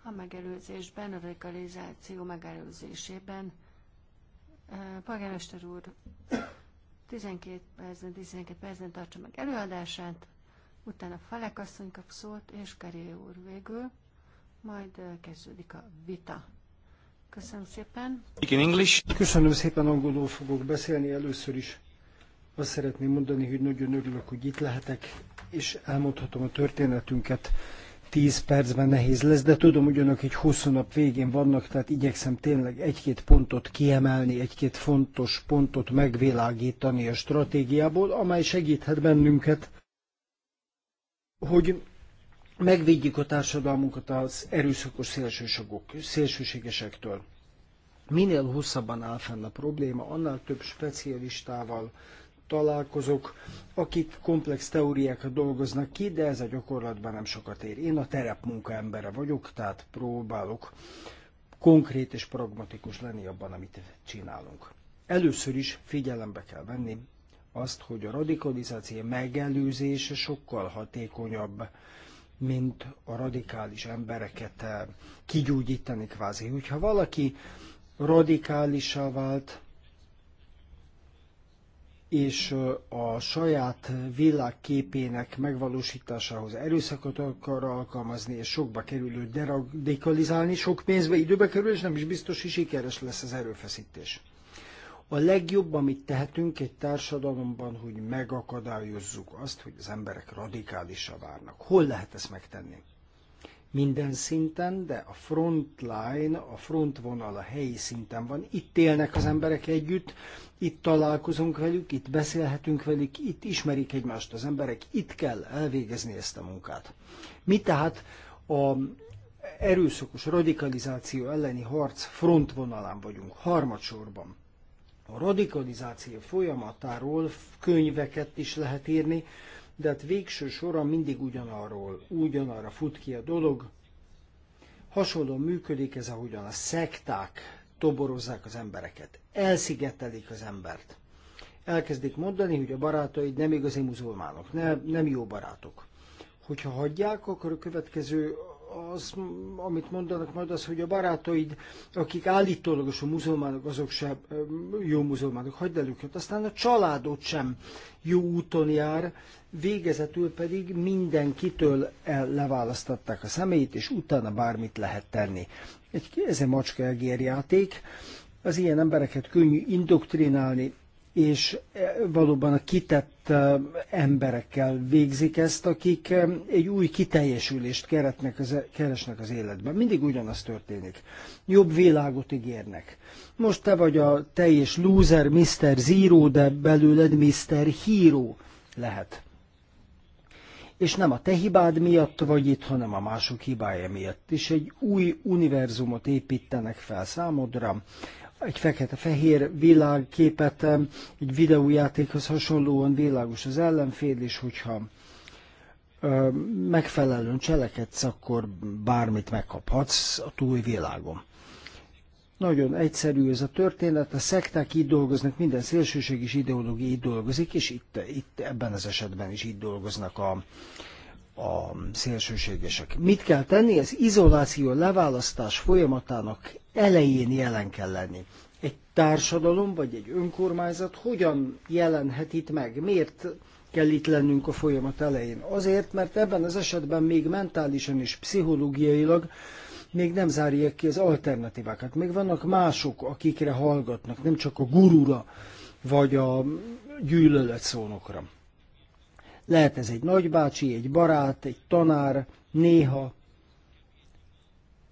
a megelőzésben, a radikalizáció megelőzésében. Polgármester úr 12 percben, 12 percben tartsa meg előadását, utána Falek asszony kap szót, és Karé úr végül majd kezdődik a vita. Köszönöm szépen. In English. Köszönöm szépen, angolul fogok beszélni először is. Azt szeretném mondani, hogy nagyon örülök, hogy itt lehetek, és elmondhatom a történetünket. 10 percben nehéz lesz, de tudom, hogy önök egy hosszú nap végén vannak, tehát igyekszem tényleg egy-két pontot kiemelni, egy-két fontos pontot megvilágítani a stratégiából, amely segíthet bennünket, hogy megvédjük a társadalmunkat az erőszakos szélsőségok, szélsőségesektől. Minél hosszabban áll fenn a probléma, annál több specialistával találkozok, akik komplex teóriákat dolgoznak ki, de ez a gyakorlatban nem sokat ér. Én a terepmunka embere vagyok, tehát próbálok konkrét és pragmatikus lenni abban, amit csinálunk. Először is figyelembe kell venni azt, hogy a radikalizáció megelőzése sokkal hatékonyabb, mint a radikális embereket eh, kigyógyítani kvázi. Hogyha valaki radikálisá vált, és eh, a saját világképének megvalósításához erőszakot akar alkalmazni, és sokba kerülő deradikalizálni, sok pénzbe, időbe kerül, és nem is biztos, hogy sikeres lesz az erőfeszítés. A legjobb, amit tehetünk egy társadalomban, hogy megakadályozzuk azt, hogy az emberek radikálisra várnak. Hol lehet ezt megtenni? Minden szinten, de a frontline, a frontvonal a helyi szinten van. Itt élnek az emberek együtt, itt találkozunk velük, itt beszélhetünk velük, itt ismerik egymást az emberek, itt kell elvégezni ezt a munkát. Mi tehát a erőszakos radikalizáció elleni harc frontvonalán vagyunk, harmadsorban a radikalizáció folyamatáról könyveket is lehet írni, de hát végső soron mindig ugyanarról, ugyanarra fut ki a dolog. Hasonlóan működik ez, ahogyan a szekták toborozzák az embereket, elszigetelik az embert. Elkezdik mondani, hogy a barátaid nem igazi muzulmánok, nem, nem jó barátok. Hogyha hagyják, akkor a következő az, amit mondanak majd az, hogy a barátaid, akik állítólagos a muzulmánok, azok sem jó muzulmánok, hagyd el őket. Aztán a családod sem jó úton jár, végezetül pedig mindenkitől el, leválasztatták a szemét és utána bármit lehet tenni. Egy, ez egy macska játék, az ilyen embereket könnyű indoktrinálni, és eh, valóban a kitett eh, emberekkel végzik ezt, akik eh, egy új kiteljesülést e, keresnek az életben. Mindig ugyanaz történik. Jobb világot ígérnek. Most te vagy a teljes loser, Mr. Zero, de belőled Mr. Hero lehet. És nem a te hibád miatt vagy itt, hanem a mások hibája miatt. És egy új univerzumot építenek fel számodra, egy fekete-fehér világképet egy videójátékhoz hasonlóan világos az ellenfél, és hogyha megfelelően cselekedsz, akkor bármit megkaphatsz a túlvilágon. Nagyon egyszerű ez a történet, a szekták így dolgoznak, minden szélsőség is ideológia így dolgozik, és itt, itt ebben az esetben is így dolgoznak a, a szélsőségesek. Mit kell tenni? Ez izoláció leválasztás folyamatának elején jelen kell lenni. Egy társadalom vagy egy önkormányzat hogyan jelenhet itt meg? Miért kell itt lennünk a folyamat elején? Azért, mert ebben az esetben még mentálisan és pszichológiailag még nem zárják ki az alternatívákat. Még vannak mások, akikre hallgatnak, nem csak a gurura vagy a gyűlölet szónokra. Lehet ez egy nagybácsi, egy barát, egy tanár, néha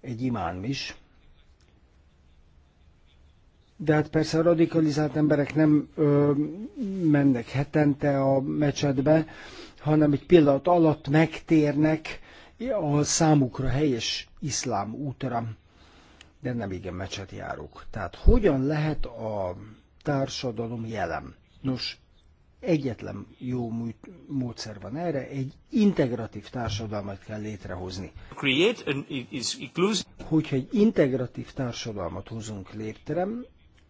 egy imám is de hát persze a radikalizált emberek nem ö, mennek hetente a mecsetbe, hanem egy pillanat alatt megtérnek a számukra helyes iszlám útra, de nem igen mecsetjárók. Tehát hogyan lehet a társadalom jelen? Nos, egyetlen jó módszer van erre, egy integratív társadalmat kell létrehozni. Hogyha egy integratív társadalmat hozunk létre,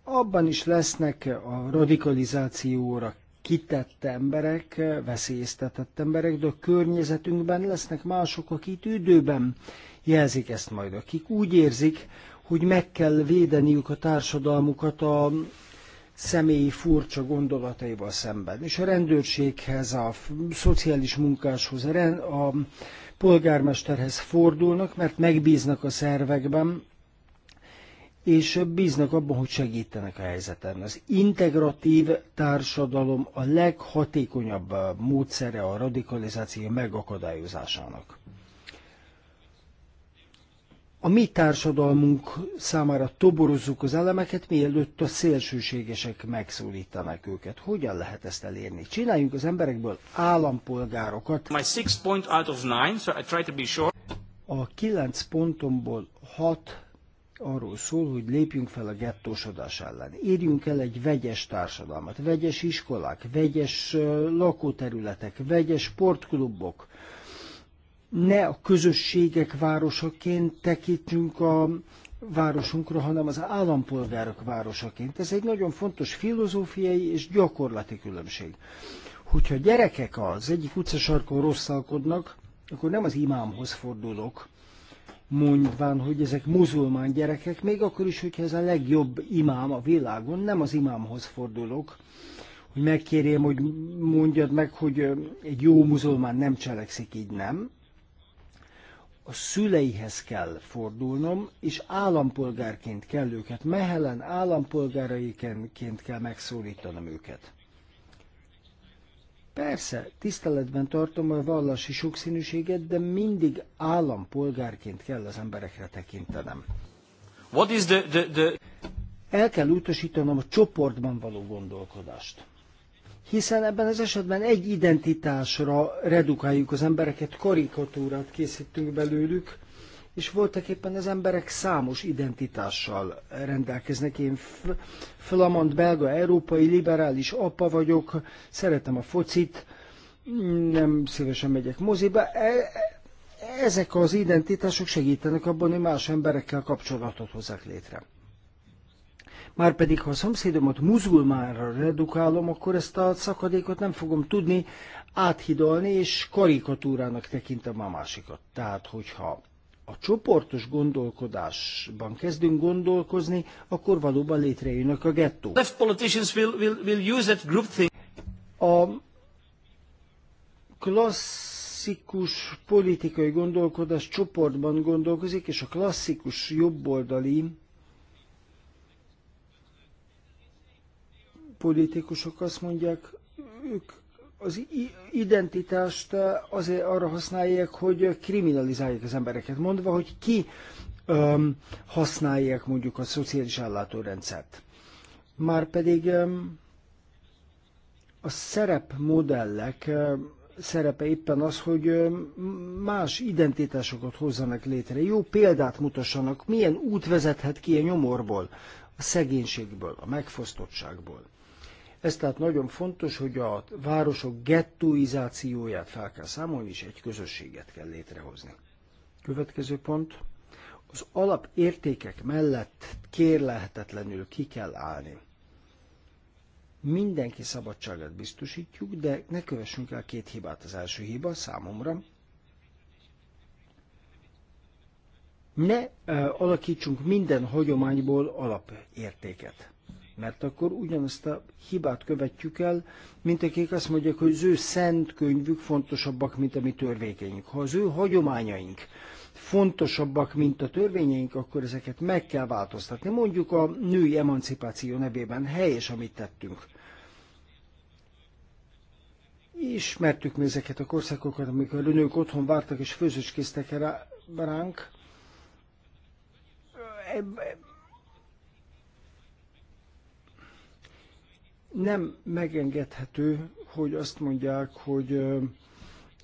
abban is lesznek a radikalizációra kitett emberek, veszélyeztetett emberek, de a környezetünkben lesznek mások, akik időben jelzik ezt majd, akik úgy érzik, hogy meg kell védeniük a társadalmukat a személyi furcsa gondolataival szemben. És a rendőrséghez, a szociális munkáshoz, a polgármesterhez fordulnak, mert megbíznak a szervekben, és bíznak abban, hogy segítenek a helyzeten. Az integratív társadalom a leghatékonyabb módszere a radikalizáció megakadályozásának. A mi társadalmunk számára toborozzuk az elemeket, mielőtt a szélsőségesek megszólítanak őket. Hogyan lehet ezt elérni? Csináljunk az emberekből állampolgárokat. My six point out of nine, so I try to be sure. A kilenc pontomból hat arról szól, hogy lépjünk fel a gettósodás ellen. Érjünk el egy vegyes társadalmat, vegyes iskolák, vegyes lakóterületek, vegyes sportklubok. Ne a közösségek városaként tekintünk a városunkra, hanem az állampolgárok városaként. Ez egy nagyon fontos filozófiai és gyakorlati különbség. Hogyha gyerekek az egyik utcasarkon rosszalkodnak, akkor nem az imámhoz fordulok, mondván, hogy ezek muzulmán gyerekek, még akkor is, hogyha ez a legjobb imám a világon, nem az imámhoz fordulok, hogy megkérjem, hogy mondjad meg, hogy egy jó muzulmán nem cselekszik így, nem. A szüleihez kell fordulnom, és állampolgárként kell őket, mehelen állampolgáraiként kell megszólítanom őket. Persze, tiszteletben tartom a vallási sokszínűséget, de mindig állampolgárként kell az emberekre tekintenem. What is the, the, the... El kell utasítanom a csoportban való gondolkodást. Hiszen ebben az esetben egy identitásra redukáljuk az embereket, karikatúrát készítünk belőlük, és voltak éppen az emberek számos identitással rendelkeznek. Én flamand, belga, európai, liberális apa vagyok, szeretem a focit, nem szívesen megyek moziba. E, e, ezek az identitások segítenek abban, hogy más emberekkel kapcsolatot hozzák létre. Márpedig, ha a szomszédomat muzulmánra redukálom, akkor ezt a szakadékot nem fogom tudni áthidalni, és karikatúrának tekintem a másikat. Tehát, hogyha a csoportos gondolkodásban kezdünk gondolkozni, akkor valóban létrejönnek a gettó. A klasszikus politikai gondolkodás csoportban gondolkozik, és a klasszikus jobboldali politikusok azt mondják, ők az identitást azért arra használják, hogy kriminalizálják az embereket, mondva, hogy ki öm, használják mondjuk a szociális ellátórendszert. Márpedig öm, a szerepmodellek öm, szerepe éppen az, hogy más identitásokat hozzanak létre, jó példát mutassanak, milyen út vezethet ki a nyomorból, a szegénységből, a megfosztottságból. Ez tehát nagyon fontos, hogy a városok gettóizációját fel kell számolni, és egy közösséget kell létrehozni. Következő pont. Az alapértékek mellett kérlehetetlenül ki kell állni. Mindenki szabadságát biztosítjuk, de ne kövessünk el két hibát. Az első hiba számomra, ne alakítsunk minden hagyományból alapértéket. Mert akkor ugyanazt a hibát követjük el, mint akik azt mondják, hogy az ő szent könyvük fontosabbak, mint a mi törvényeink. Ha az ő hagyományaink fontosabbak, mint a törvényeink, akkor ezeket meg kell változtatni. Mondjuk a női emancipáció nevében helyes, amit tettünk ismertük mi ezeket a korszakokat, amikor a nők otthon vártak és főzőskéztek ránk. nem megengedhető, hogy azt mondják, hogy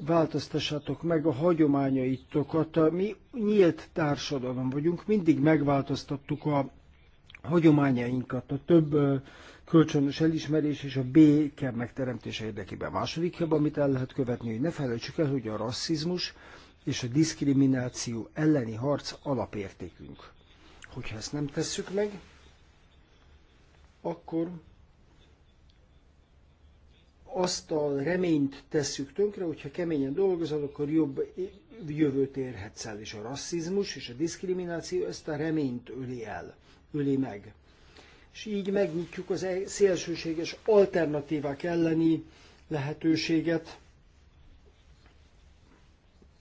változtassátok meg a hagyományaitokat. Mi nyílt társadalom vagyunk, mindig megváltoztattuk a hagyományainkat, a több kölcsönös elismerés és a béke megteremtése érdekében. második jobb, amit el lehet követni, hogy ne felejtsük el, hogy a rasszizmus és a diszkrimináció elleni harc alapértékünk. Hogyha ezt nem tesszük meg, akkor azt a reményt tesszük tönkre, hogyha keményen dolgozol, akkor jobb jövőt érhetsz el, és a rasszizmus és a diszkrimináció ezt a reményt öli el, öli meg. És így megnyitjuk az e- szélsőséges alternatívák elleni lehetőséget.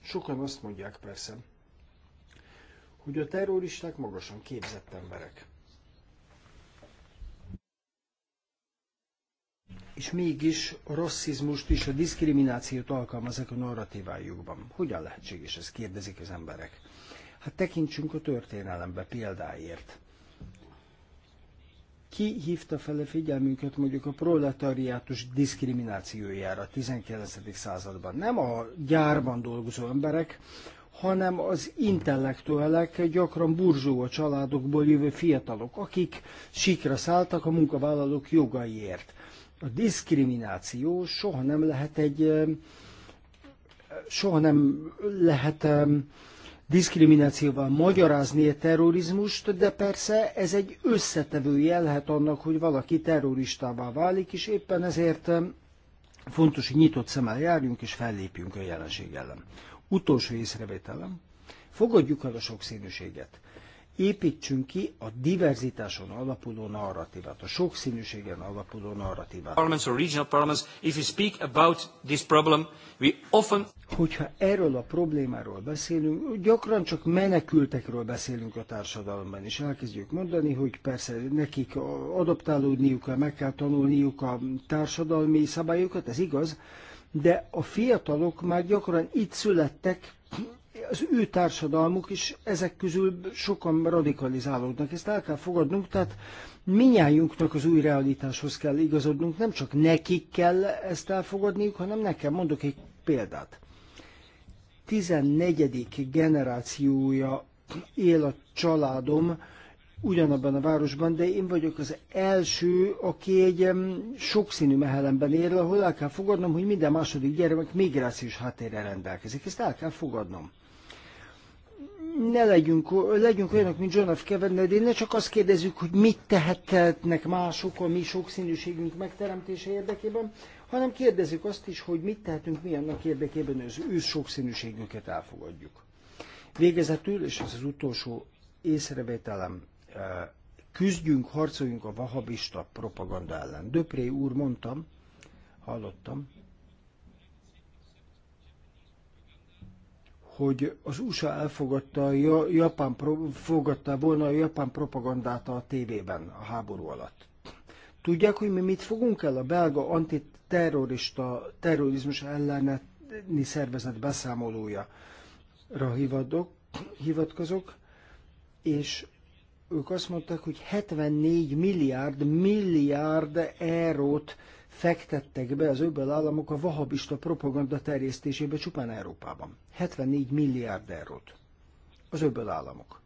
Sokan azt mondják persze, hogy a terroristák magasan képzett emberek. és mégis a rasszizmust és a diszkriminációt alkalmazzák a narratívájukban. Hogyan lehetséges ez, kérdezik az emberek. Hát tekintsünk a történelembe példáért. Ki hívta fel a figyelmünket mondjuk a proletariátus diszkriminációjára a 19. században? Nem a gyárban dolgozó emberek, hanem az intellektuelek, gyakran burzsóa családokból jövő fiatalok, akik sikra szálltak a munkavállalók jogaiért. A diszkrimináció soha nem lehet egy soha nem lehet diszkriminációval magyarázni a terrorizmust, de persze ez egy összetevő lehet annak, hogy valaki terroristává válik, és éppen ezért fontos, hogy nyitott szemmel járjunk és fellépjünk a jelenség ellen. Utolsó észrevételem, fogadjuk el a sokszínűséget építsünk ki a diverzitáson alapuló narratívát, a sokszínűségen alapuló narratívát. Hogyha erről a problémáról beszélünk, gyakran csak menekültekről beszélünk a társadalomban, és elkezdjük mondani, hogy persze nekik adaptálódniuk kell, meg kell tanulniuk a társadalmi szabályokat, ez igaz, de a fiatalok már gyakran itt születtek, az ő társadalmuk is ezek közül sokan radikalizálódnak. Ezt el kell fogadnunk, tehát minnyájunknak az új realitáshoz kell igazodnunk, nem csak nekik kell ezt elfogadniuk, hanem nekem mondok egy példát. 14. generációja él a családom ugyanabban a városban, de én vagyok az első, aki egy sokszínű mehelemben él, ahol el kell fogadnom, hogy minden második gyermek migrációs háttérrel rendelkezik. Ezt el kell fogadnom ne legyünk, legyünk olyanok, mint John F. Kennedy, ne csak azt kérdezzük, hogy mit tehetnek mások a mi sokszínűségünk megteremtése érdekében, hanem kérdezzük azt is, hogy mit tehetünk mi annak érdekében, hogy az ős sokszínűségünket elfogadjuk. Végezetül, és ez az utolsó észrevételem, eh, küzdjünk, harcoljunk a vahabista propaganda ellen. Döpré úr mondtam, hallottam, hogy az USA elfogadta, Japán fogadta volna a japán propagandát a tévében a háború alatt. Tudják, hogy mi mit fogunk el? A belga antiterrorista terrorizmus elleni szervezet beszámolója hivadok, hivatkozok, és ők azt mondták, hogy 74 milliárd milliárd eurót fektettek be az öböl államok a vahabista propaganda terjesztésébe csupán Európában. 74 milliárd eurót. Az öböl államok.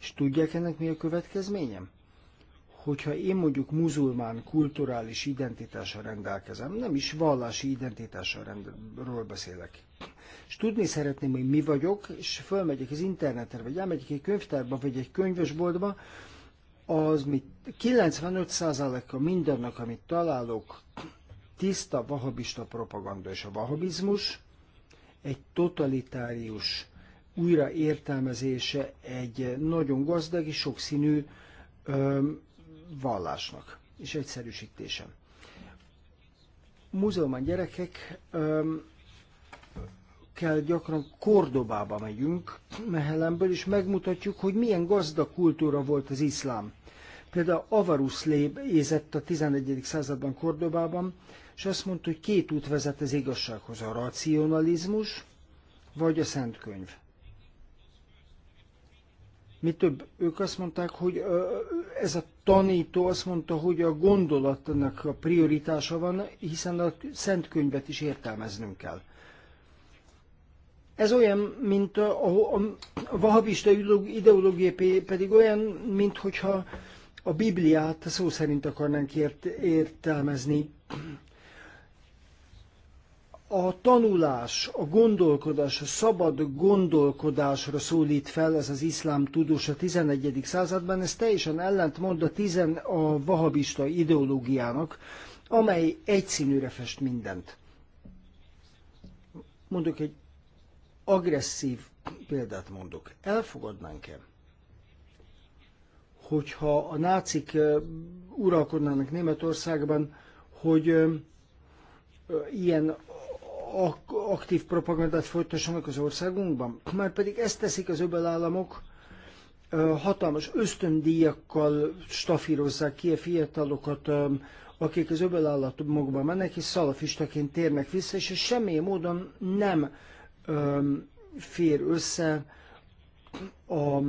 És tudják ennek mi a következményem? Hogyha én mondjuk muzulmán kulturális identitással rendelkezem, nem is vallási identitással rendről beszélek. És tudni szeretném, hogy mi vagyok, és fölmegyek az internetre, vagy elmegyek egy könyvtárba, vagy egy könyvesboltba, az, mit 95%-a mindennek, amit találok, tiszta vahabista propaganda és a vahabizmus, egy totalitárius újraértelmezése egy nagyon gazdag és sokszínű ö, vallásnak és egyszerűsítése. Muzulmán gyerekek ö, kell gyakran Kordobába megyünk Mehelemből, és megmutatjuk, hogy milyen gazdag kultúra volt az iszlám Például Avarus Léb ézett a 11. században Kordobában, és azt mondta, hogy két út vezet az igazsághoz, a racionalizmus vagy a szentkönyv. Mi több, ők azt mondták, hogy ez a tanító azt mondta, hogy a gondolatnak a prioritása van, hiszen a szentkönyvet is értelmeznünk kell. Ez olyan, mint a, a, a vahabista ideológia pedig olyan, mint hogyha a Bibliát szó szerint akarnánk ért, értelmezni. A tanulás, a gondolkodás, a szabad gondolkodásra szólít fel ez az iszlám tudós a 11. században, ez teljesen ellentmond a, tizen, a vahabista ideológiának, amely egyszínűre fest mindent. Mondok egy agresszív példát mondok. Elfogadnánk-e, hogyha a nácik uralkodnának Németországban, hogy ilyen aktív propagandát folytassanak az országunkban. Már pedig ezt teszik az öbel államok, hatalmas ösztöndíjakkal stafírozzák ki a fiatalokat, akik az öbel államokban mennek, és szalafistaként térnek vissza, és ez semmilyen módon nem fér össze a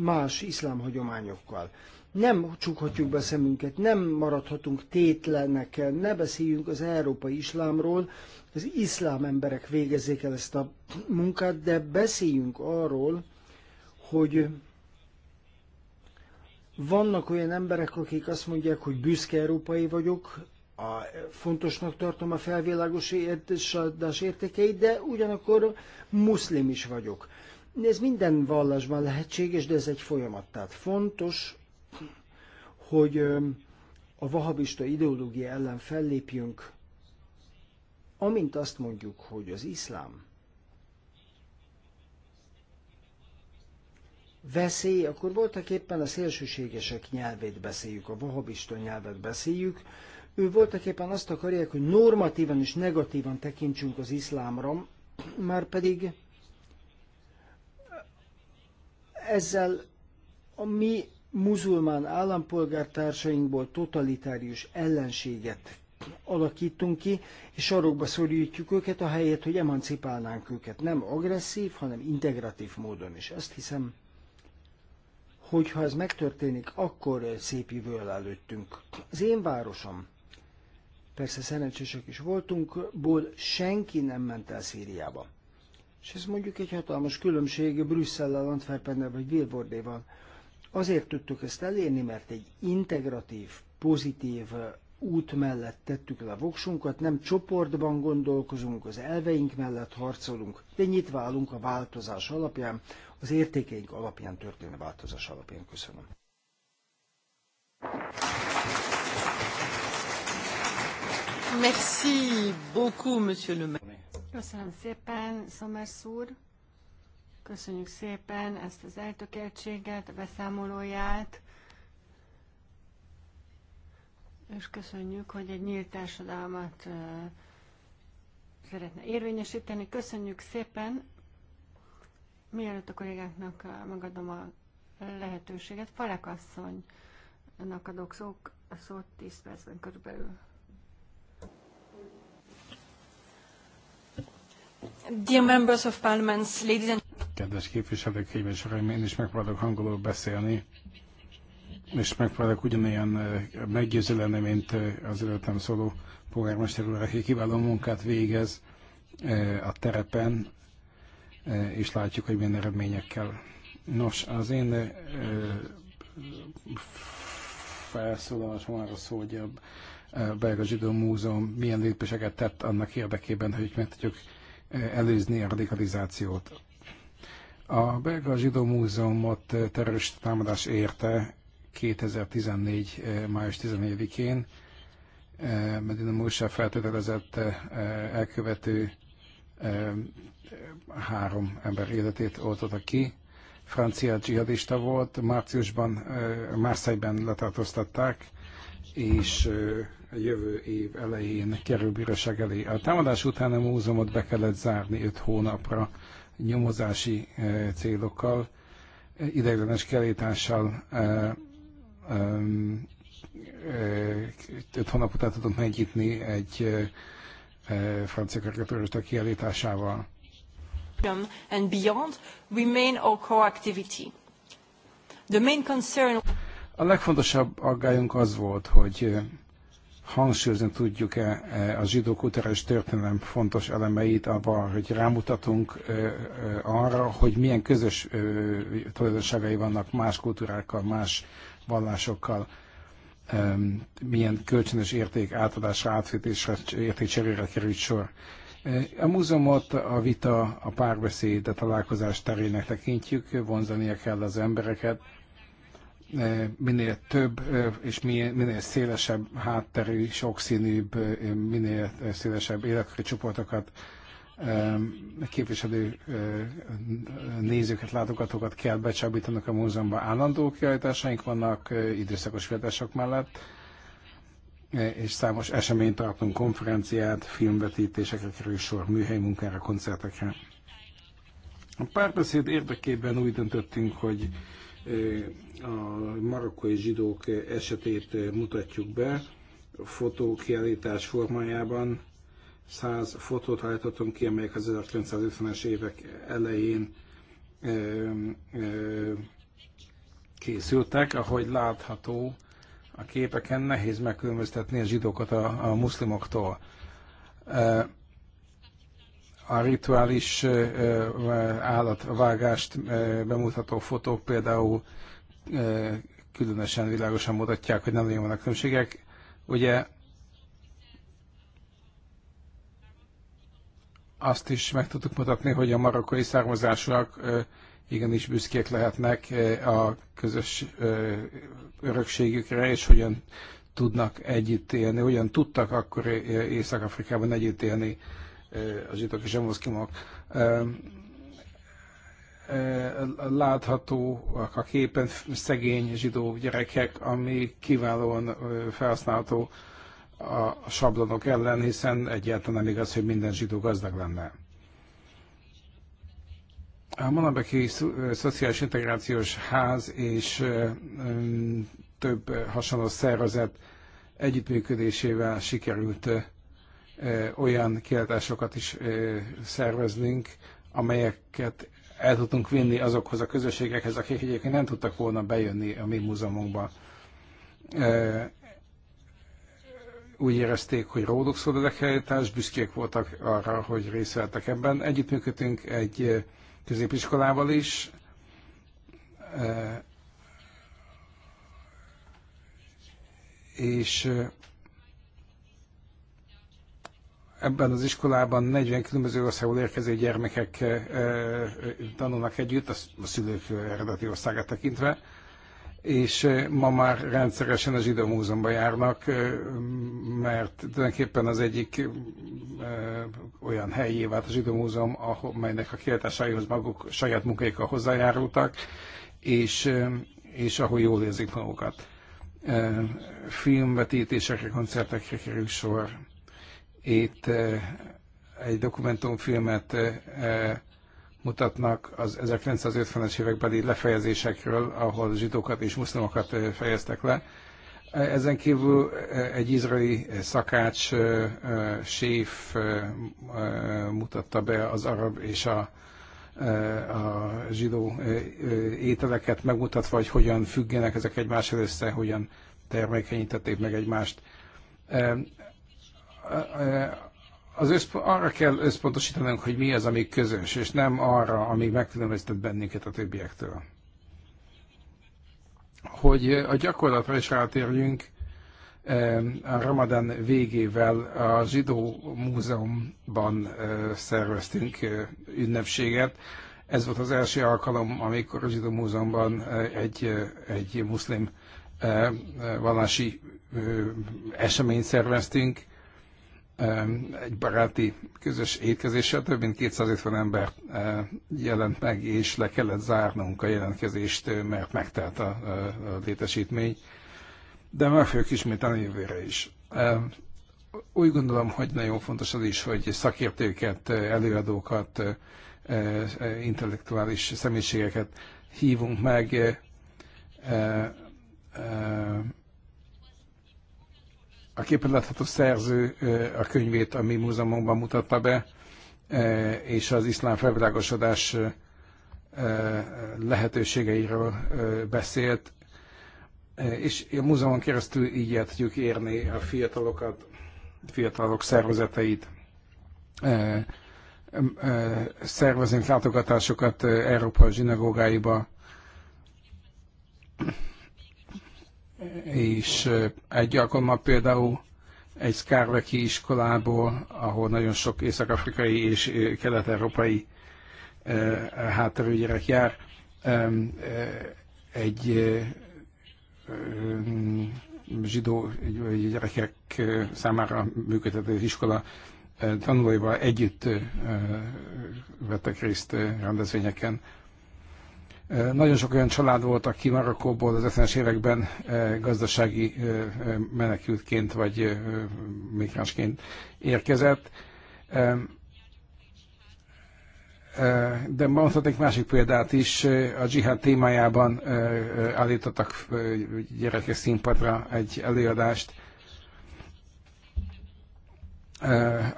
más iszlám hagyományokkal. Nem csukhatjuk be szemünket, nem maradhatunk tétlenek, ne beszéljünk az európai iszlámról, az iszlám emberek végezzék el ezt a munkát, de beszéljünk arról, hogy vannak olyan emberek, akik azt mondják, hogy büszke európai vagyok, a, fontosnak tartom a felvilágosítás értékeit, de ugyanakkor muszlim is vagyok. Ez minden vallásban lehetséges, de ez egy folyamat. Tehát fontos, hogy a vahabista ideológia ellen fellépjünk, amint azt mondjuk, hogy az iszlám veszély, akkor voltak éppen a szélsőségesek nyelvét beszéljük, a vahabista nyelvet beszéljük. Ő voltak éppen azt akarják, hogy normatívan és negatívan tekintsünk az iszlámra, már pedig ezzel a mi muzulmán állampolgártársainkból totalitárius ellenséget alakítunk ki, és sarokba szorítjuk őket, helyet, hogy emancipálnánk őket. Nem agresszív, hanem integratív módon is. Azt hiszem, hogy ha ez megtörténik, akkor szép jövő előttünk. Az én városom, persze szerencsések is voltunk, ból senki nem ment el Szíriába. És ez mondjuk egy hatalmas különbség Brüsszellel, Antwerpennel vagy Vilbordéval. Azért tudtuk ezt elérni, mert egy integratív, pozitív út mellett tettük le a voksunkat, nem csoportban gondolkozunk, az elveink mellett harcolunk, de nyitva állunk a változás alapján, az értékeink alapján történő változás alapján. Köszönöm. Merci beaucoup, monsieur le maire. Köszönöm szépen, Szomersz úr. Köszönjük szépen ezt az eltökéltséget, a beszámolóját, és köszönjük, hogy egy nyílt társadalmat szeretne érvényesíteni. Köszönjük szépen, mielőtt a kollégáknak megadom a lehetőséget, Falek asszonynak adok szót 10 percben körülbelül. Dear members of ladies and... Kedves képviselők, hölgyeim és uraim, én is megpróbálok hangolul beszélni, és megpróbálok ugyanilyen meggyőző lenni, mint az előttem szóló polgármester úr, aki kiváló munkát végez a terepen, és látjuk, hogy milyen eredményekkel. Nos, az én felszólalásom arra szól, hogy a Belga Zsidó Múzeum milyen lépéseket tett annak érdekében, hogy meg tudjuk előzni a radikalizációt. A belga zsidó múzeumot terrorista támadás érte 2014. Eh, május 14-én. Eh, Medina Musa feltételezett eh, elkövető három ember életét oltotta ki. Francia dzsihadista volt, márciusban Márszájban letartóztatták, és a jövő év elején kerül bíróság elé. A támadás után a múzeumot be kellett zárni 5 hónapra nyomozási célokkal, ideiglenes kerítással 5 hónap után tudott megnyitni egy francia karikatúrista kiállításával. And beyond remain our core activity. The main concern a legfontosabb aggályunk az volt, hogy hangsúlyozni tudjuk-e e, a zsidó kulturális történelem fontos elemeit, abban, hogy rámutatunk arra, hogy milyen közös tulajdonságai vannak más kultúrákkal, más vallásokkal, milyen kölcsönös érték átadásra, átfétésre, értékcserére került sor. A múzeumot a vita, a párbeszéd, a találkozás terének tekintjük, vonzania kell az embereket, minél több és minél szélesebb hátterű, sokszínűbb, minél szélesebb életkori csoportokat képviselő nézőket, látogatókat kell becsábítanak a múzeumba. Állandó kiállításaink vannak időszakos kiállítások mellett, és számos eseményt tartunk, konferenciát, filmvetítésekre kerül sor, műhely munkára, koncertekre. A párbeszéd érdekében úgy döntöttünk, hogy a marokkói zsidók esetét mutatjuk be, fotókiállítás formájában. 100 fotót állítottunk ki, amelyek az 1950-es évek elején készültek. Ahogy látható a képeken, nehéz megkülönböztetni a zsidókat a, a muszlimoktól a rituális állatvágást bemutató fotók például különösen világosan mutatják, hogy nem nagyon vannak különbségek. Ugye azt is meg tudtuk mutatni, hogy a marokkai származásúak igenis büszkék lehetnek a közös örökségükre, és hogyan tudnak együtt élni, hogyan tudtak akkor Észak-Afrikában együtt élni az zsidók és a muszlimok láthatóak a képen szegény zsidó gyerekek, ami kiválóan felhasználható a sablonok ellen, hiszen egyáltalán nem igaz, hogy minden zsidó gazdag lenne. A Monabeki Szociális Integrációs Ház és több hasonló szervezet együttműködésével sikerült olyan kiadásokat is szervezünk, amelyeket el tudtunk vinni azokhoz a közösségekhez, akik egyébként nem tudtak volna bejönni a mi múzeumunkba. Úgy érezték, hogy róluk szól a helyetás, büszkék voltak arra, hogy részt vettek ebben. Együttműködtünk egy középiskolával is, és ebben az iskolában 40 különböző országból érkező gyermekek tanulnak együtt, a szülők eredeti országát tekintve, és ma már rendszeresen a Zsidó Múzeumban járnak, mert tulajdonképpen az egyik olyan helyé vált a Zsidó Múzeum, amelynek a kiáltásaihoz maguk saját munkáikkal hozzájárultak, és, és ahol jól érzik magukat. Filmvetítésekre, koncertekre kerül sor, itt eh, egy dokumentumfilmet eh, eh, mutatnak az 1950-es évekbeli lefejezésekről, ahol zsidókat és muszlimokat fejeztek le. Ezen kívül egy izraeli szakács, séf mutatta be az arab és a, a zsidó ételeket, megmutatva, hogy hogyan függenek ezek egymással össze, hogyan termékenyítették meg egymást az összpo, arra kell összpontosítanunk, hogy mi az, ami közös, és nem arra, ami megkülönböztet bennünket a többiektől. Hogy a gyakorlatra is rátérjünk, a Ramadán végével a Zsidó Múzeumban szerveztünk ünnepséget. Ez volt az első alkalom, amikor a Zsidó Múzeumban egy, egy muszlim vallási eseményt szerveztünk, egy baráti közös étkezéssel több mint 250 ember e, jelent meg, és le kellett zárnunk a jelentkezést, mert megtelt a létesítmény. De meg fogjuk ismételni jövőre is. Úgy gondolom, hogy nagyon fontos az is, hogy szakértőket, előadókat, e, e, intellektuális személyiségeket hívunk meg, a képen látható szerző a könyvét a mi múzeumunkban mutatta be, és az iszlám felvilágosodás lehetőségeiről beszélt, és a múzeumon keresztül így el tudjuk érni a fiatalokat, fiatalok szervezeteit. Szervezünk látogatásokat Európa zsinagógáiba, és egy alkalommal például egy Skárveki iskolából, ahol nagyon sok észak-afrikai és kelet-európai hátterű gyerek jár, egy zsidó gyerekek számára működtetett iskola tanulóival együtt vettek részt rendezvényeken, nagyon sok olyan család volt, aki Marokkóból az 50-es években gazdasági menekültként vagy migránsként érkezett. De mondhatnék másik példát is, a dzsihád témájában állítottak gyerekes színpadra egy előadást.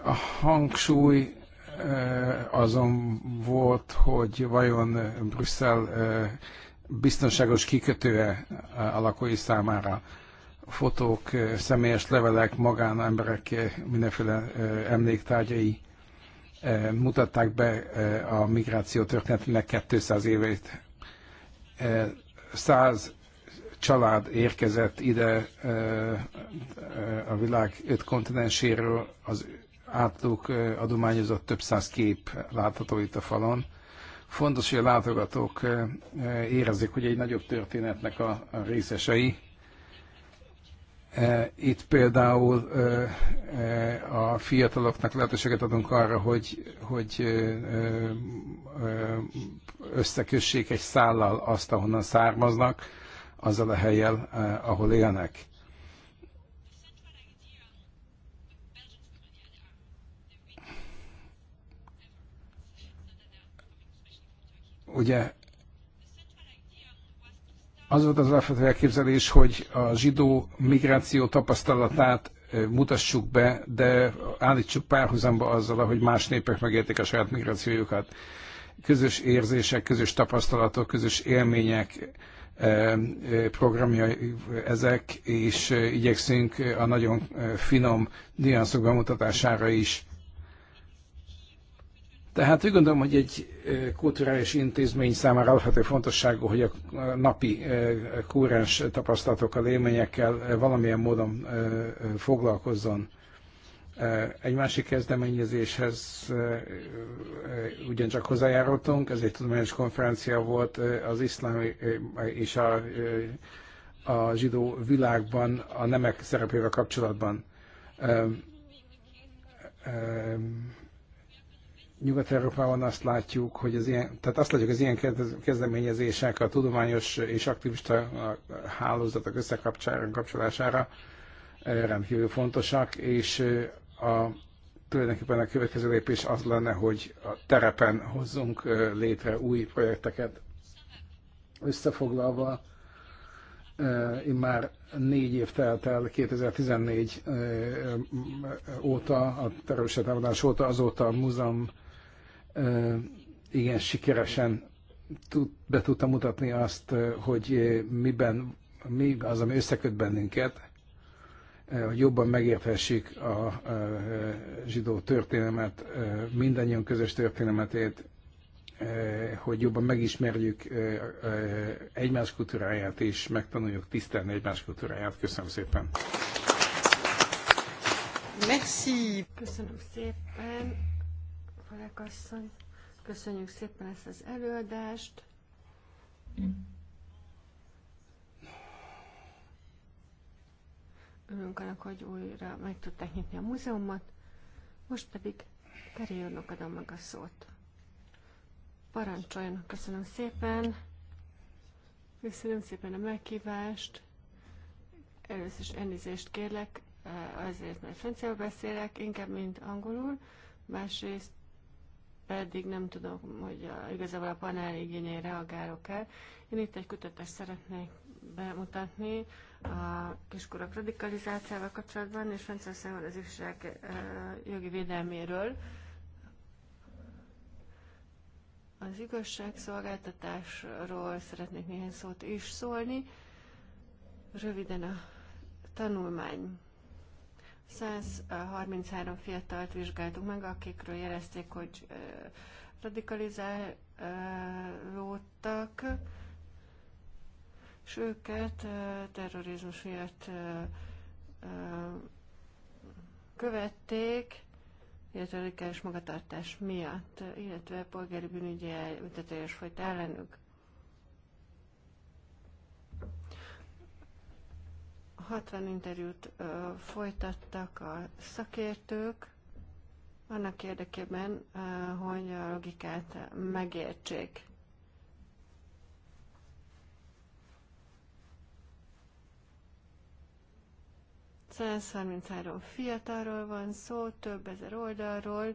A hangsúly azon volt, hogy vajon Brüsszel biztonságos kikötője a lakói számára. Fotók, személyes levelek, magánemberek, mindenféle emléktárgyai mutatták be a migráció történetének 200 évét. Száz család érkezett ide a világ öt kontinenséről az átlók adományozott több száz kép látható itt a falon. Fontos, hogy a látogatók érezzék, hogy egy nagyobb történetnek a részesei. Itt például a fiataloknak lehetőséget adunk arra, hogy, hogy összekössék egy szállal azt, ahonnan származnak, azzal a helyel, ahol élnek Ugye az volt az alapvető elképzelés, hogy a zsidó migráció tapasztalatát mutassuk be, de állítsuk párhuzamba azzal, hogy más népek megérték a saját migrációjukat. Közös érzések, közös tapasztalatok, közös élmények, programja ezek, és igyekszünk a nagyon finom nüanszok bemutatására is tehát úgy gondolom, hogy egy kulturális intézmény számára alapvető fontosságú, hogy a napi kúrens tapasztalatokkal, élményekkel valamilyen módon foglalkozzon. Egy másik kezdeményezéshez ugyancsak hozzájárultunk, ez egy tudományos konferencia volt az iszlám és a, a zsidó világban a nemek szerepével kapcsolatban Nyugat-Európában azt látjuk, hogy az ilyen, tehát azt látjuk, az ilyen kezdeményezések a tudományos és aktivista hálózatok összekapcsolására eh, rendkívül fontosak, és eh, a, tulajdonképpen a következő lépés az lenne, hogy a terepen hozzunk eh, létre új projekteket. Összefoglalva, én már négy év telt el 2014 óta, a terrorista támadás óta, azóta a múzeum igen sikeresen tud, be tudta mutatni azt, hogy miben, mi az, ami összeköt bennünket, hogy jobban megérthessük a zsidó történelmet, mindannyian közös történelmetét, hogy jobban megismerjük egymás kultúráját, és megtanuljuk tisztelni egymás kultúráját. Köszönöm szépen! Merci! Köszönöm szépen! Kolek asszony. Köszönjük szépen ezt az előadást. Örülünk annak, hogy újra meg tudták nyitni a múzeumot. Most pedig Terionnak adom meg a szót. Parancsoljon, köszönöm szépen. Köszönöm szépen a meghívást. Először is elnézést kérlek, eh, azért, mert franciául beszélek, inkább, mint angolul. Másrészt pedig nem tudom, hogy a, igazából a panel igényei reagálok-e. Én itt egy kötetet szeretnék bemutatni a kiskorok radikalizációval kapcsolatban, és Franciaországon az ifjúság jogi védelméről. Az igazságszolgáltatásról szeretnék néhány szót is szólni. Röviden a tanulmány 133 fiatalt vizsgáltuk meg, akikről jelezték, hogy radikalizálódtak, és őket terrorizmus miatt követték, illetve radikális magatartás miatt, illetve polgári bűnügyi elültetés folyt ellenük. 60 interjút folytattak a szakértők, annak érdekében, hogy a logikát megértsék. ...133 fiatalról van szó, több ezer oldalról,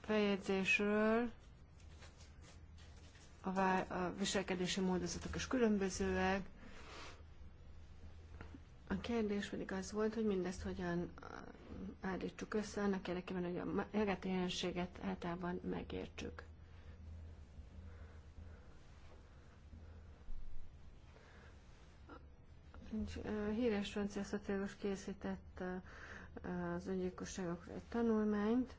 fejegyzésről, a, vá- a viselkedési módozatok is különbözőek, a kérdés pedig az volt, hogy mindezt hogyan uh, állítsuk össze, annak érdekében, hogy a legáti jelenséget általában megértsük. Uh, híres francia szociológus készített uh, az öngyilkosságokra egy tanulmányt,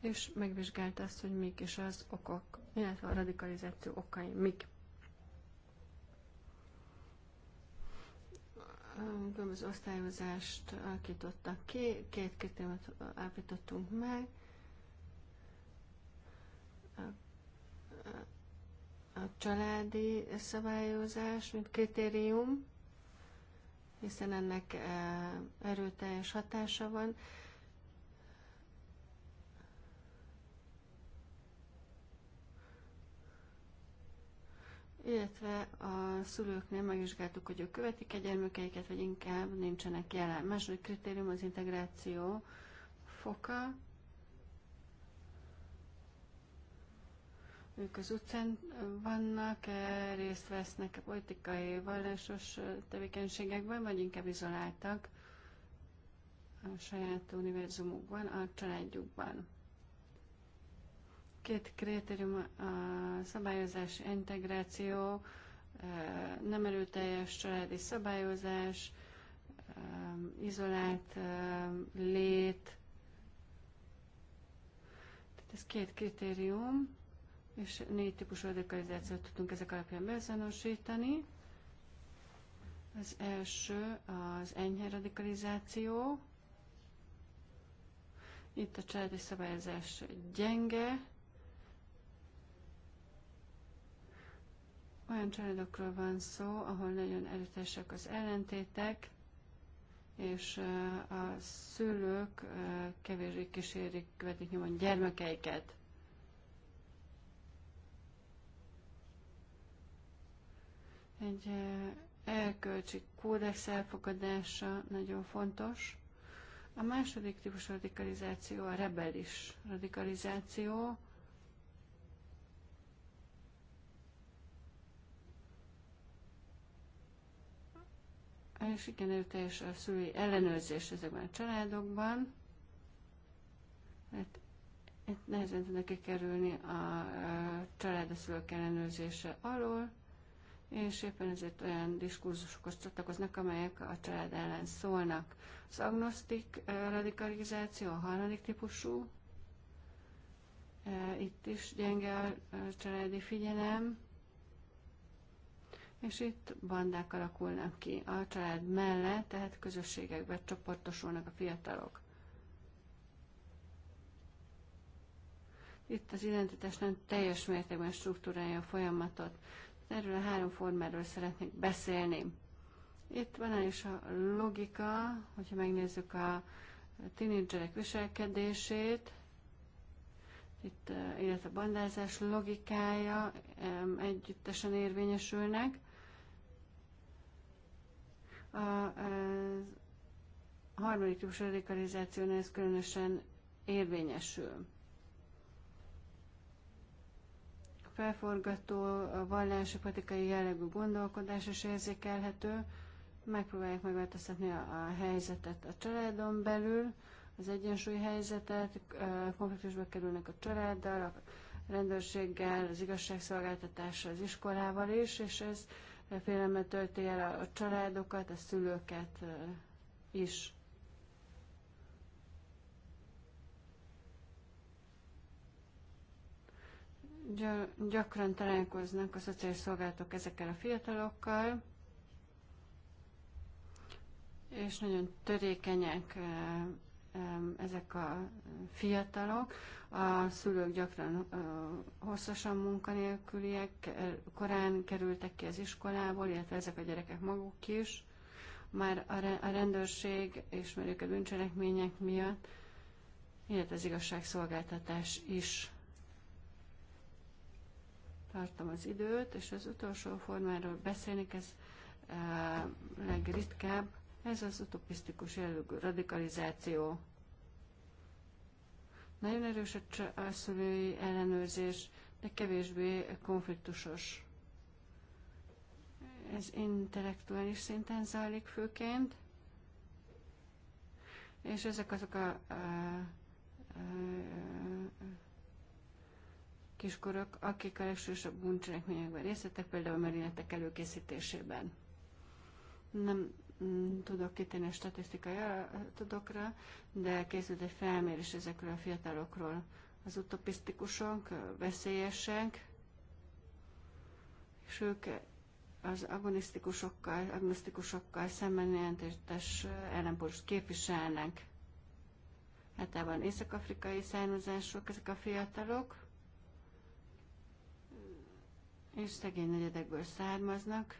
és megvizsgálta azt, hogy mik is az okok, illetve a radikalizáció okai mik. különböző osztályozást alakítottak ki, két kritériumot állapítottunk meg. A, a családi szabályozás, mint kritérium, hiszen ennek e, erőteljes hatása van, illetve a szülőknél megvizsgáltuk, hogy ők követik a gyermekeiket, vagy inkább nincsenek jelen. második kritérium az integráció foka. Ők az utcán vannak, eh, részt vesznek a politikai, vallásos eh, tevékenységekben, vagy inkább izoláltak a saját univerzumukban, a családjukban. Két kritérium a szabályozás integráció, e, nem erőteljes családi szabályozás, e, izolált e, lét. Tehát ez két kritérium, és négy típusú radikalizációt tudtunk ezek alapján beazonosítani. Az első az enyhe radikalizáció. Itt a családi szabályozás gyenge, Olyan családokról van szó, ahol nagyon erőtesek az ellentétek, és a szülők kevésbé kísérik, vetik nyomon gyermekeiket. Egy elkölcsi kódex elfogadása nagyon fontos. A második típus radikalizáció a rebelis radikalizáció, és igen erőteljes a szülői ellenőrzés ezekben a családokban. mert hát, itt hát nehezen tudnak kikerülni a, a család a szülők ellenőrzése alól, és éppen ezért olyan diskurzusokhoz csatlakoznak, amelyek a család ellen szólnak. Az agnosztik radikalizáció a harmadik típusú, itt is gyenge a családi figyelem, és itt bandák alakulnak ki a család mellett, tehát közösségekbe csoportosulnak a fiatalok. Itt az identitás nem teljes mértékben struktúrálja a folyamatot. Erről a három formáról szeretnék beszélni. Itt van el is a logika, hogyha megnézzük a tinédzserek viselkedését, itt, eh, illetve a bandázás logikája együttesen érvényesülnek. A, a harmadik típusú radikalizációnál ez különösen érvényesül. A felforgató, a vallási, politikai jellegű gondolkodás is érzékelhető. Megpróbálják megváltoztatni a, a helyzetet a családon belül, az egyensúly helyzetet, konfliktusba kerülnek a családdal, a rendőrséggel, az igazságszolgáltatással, az iskolával is, és ez félelme tölti el a családokat, a szülőket is. Gyakran találkoznak a szociális szolgálatok ezekkel a fiatalokkal, és nagyon törékenyek ezek a fiatalok. A szülők gyakran hosszasan munkanélküliek, korán kerültek ki az iskolából, illetve ezek a gyerekek maguk is. Már a rendőrség ismerjük a bűncselekmények miatt, illetve az igazságszolgáltatás is. Tartom az időt, és az utolsó formáról beszélni, ez legritkább ez az utopisztikus jellegű radikalizáció. Nagyon erős a szülői ellenőrzés, de kevésbé konfliktusos. Ez intellektuális szinten zajlik főként, és ezek azok a, a, a, a kiskorok, akik a legsősebb bűncselekményekben részletek, például a merényletek előkészítésében. Nem Mm, tudok kitérni a statisztikai adatokra, de készült egy felmérés ezekről a fiatalokról. Az utopisztikusok, veszélyesek, és ők az agonisztikusokkal, agnosztikusokkal szemben jelentétes ellenpólust képviselnek. Általában észak-afrikai származások ezek a fiatalok, és szegény negyedekből származnak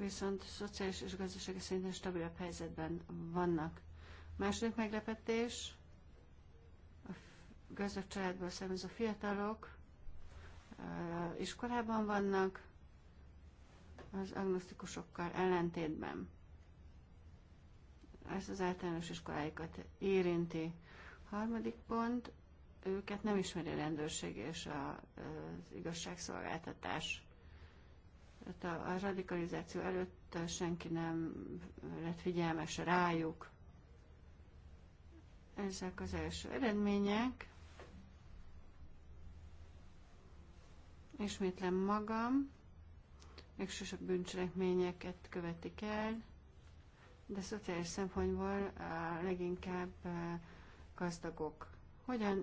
viszont szociális és gazdasági szinten stabilabb helyzetben vannak. második meglepetés, a gazdag családból származó fiatalok iskolában vannak, az agnosztikusokkal ellentétben. Ez az általános iskoláikat érinti. harmadik pont, őket nem ismeri a rendőrség és az igazságszolgáltatás tehát a, a radikalizáció előtt senki nem lett figyelmes rájuk. Ezek az első eredmények. Ismétlem magam, még sosem bűncselekményeket követik el, de szociális szempontból a leginkább gazdagok. Hogyan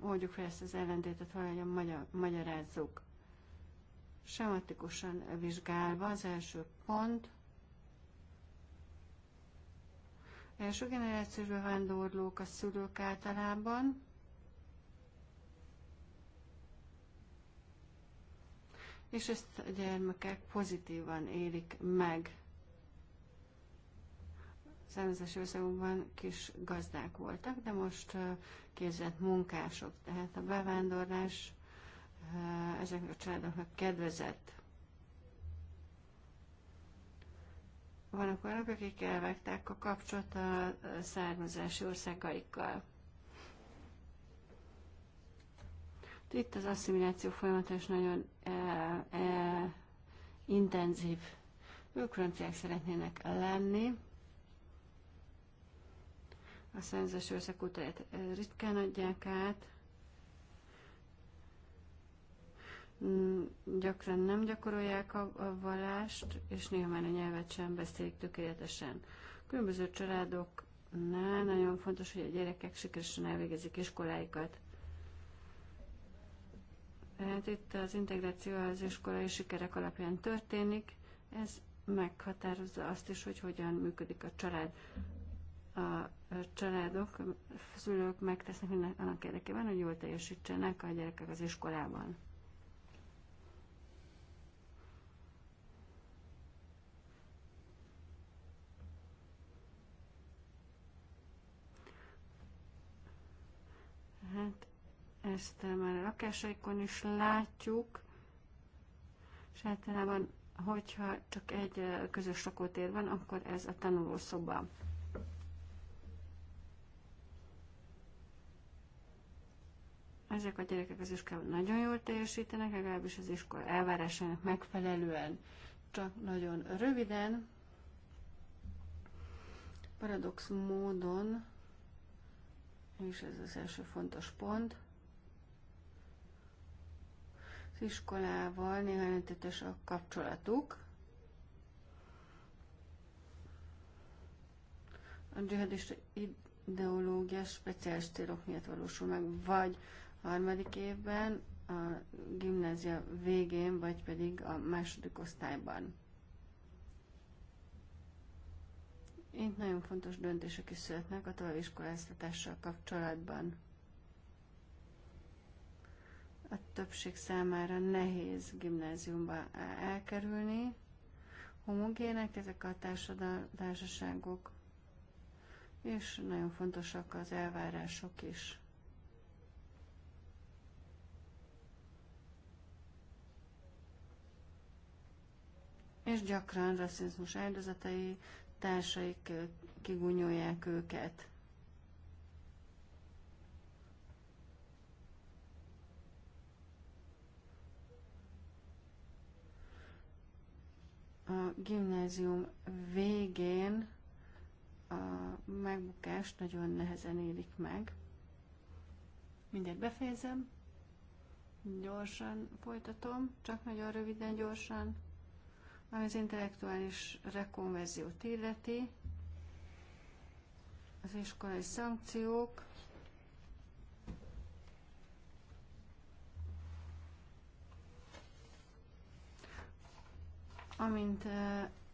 oldjuk fel ezt az ellentétet, valahogy magyarázzuk sematikusan vizsgálva az első pont, első generációs bevándorlók a szülők általában, és ezt a gyermekek pozitívan élik meg. Származási országokban kis gazdák voltak, de most eh, képzett munkások, tehát a bevándorlás Eh, ezeknek a családoknak kedvezett. Vannak olyanok, akik elvágták a kapcsolat a eh, származási országaikkal. Itt az asszimiláció folyamatos nagyon e, e, intenzív. Ők franciák szeretnének lenni. A szerzős őszek ritkán adják át. Mm, gyakran nem gyakorolják a, a vallást, és nyilván a nyelvet sem beszélik tökéletesen. Különböző családoknál nagyon fontos, hogy a gyerekek sikeresen elvégezik iskoláikat. Tehát itt az integráció az iskolai sikerek alapján történik, ez meghatározza azt is, hogy hogyan működik a család. A családok, a szülők megtesznek minden annak érdekében, hogy jól teljesítsenek a gyerekek az iskolában. Hát ezt már a lakásaikon is látjuk, és általában, hogyha csak egy közös lakótér van, akkor ez a tanulószoba. Ezek a gyerekek az iskolában nagyon jól teljesítenek, legalábbis az iskola elvárásának megfelelően. Csak nagyon röviden, paradox módon és ez az első fontos pont. Az iskolával néhány öntetes a kapcsolatuk. A dzsihadista ideológia speciális célok miatt valósul meg, vagy harmadik évben, a gimnázia végén, vagy pedig a második osztályban. Itt nagyon fontos döntések is születnek a továbbiskoláztatással kapcsolatban. A többség számára nehéz gimnáziumba elkerülni. Homogének ezek a társaságok, és nagyon fontosak az elvárások is. és gyakran rasszizmus áldozatai társaik kigunyolják őket. A gimnázium végén a megbukást nagyon nehezen élik meg. Mindjárt befejezem, gyorsan folytatom, csak nagyon röviden, gyorsan. Ami az intellektuális rekonverziót illeti, az iskolai szankciók, amint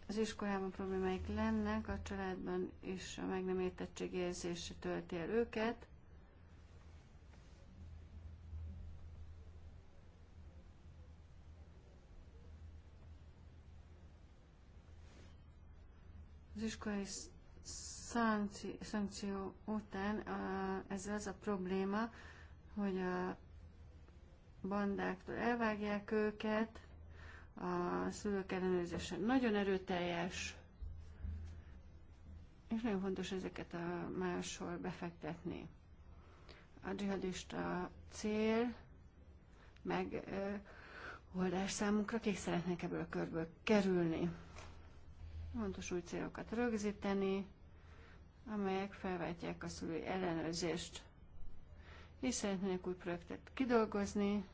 az iskolában problémáik lennek, a családban is a meg nem értettség érzése tölti el őket, Az iskolai szankció, szankció után a, ez az a probléma, hogy a bandáktól elvágják őket, a szülők ellenőrzése nagyon erőteljes, és nagyon fontos ezeket a máshol befektetni. A dzsihadista cél, meg oldás számunkra, akik szeretnék ebből a körből kerülni fontos új célokat rögzíteni, amelyek felváltják a szülői ellenőrzést, és szeretnének új projektet kidolgozni,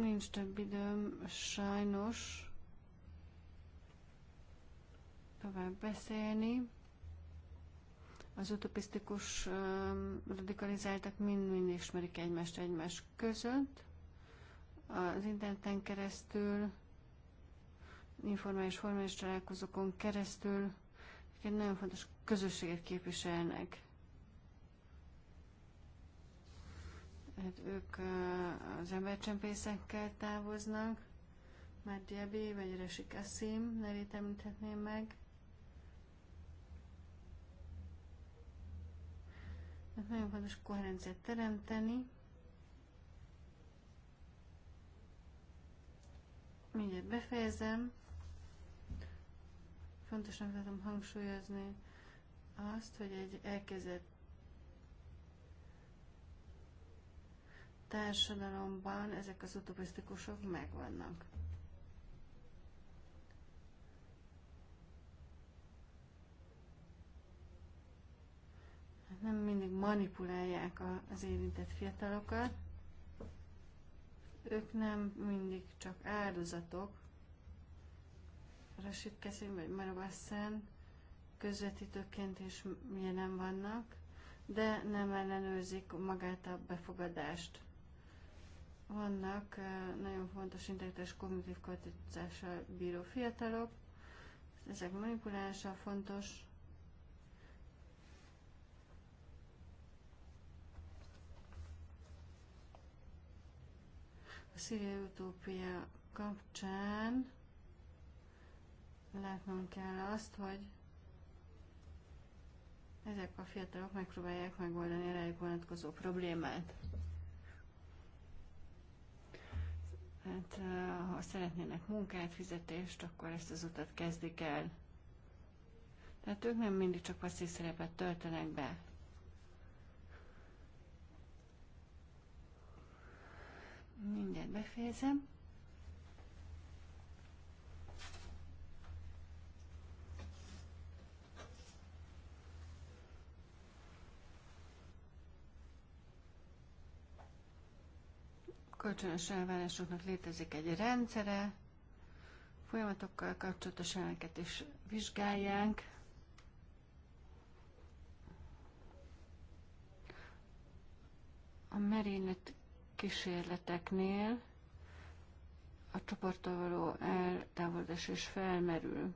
Nincs több időm, sajnos tovább beszélni. Az utopisztikus radikalizáltak mind-mind ismerik egymást egymás között az interneten keresztül, informális formális találkozókon keresztül, akik egy nagyon fontos közösséget képviselnek. Hát ők az embercsempészekkel távoznak, mert diabé vagy Resik Asim nevét említhetném meg. Hát nagyon fontos koherenciát teremteni. mindjárt befejezem. Fontosnak tartom hangsúlyozni azt, hogy egy elkezdett társadalomban ezek az utopisztikusok megvannak. Hát nem mindig manipulálják az érintett fiatalokat, ők nem mindig csak áldozatok. Rashid Kessin vagy Marabassan közvetítőként is jelen vannak, de nem ellenőrzik magát a befogadást. Vannak nagyon fontos integritás kognitív kortizással bíró fiatalok, ezek manipulása fontos, A szíriai utópia kapcsán látnom kell azt, hogy ezek a fiatalok megpróbálják megoldani a rájuk vonatkozó problémát. Hát, eh, ha szeretnének munkát, fizetést, akkor ezt az utat kezdik el. Tehát ők nem mindig csak passzív szerepet töltenek be. mindjárt befejezem. kölcsönös elvárásoknak létezik egy rendszere, folyamatokkal kapcsolatos elemeket is vizsgálják. A merénylet kísérleteknél a csoporttól való eltávolodás is felmerül.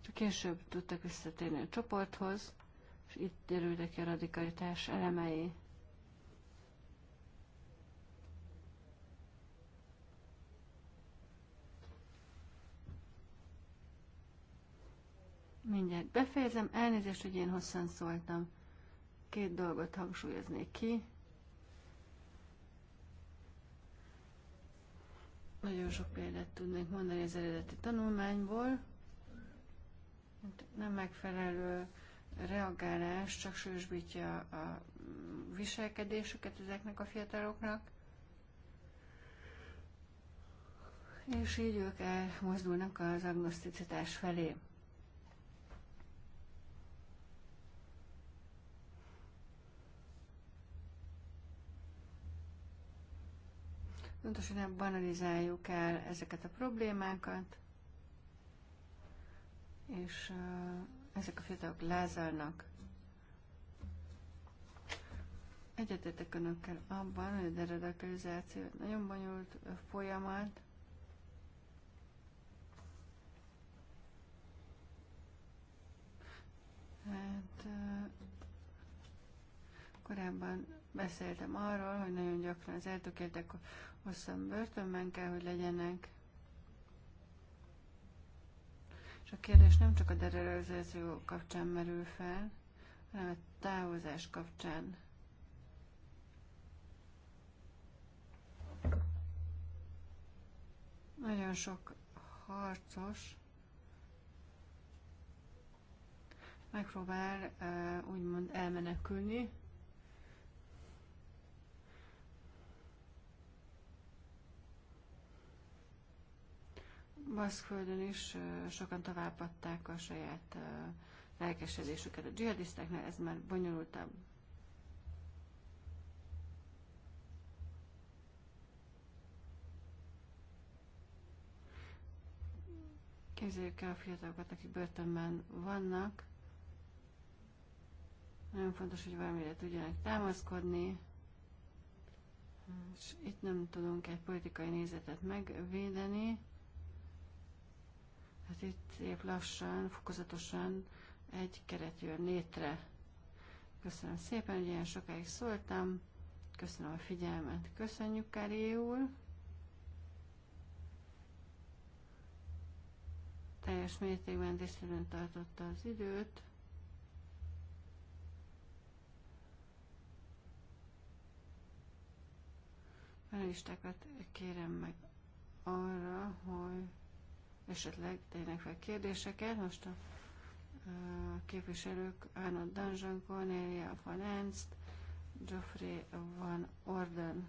Csak később tudtak visszatérni a csoporthoz, és itt derültek ki a radikalitás elemei. Mindjárt befejezem. Elnézést, hogy én hosszan szóltam. Két dolgot hangsúlyoznék ki. Nagyon sok példát tudnék mondani az eredeti tanulmányból. Nem megfelelő reagálás csak sősbítja a viselkedésüket ezeknek a fiataloknak, és így ők elmozdulnak az agnoszticitás felé. Pontosan ebben analizáljuk el ezeket a problémákat, és ezek a fiatalok lázálnak. Egyetetek önökkel abban, hogy a deradikalizáció nagyon bonyolult folyamat, Hát korábban beszéltem arról, hogy nagyon gyakran az eltökéltek hiszem börtönben kell, hogy legyenek. És a kérdés nem csak a derelőző kapcsán merül fel, hanem a távozás kapcsán. Nagyon sok harcos megpróbál úgymond elmenekülni, Baszkföldön is sokan továbbadták a saját lelkesedésüket a dzsihadisztáknál, ez már bonyolultabb. Képzeljük el a fiatalokat, akik börtönben vannak. Nagyon fontos, hogy valamire tudjanak támaszkodni, és itt nem tudunk egy politikai nézetet megvédeni. Hát itt szép lassan, fokozatosan egy keret jön létre. Köszönöm szépen, hogy ilyen sokáig szóltam. Köszönöm a figyelmet. Köszönjük, Kári úr. Teljes mértékben tisztelőn tartotta az időt. listákat kérem meg arra, hogy esetleg tegyenek fel kérdéseket. Most a képviselők Arnold Dungeon, Cornelia van Ernst, Geoffrey van Orden,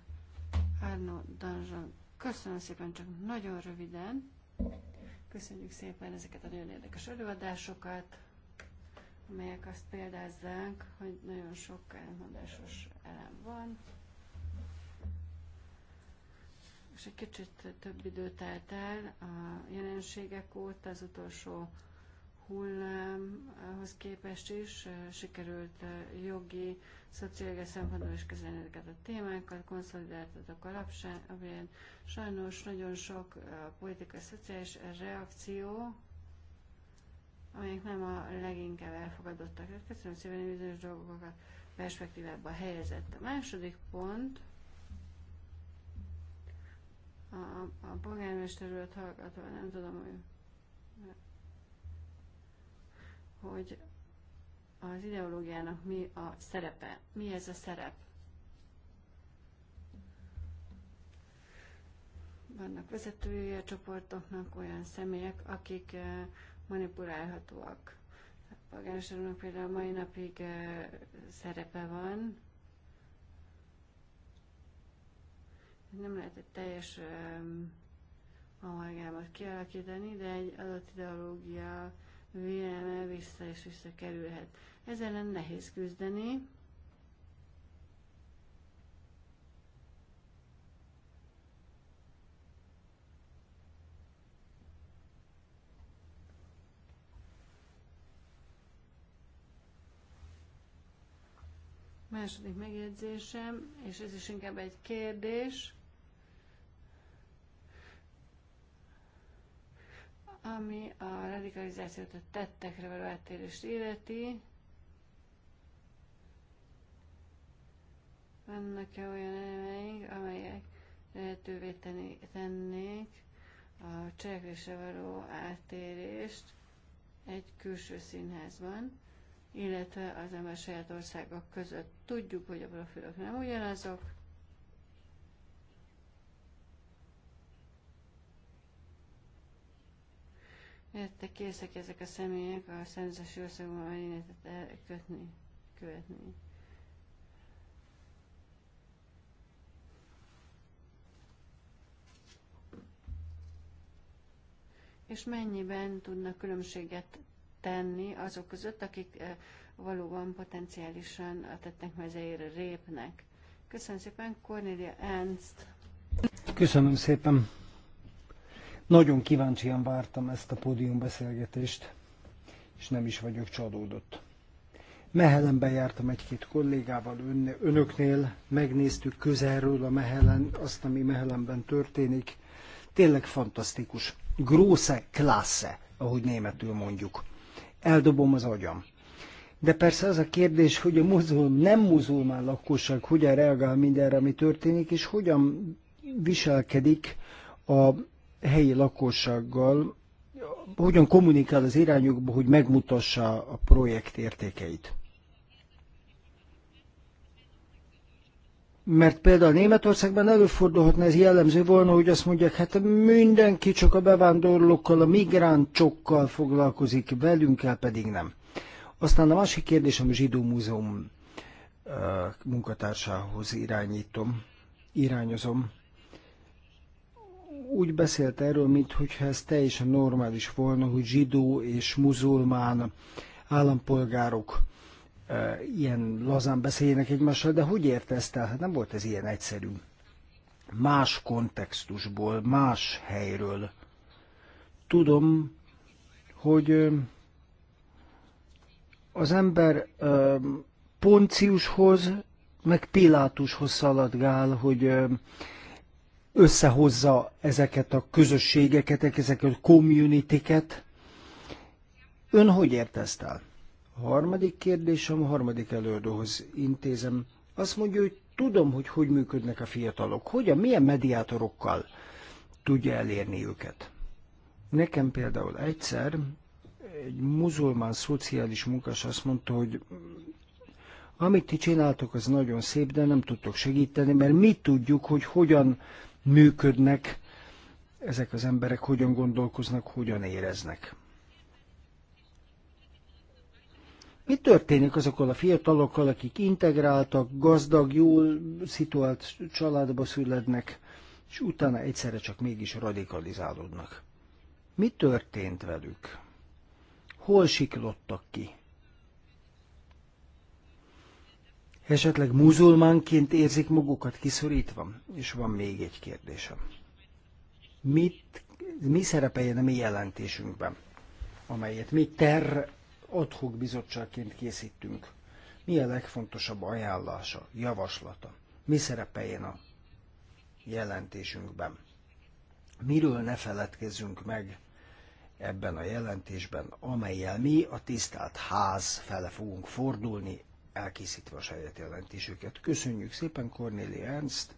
Arnold Dungeon. Köszönöm szépen, csak nagyon röviden. Köszönjük szépen ezeket a nagyon érdekes előadásokat, amelyek azt példázzák, hogy nagyon sok elmondásos elem van és egy kicsit több idő telt el a jelenségek óta, az utolsó hullámhoz képest is sikerült jogi, szociális szempontból is kezelni ezeket a témákat, konszolidáltatok alapján. Sajnos nagyon sok politikai szociális reakció, amelyek nem a leginkább elfogadottak. Köszönöm szépen, hogy bizonyos dolgokat perspektívába helyezett. A második pont, a, a polgármester urat hallgatva, nem tudom, hogy, hogy az ideológiának mi a szerepe, mi ez a szerep. Vannak vezetői a csoportoknak olyan személyek, akik eh, manipulálhatóak. A például mai napig eh, szerepe van, nem lehet egy teljes amalgámat kialakítani, de egy adott ideológia véleme vissza és vissza kerülhet. Ez ellen nehéz küzdeni. Második megjegyzésem, és ez is inkább egy kérdés, Ami a radikalizációt a tettekre való áttérést illeti, vannak-e olyan elemeink, amelyek lehetővé tenni, tennék a cselekvésre való áttérést egy külső színházban, illetve az ember saját országok között. Tudjuk, hogy a profilok nem ugyanazok, Értek készek ezek a személyek a származási országban merényletet elkötni, követni. És mennyiben tudnak különbséget tenni azok között, akik eh, valóban potenciálisan a tettek mezeire répnek. Köszönöm szépen, Cornelia Ernst. Köszönöm szépen. Nagyon kíváncsian vártam ezt a pódiumbeszélgetést, és nem is vagyok csalódott. Mehelenben jártam egy-két kollégával önöknél, megnéztük közelről a Mehelen, azt, ami Mehelenben történik. Tényleg fantasztikus. Große Klasse, ahogy németül mondjuk. Eldobom az agyam. De persze az a kérdés, hogy a muzulm, nem muzulmán lakosság hogyan reagál mindenre, ami történik, és hogyan viselkedik a helyi lakossággal, hogyan kommunikál az irányokba, hogy megmutassa a projekt értékeit. Mert például Németországban előfordulhatna ez jellemző volna, hogy azt mondják, hát mindenki csak a bevándorlókkal, a migráncsokkal foglalkozik, el pedig nem. Aztán a másik kérdésem a Zsidó Múzeum eh, munkatársához irányítom, irányozom úgy beszélt erről, mintha ez teljesen normális volna, hogy zsidó és muzulmán állampolgárok e, ilyen lazán beszéljenek egymással, de hogy érte ezt el? Hát nem volt ez ilyen egyszerű. Más kontextusból, más helyről. Tudom, hogy e, az ember e, Ponciushoz, meg Pilátushoz szaladgál, hogy e, összehozza ezeket a közösségeket, ezeket a communityket. Ön hogy ért el? A harmadik kérdésem a harmadik előadóhoz intézem. Azt mondja, hogy tudom, hogy hogy működnek a fiatalok, hogyan, milyen mediátorokkal tudja elérni őket. Nekem például egyszer egy muzulmán szociális munkás azt mondta, hogy amit ti csináltok, az nagyon szép, de nem tudtok segíteni, mert mi tudjuk, hogy hogyan működnek, ezek az emberek hogyan gondolkoznak, hogyan éreznek. Mi történik azokkal a fiatalokkal, akik integráltak, gazdag, jól szituált családba születnek, és utána egyszerre csak mégis radikalizálódnak? Mi történt velük? Hol siklottak ki? esetleg muzulmánként érzik magukat kiszorítva? És van még egy kérdésem. Mit, mi szerepeljen a mi jelentésünkben, amelyet mi ter adhok bizottságként készítünk? Mi a legfontosabb ajánlása, javaslata? Mi szerepeljen a jelentésünkben? Miről ne feledkezzünk meg ebben a jelentésben, amelyel mi a tisztelt ház fele fogunk fordulni elkészítve a saját jelentésüket. Köszönjük szépen, Cornélia Ernst!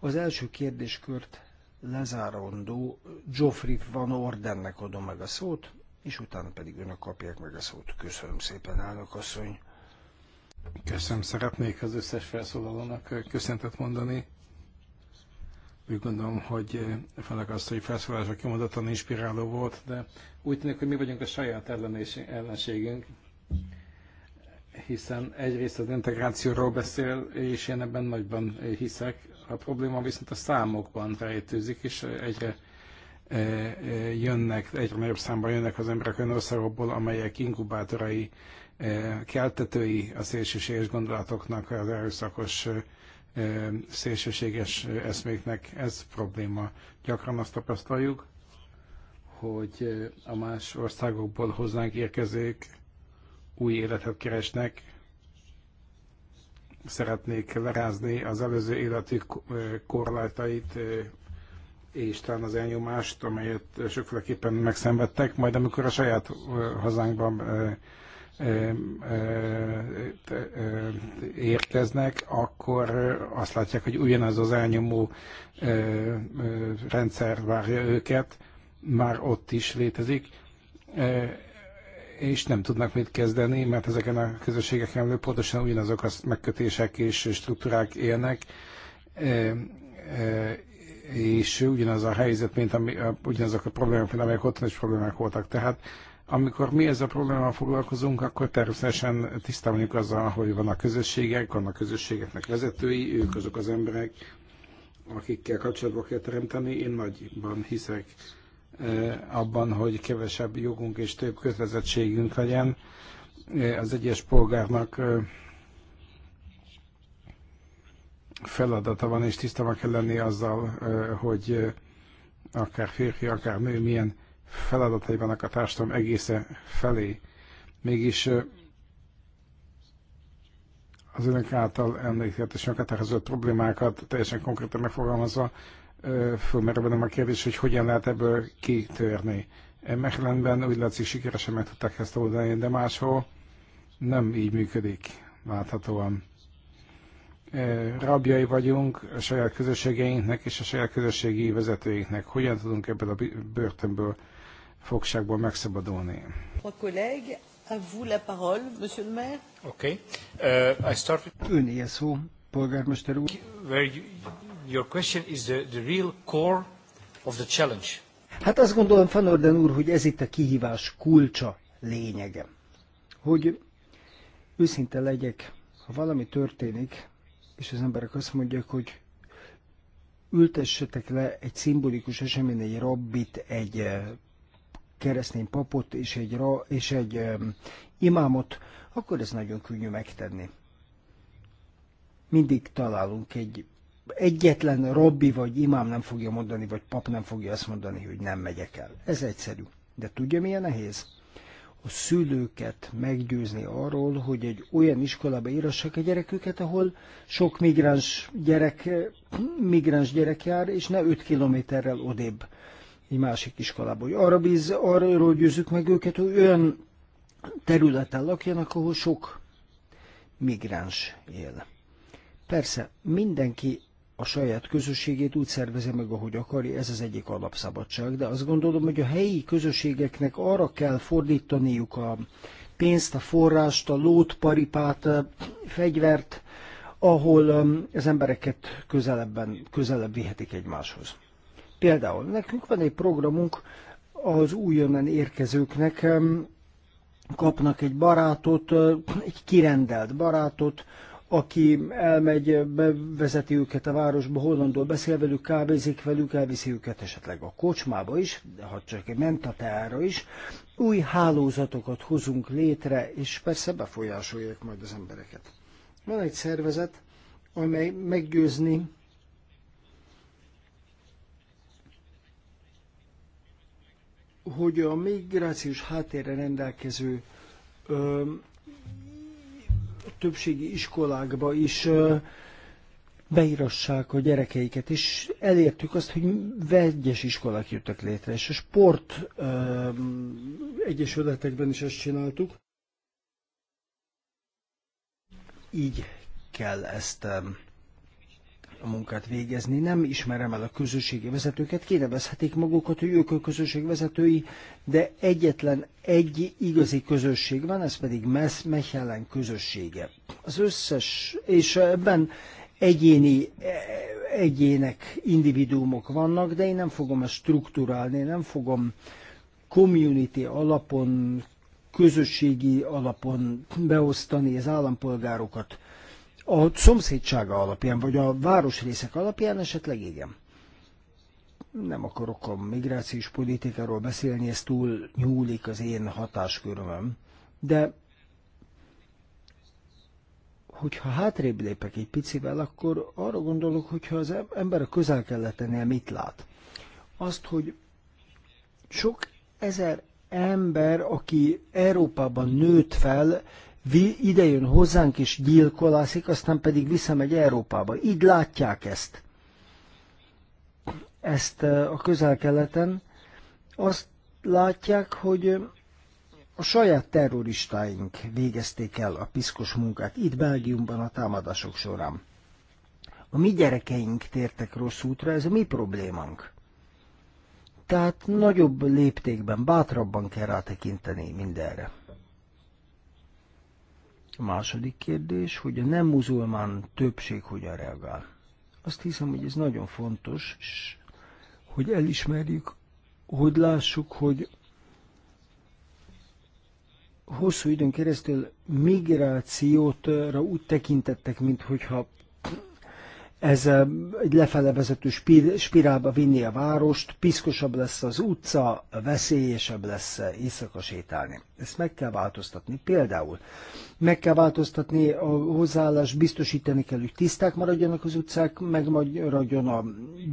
Az első kérdéskört lezárandó Geoffrey Van Ordennek adom meg a szót, és utána pedig önök kapják meg a szót. Köszönöm szépen, elnök asszony! Köszönöm, szeretnék az összes felszólalónak köszöntet mondani. Úgy gondolom, hogy főleg azt, hogy felszólalása kimondottan inspiráló volt, de úgy tűnik, hogy mi vagyunk a saját ellenségünk hiszen egyrészt az integrációról beszél, és én ebben nagyban hiszek. A probléma viszont a számokban rejtőzik, és egyre eh, eh, jönnek, egyre nagyobb számban jönnek az emberek olyan országokból, amelyek inkubátorai, eh, keltetői a szélsőséges gondolatoknak, az erőszakos szélsőséges eszméknek. Ez probléma. Gyakran azt tapasztaljuk, hogy a más országokból hozzánk érkezők új életet keresnek, szeretnék lerázni az előző életük korlátait és talán az elnyomást, amelyet sokféleképpen megszenvedtek, majd amikor a saját hazánkban érkeznek, akkor azt látják, hogy ugyanaz az elnyomó rendszer várja őket, már ott is létezik és nem tudnak mit kezdeni, mert ezeken a közösségeken belül pontosan ugyanazok a megkötések és struktúrák élnek, e, e, és ugyanaz a helyzet, mint ami, ugyanazok a problémák, mint amelyek otthon is problémák voltak. Tehát amikor mi ezzel a problémával foglalkozunk, akkor természetesen tisztában azzal, hogy vannak közösségek, vannak közösségeknek vezetői, ők azok az emberek, akikkel kapcsolatba kell teremteni. Én nagyban hiszek abban, hogy kevesebb jogunk és több kötelezettségünk legyen az egyes polgárnak feladata van, és tisztában kell lenni azzal, hogy akár férfi, akár nő milyen feladatai vannak a társadalom egésze felé. Mégis az önök által említett és meghatározott problémákat teljesen konkrétan megfogalmazva fölmerül bennem a kérdés, hogy hogyan lehet ebből kitörni. Mechelenben úgy látszik sikeresen meg tudták ezt oldani, de máshol nem így működik láthatóan. Rabjai vagyunk a saját közösségeinknek és a saját közösségi vezetőinknek. Hogyan tudunk ebből a börtönből, fogságból megszabadulni? A a vous la parole, monsieur le maire. Okay. Uh, I start with... Ön ilyen szó, polgármester úr. Where you, your question is the, the real core of the challenge. Hát azt gondolom, Fanorden úr, hogy ez itt a kihívás kulcsa, lényege. Hogy őszinte legyek, ha valami történik, és az emberek azt mondják, hogy ültessetek le egy szimbolikus esemény, egy rabbit, egy eh, keresztény papot és egy, ra, és egy um, imámot, akkor ez nagyon könnyű megtenni. Mindig találunk egy egyetlen robbi vagy imám nem fogja mondani, vagy pap nem fogja azt mondani, hogy nem megyek el. Ez egyszerű. De tudja, milyen nehéz? A szülőket meggyőzni arról, hogy egy olyan iskolába írassak a gyereküket, ahol sok migráns gyerek, migráns gyerek jár, és ne 5 kilométerrel odébb egy másik iskolába. Hogy arra bíz, arról győzzük meg őket, hogy olyan területen lakjanak, ahol sok migráns él. Persze, mindenki a saját közösségét úgy szervezi meg, ahogy akarja, ez az egyik alapszabadság. De azt gondolom, hogy a helyi közösségeknek arra kell fordítaniuk a pénzt, a forrást, a lót, paripát, a fegyvert, ahol um, az embereket közelebben, közelebb vihetik egymáshoz. Például nekünk van egy programunk az újonnan érkezőknek, um, kapnak egy barátot, uh, egy kirendelt barátot, aki elmegy, bevezeti őket a városba, hollandul beszél velük, kávézik velük, elviszi őket esetleg a kocsmába is, de ha csak egy mentatára is. Új hálózatokat hozunk létre, és persze befolyásolják majd az embereket. Van egy szervezet, amely meggyőzni hogy a migrációs háttérre rendelkező ö, többségi iskolákba is beírassák a gyerekeiket, és elértük azt, hogy vegyes iskolák jöttek létre, és a sport egyesületekben is ezt csináltuk. Így kell ezt a munkát végezni. Nem ismerem el a közösségi vezetőket, kinevezhetik magukat, hogy ők a közösség vezetői, de egyetlen egy igazi közösség van, ez pedig Mesz Mechelen közössége. Az összes, és ebben egyéni egyének, individuumok vannak, de én nem fogom ezt strukturálni, nem fogom community alapon, közösségi alapon beosztani az állampolgárokat a szomszédsága alapján, vagy a városrészek alapján esetleg igen. Nem akarok a migrációs politikáról beszélni, ez túl nyúlik az én hatáskörömöm, De hogyha hátrébb lépek egy picivel, akkor arra gondolok, hogyha az ember a közel-keletenél mit lát. Azt, hogy sok ezer ember, aki Európában nőtt fel, jön hozzánk és gyilkolászik, aztán pedig visszamegy Európába. Így látják ezt. Ezt eh, a közel-keleten. Azt látják, hogy eh, a saját terroristáink végezték el a piszkos munkát itt Belgiumban a támadások során. A mi gyerekeink tértek rossz útra, ez a mi problémánk. Tehát nagyobb léptékben, bátrabban kell rátekinteni mindenre. A második kérdés, hogy a nem muzulmán többség hogyan reagál. Azt hiszem, hogy ez nagyon fontos, és hogy elismerjük, hogy lássuk, hogy hosszú időn keresztül migrációtra úgy tekintettek, hogyha ez egy lefele vezető spirálba vinni a várost, piszkosabb lesz az utca, veszélyesebb lesz éjszaka sétálni. Ezt meg kell változtatni. Például meg kell változtatni a hozzáállást, biztosítani kell, hogy tiszták maradjanak az utcák, megmaradjon a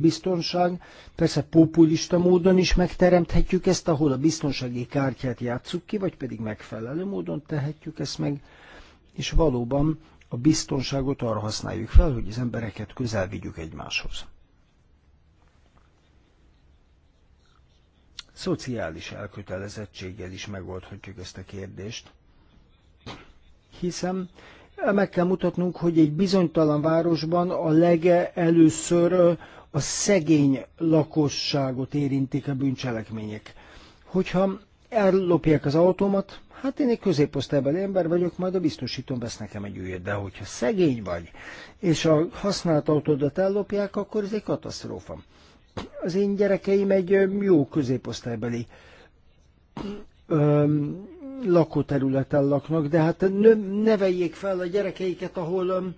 biztonság. Persze populista módon is megteremthetjük ezt, ahol a biztonsági kártyát játsszuk ki, vagy pedig megfelelő módon tehetjük ezt meg. És valóban a biztonságot arra használjuk fel, hogy az embereket közel vigyük egymáshoz. Szociális elkötelezettséggel is megoldhatjuk ezt a kérdést, hiszen meg kell mutatnunk, hogy egy bizonytalan városban a legelőször a szegény lakosságot érintik a bűncselekmények. Hogyha ellopják az automat? Hát én egy középosztálybeli ember vagyok, majd a biztosítom vesz nekem egy újat, de hogyha szegény vagy, és a használt autódat ellopják, akkor ez egy katasztrófa. Az én gyerekeim egy jó középosztálybeli öm, lakóterületen laknak, de hát neveljék fel a gyerekeiket, ahol öm,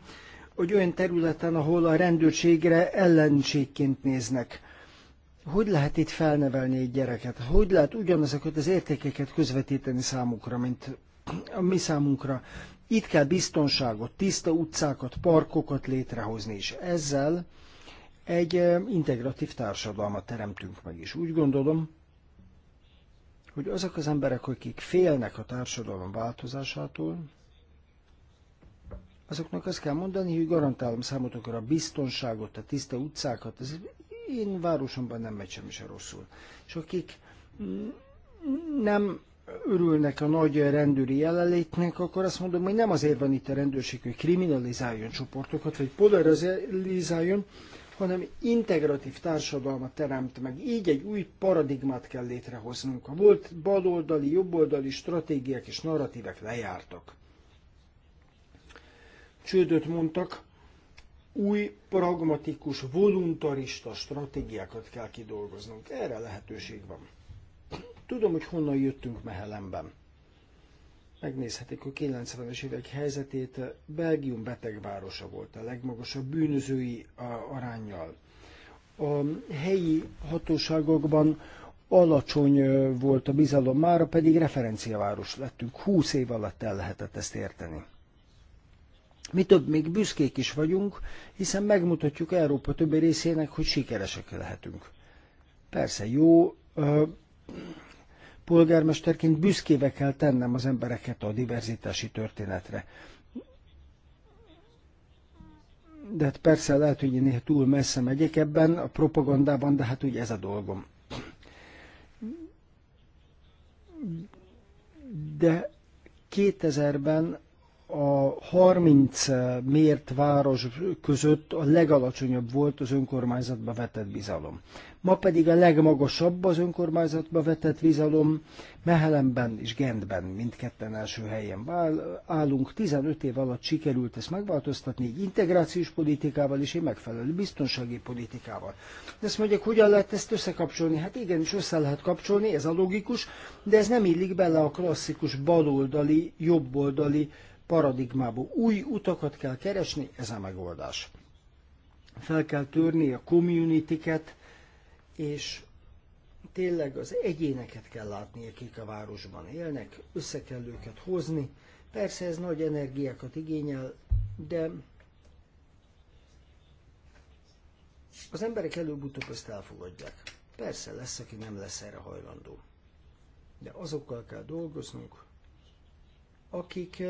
hogy olyan területen, ahol a rendőrségre ellenségként néznek. Hogy lehet itt felnevelni egy gyereket? Hogy lehet ugyanezeket az értékeket közvetíteni számukra, mint a mi számunkra? Itt kell biztonságot, tiszta utcákat, parkokat létrehozni, és ezzel egy integratív társadalmat teremtünk meg is. Úgy gondolom, hogy azok az emberek, akik félnek a társadalom változásától, azoknak azt kell mondani, hogy garantálom számotokra a biztonságot, a tiszta utcákat, az én városomban nem megy semmi se rosszul. És akik nem örülnek a nagy rendőri jelenlétnek, akkor azt mondom, hogy nem azért van itt a rendőrség, hogy kriminalizáljon csoportokat, vagy polarizáljon, hanem integratív társadalmat teremt meg. Így egy új paradigmát kell létrehoznunk. A volt baloldali, jobboldali stratégiák és narratívek lejártak. Csődöt mondtak, új, pragmatikus, voluntarista stratégiákat kell kidolgoznunk. Erre lehetőség van. Tudom, hogy honnan jöttünk Mehelemben. Megnézhetik a 90-es évek helyzetét. Belgium betegvárosa volt a legmagasabb bűnözői arányjal. A helyi hatóságokban alacsony volt a bizalom mára, pedig referenciaváros lettünk. 20 év alatt el lehetett ezt érteni. Mi több, még büszkék is vagyunk, hiszen megmutatjuk Európa többi részének, hogy sikeresek lehetünk. Persze, jó ö, polgármesterként büszkéve kell tennem az embereket a diverzitási történetre. De hát persze lehet, hogy én néha túl messze megyek ebben a propagandában, de hát ugye ez a dolgom. De 2000-ben a 30 eh, mért város között a legalacsonyabb volt az önkormányzatba vetett bizalom. Ma pedig a legmagasabb az önkormányzatba vetett bizalom, Mehelemben és Gentben mindketten első helyen állunk. 15 év alatt sikerült ezt megváltoztatni, egy integrációs politikával és egy megfelelő biztonsági politikával. De ezt mondják, hogyan lehet ezt összekapcsolni? Hát igenis össze lehet kapcsolni, ez a logikus, de ez nem illik bele a klasszikus baloldali, jobboldali paradigmából új utakat kell keresni, ez a megoldás. Fel kell törni a community és tényleg az egyéneket kell látni, akik a városban élnek, össze kell őket hozni. Persze ez nagy energiákat igényel, de az emberek előbb-utóbb ezt elfogadják. Persze lesz, aki nem lesz erre hajlandó. De azokkal kell dolgoznunk, akik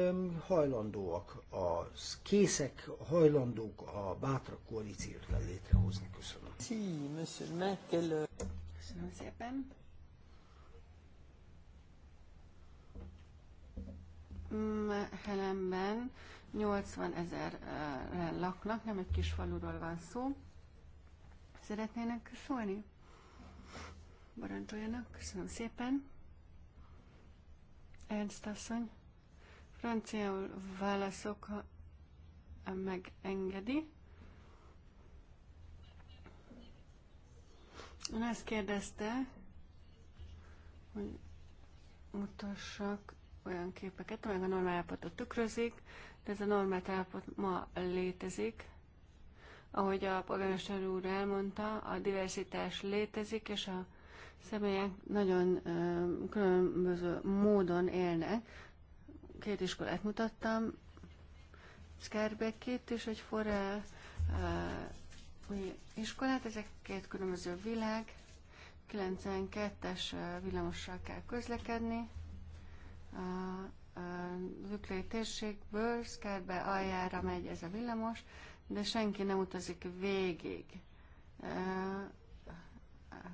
hajlandóak, a készek, hajlandók a bátra koalíciót kell létrehozni. Köszönöm. Sí, euh, Köszönöm szépen. Helemben 80 ezer eh, laknak, nem egy kis faluról van szó. Szeretnének szólni? Barantoljanak, köszönöm szépen. Ernst asszony. Franciául válaszok, ha megengedi. Ön azt kérdezte, hogy mutassak olyan képeket, amelyek a normál állapotot tükrözik, de ez a normál állapot ma létezik. Ahogy a polgármester úr elmondta, a diversitás létezik, és a személyek nagyon különböző módon élnek két iskolát mutattam, Skerbekét és egy Forel uh, iskolát, ezek két különböző világ, 92-es uh, villamossal kell közlekedni, az üklei térségből Skerbe aljára megy ez a villamos, de senki nem utazik végig. Uh, uh,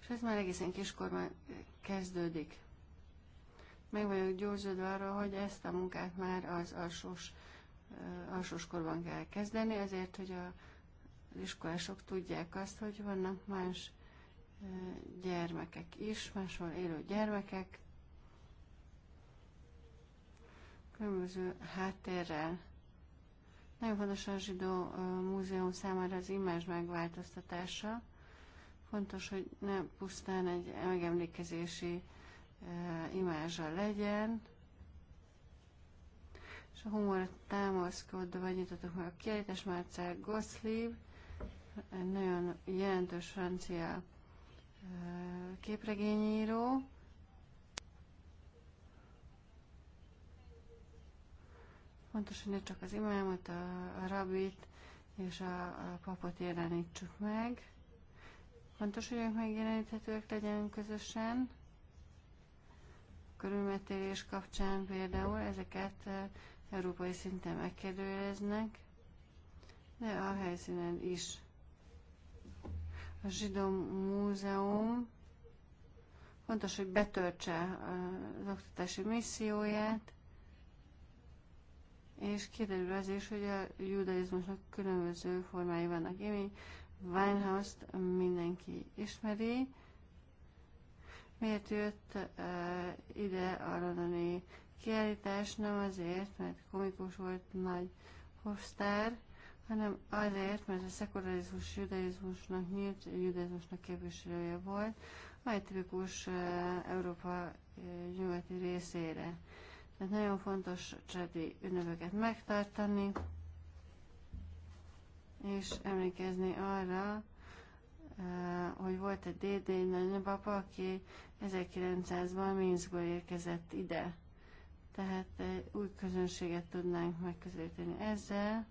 és ez már egészen kiskorban kezdődik. Meg vagyok győződve arról, hogy ezt a munkát már az alsós, alsós korban kell kezdeni, azért, hogy a az iskolások tudják azt, hogy vannak más gyermekek is, máshol élő gyermekek, különböző háttérrel. Nagyon fontos a zsidó múzeum számára az imázs megváltoztatása. Fontos, hogy ne pusztán egy megemlékezési E, imázsa legyen, és a humor támaszkodva nyitottuk meg a kiállítás, Marcel Gottlieb, egy nagyon jelentős francia e, képregényíró, Fontos, hogy ne csak az imámot, a rabit és a, a papot jelenítsük meg. Fontos, hogy ők megjeleníthetőek legyen közösen körülmetélés kapcsán például ezeket eh, európai szinten megkérdőjeleznek, de a helyszínen is. A zsidó múzeum fontos, hogy betöltse eh, az oktatási misszióját, és kiderül az is, hogy a judaizmusnak különböző formái vannak. Én Winehouse-t mindenki ismeri, Miért jött uh, ide a Rodani kiállítás? Nem azért, mert komikus volt nagy hofsztár, hanem azért, mert a szekularizmus judaizmusnak nyílt judaizmusnak képviselője volt, majd tipikus uh, Európa uh, nyugati részére. Tehát nagyon fontos családi ünnepeket megtartani, és emlékezni arra, hogy volt egy dédény nagynapapa, aki 1900-ban Minskból érkezett ide. Tehát egy új közönséget tudnánk megközelíteni ezzel.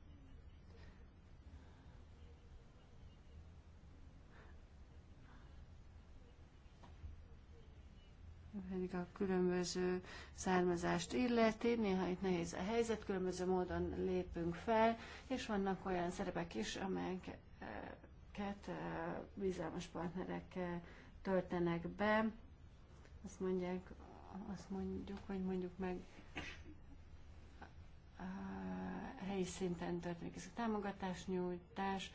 pedig a különböző származást illeti, néha itt nehéz a helyzet, különböző módon lépünk fel, és vannak olyan szerepek is, amelyek partnereket, bizalmas partnerek töltenek be. Azt mondják, azt mondjuk, hogy mondjuk meg helyi szinten történik ez a támogatás, nyújtás,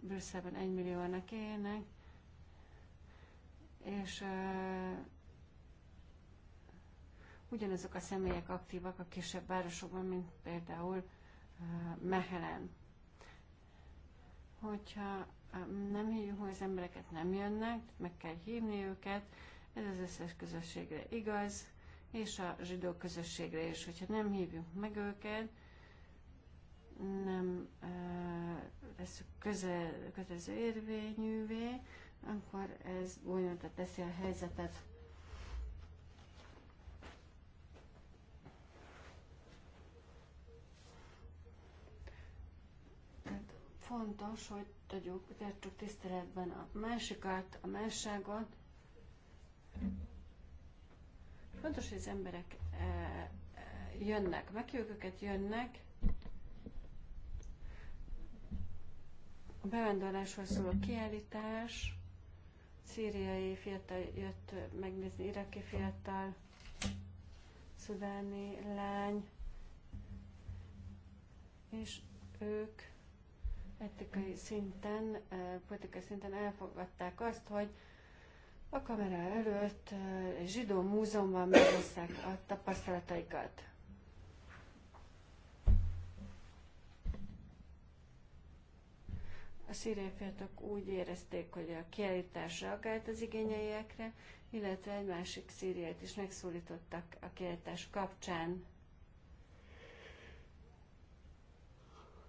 Brüsszelben egy élnek, és uh, ugyanazok a személyek aktívak a kisebb városokban, mint például uh, Mehelen. Hogyha nem hívjuk meg az embereket, nem jönnek, meg kell hívni őket, ez az összes közösségre igaz, és a zsidó közösségre is, hogyha nem hívjuk meg őket, nem uh, lesz közel, kötelező érvényűvé, akkor ez bonyolultat teszi a helyzetet. Tehát fontos, hogy tudjuk, tartjuk tiszteletben a másikat, a másságot. Fontos, hogy az emberek e, e, jönnek, meghívjuk őket, jönnek. A bevándorlásról szóló kiállítás, szíriai fiatal jött megnézni, iraki fiatal, szudáni lány, és ők etikai szinten, politikai szinten elfogadták azt, hogy a kamera előtt zsidó múzeumban megosztják a tapasztalataikat. A szíriai úgy érezték, hogy a kiállítás reagált az igényeiekre, illetve egy másik szíriát is megszólítottak a kiállítás kapcsán.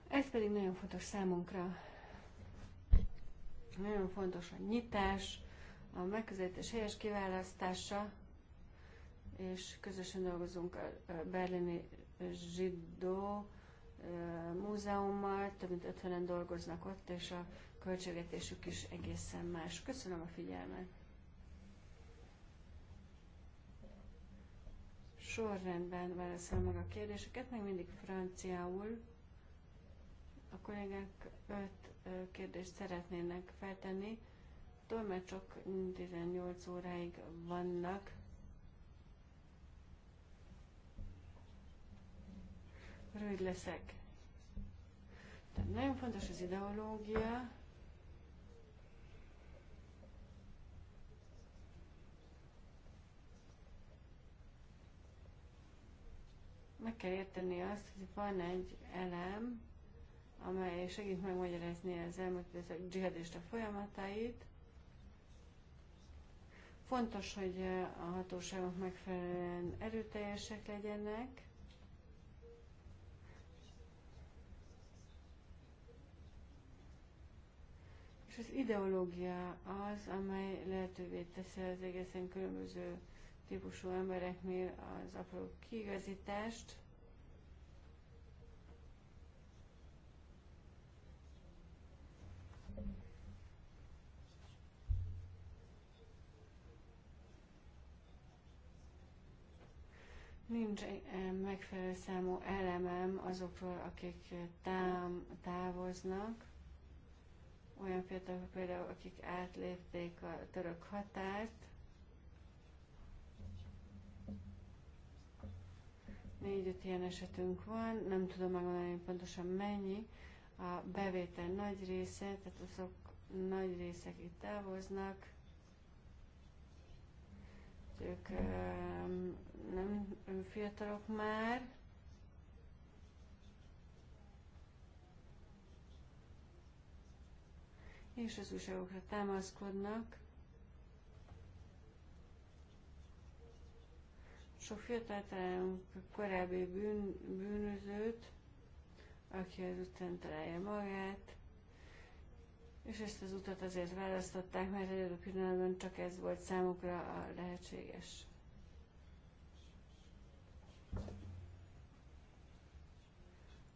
Ez pedig nagyon fontos számunkra. Nagyon fontos a nyitás, a megközelítés helyes kiválasztása, és közösen dolgozunk a berlini zsidó múzeummal, több mint 50-en dolgoznak ott, és a költségetésük is egészen más. Köszönöm a figyelmet! Sorrendben válaszolom meg a kérdéseket, még mindig franciául. A kollégák öt kérdést szeretnének feltenni. Tolmácsok 18 óráig vannak. Rövid leszek. Tehát nagyon fontos az ideológia. meg kell érteni azt, hogy van egy elem, amely segít megmagyarázni az elmúlt időszak dzsihadista folyamatait. Fontos, hogy a hatóságok megfelelően erőteljesek legyenek, és az ideológia az, amely lehetővé teszi az egészen különböző típusú embereknél az apró kiigazítást, Nincs eh, megfelelő számú elemem azokról, akik eh, tám, távoznak. Olyan fiatalok például, akik átlépték a török határt. Négy-öt ilyen esetünk van, nem tudom megmondani pontosan mennyi. A bevétel nagy része, tehát azok nagy részek itt távoznak ők nem fiatalok már, és az újságokra támaszkodnak. Sok fiatal találunk korábbi bűn, bűnözőt, aki azután találja magát, és ezt az utat azért választották, mert előbb pillanatban csak ez volt számukra a lehetséges.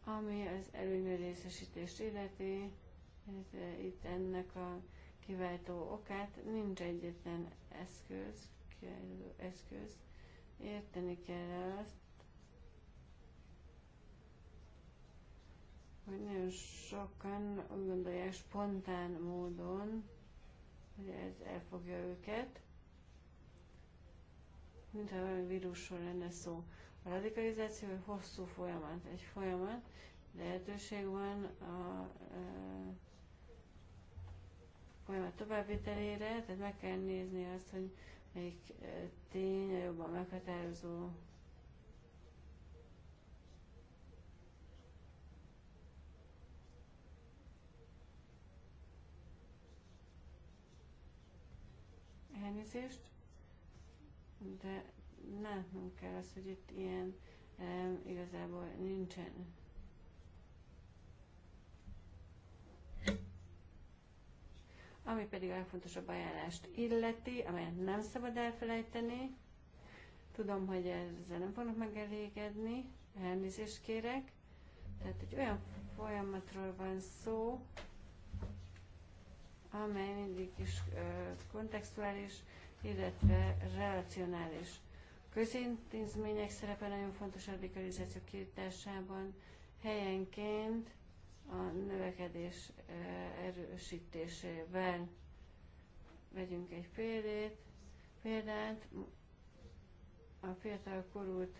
Ami az előnyben részesítést illeti, eh, itt ennek a kiváltó okát nincs egyetlen eszköz, kiváltó eszköz. Érteni kell azt, hogy nagyon sokan úgy gondolják spontán módon, hogy ez elfogja őket, mintha valami vírusról lenne szó. A radikalizáció egy hosszú folyamat, egy folyamat, lehetőség van a e, folyamat továbbvitelére, tehát meg kell nézni azt, hogy melyik e, tény a jobban meghatározó elnézést, de látnunk kell azt, hogy itt ilyen elem igazából nincsen. Ami pedig a legfontosabb ajánlást illeti, amelyet nem szabad elfelejteni. Tudom, hogy ezzel nem fognak megelégedni, elnézést kérek. Tehát egy olyan folyamatról van szó, amely mindig is kontextuális, illetve relacionális. Közintézmények szerepe nagyon fontos a radikalizáció kiirtásában, helyenként a növekedés erősítésével. Vegyünk egy példát, példát a fiatal korút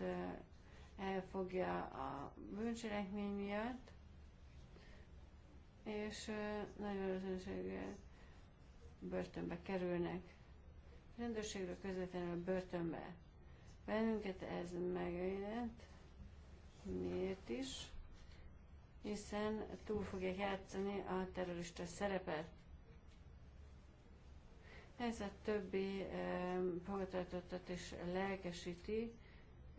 elfogja a bűncselekmény miatt, és nagyon örömséggel börtönbe kerülnek. A rendőrségről közvetlenül börtönbe. Bennünket ez megvédett. Miért is? Hiszen túl fogják játszani a terrorista szerepet. Ez a többi eh, fogatartottat is lelkesíti,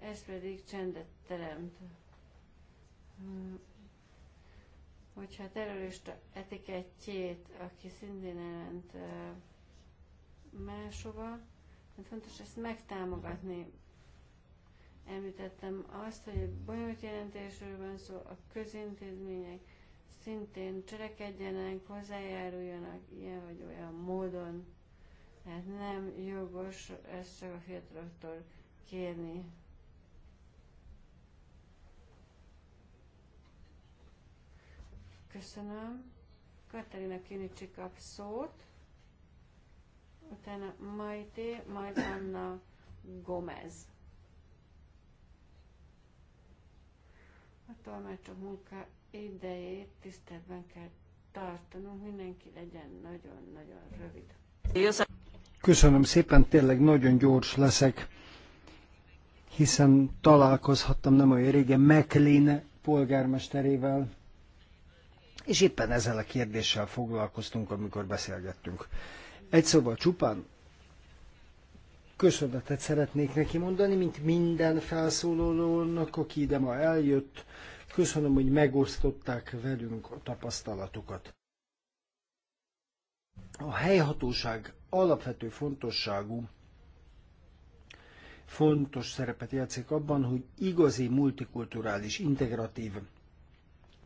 ez pedig csendet teremt hogyha a terrorista etikettjét, aki szintén ellent máshova, mert hát fontos ezt megtámogatni. Említettem azt, hogy egy bonyolult jelentésről van szó, a közintézmények szintén cselekedjenek, hozzájáruljanak ilyen vagy olyan módon. Tehát nem jogos ezt csak a fiataloktól kérni. Köszönöm. Katerina Kinicsi kap szót, utána Majté, majd Anna Gomez. A tolmácsok munka idejét tiszteletben kell tartanunk, mindenki legyen nagyon-nagyon rövid. Köszönöm szépen, tényleg nagyon gyors leszek, hiszen találkozhattam nem olyan régen McLean polgármesterével, és éppen ezzel a kérdéssel foglalkoztunk, amikor beszélgettünk. Egy szóval csupán köszönetet szeretnék neki mondani, mint minden felszólalónak, aki ide ma eljött. Köszönöm, hogy megosztották velünk a tapasztalatukat. A helyhatóság alapvető fontosságú fontos szerepet játszik abban, hogy igazi multikulturális, integratív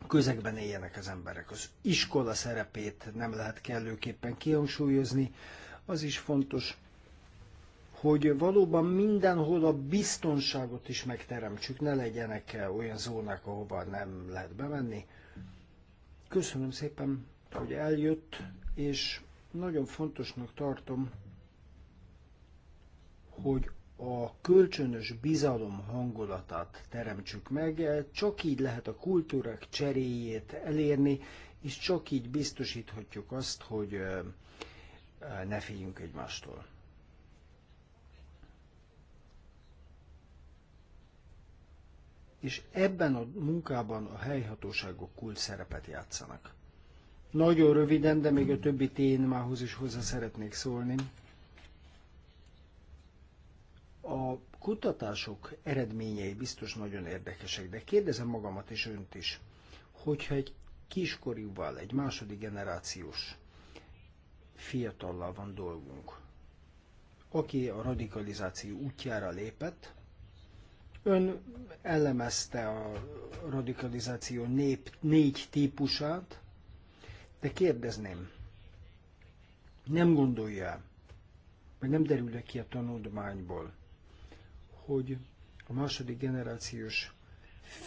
közegben éljenek az emberek. Az iskola szerepét nem lehet kellőképpen kihangsúlyozni. Az is fontos, hogy valóban mindenhol a biztonságot is megteremtsük, ne legyenek olyan zónák, ahova nem lehet bemenni. Köszönöm szépen, hogy eljött, és nagyon fontosnak tartom, hogy a kölcsönös bizalom hangulatát teremtsük meg, csak így lehet a kultúrák cseréjét elérni, és csak így biztosíthatjuk azt, hogy ne féljünk egymástól. És ebben a munkában a helyhatóságok kult szerepet játszanak. Nagyon röviden, de még a többi témához is hozzá szeretnék szólni. A kutatások eredményei biztos nagyon érdekesek, de kérdezem magamat és önt is, hogyha egy kiskorúval, egy második generációs fiatallal van dolgunk, aki a radikalizáció útjára lépett, ön elemezte a radikalizáció nép négy típusát, de kérdezném, nem gondolja, vagy nem derül ki a tanulmányból, hogy a második generációs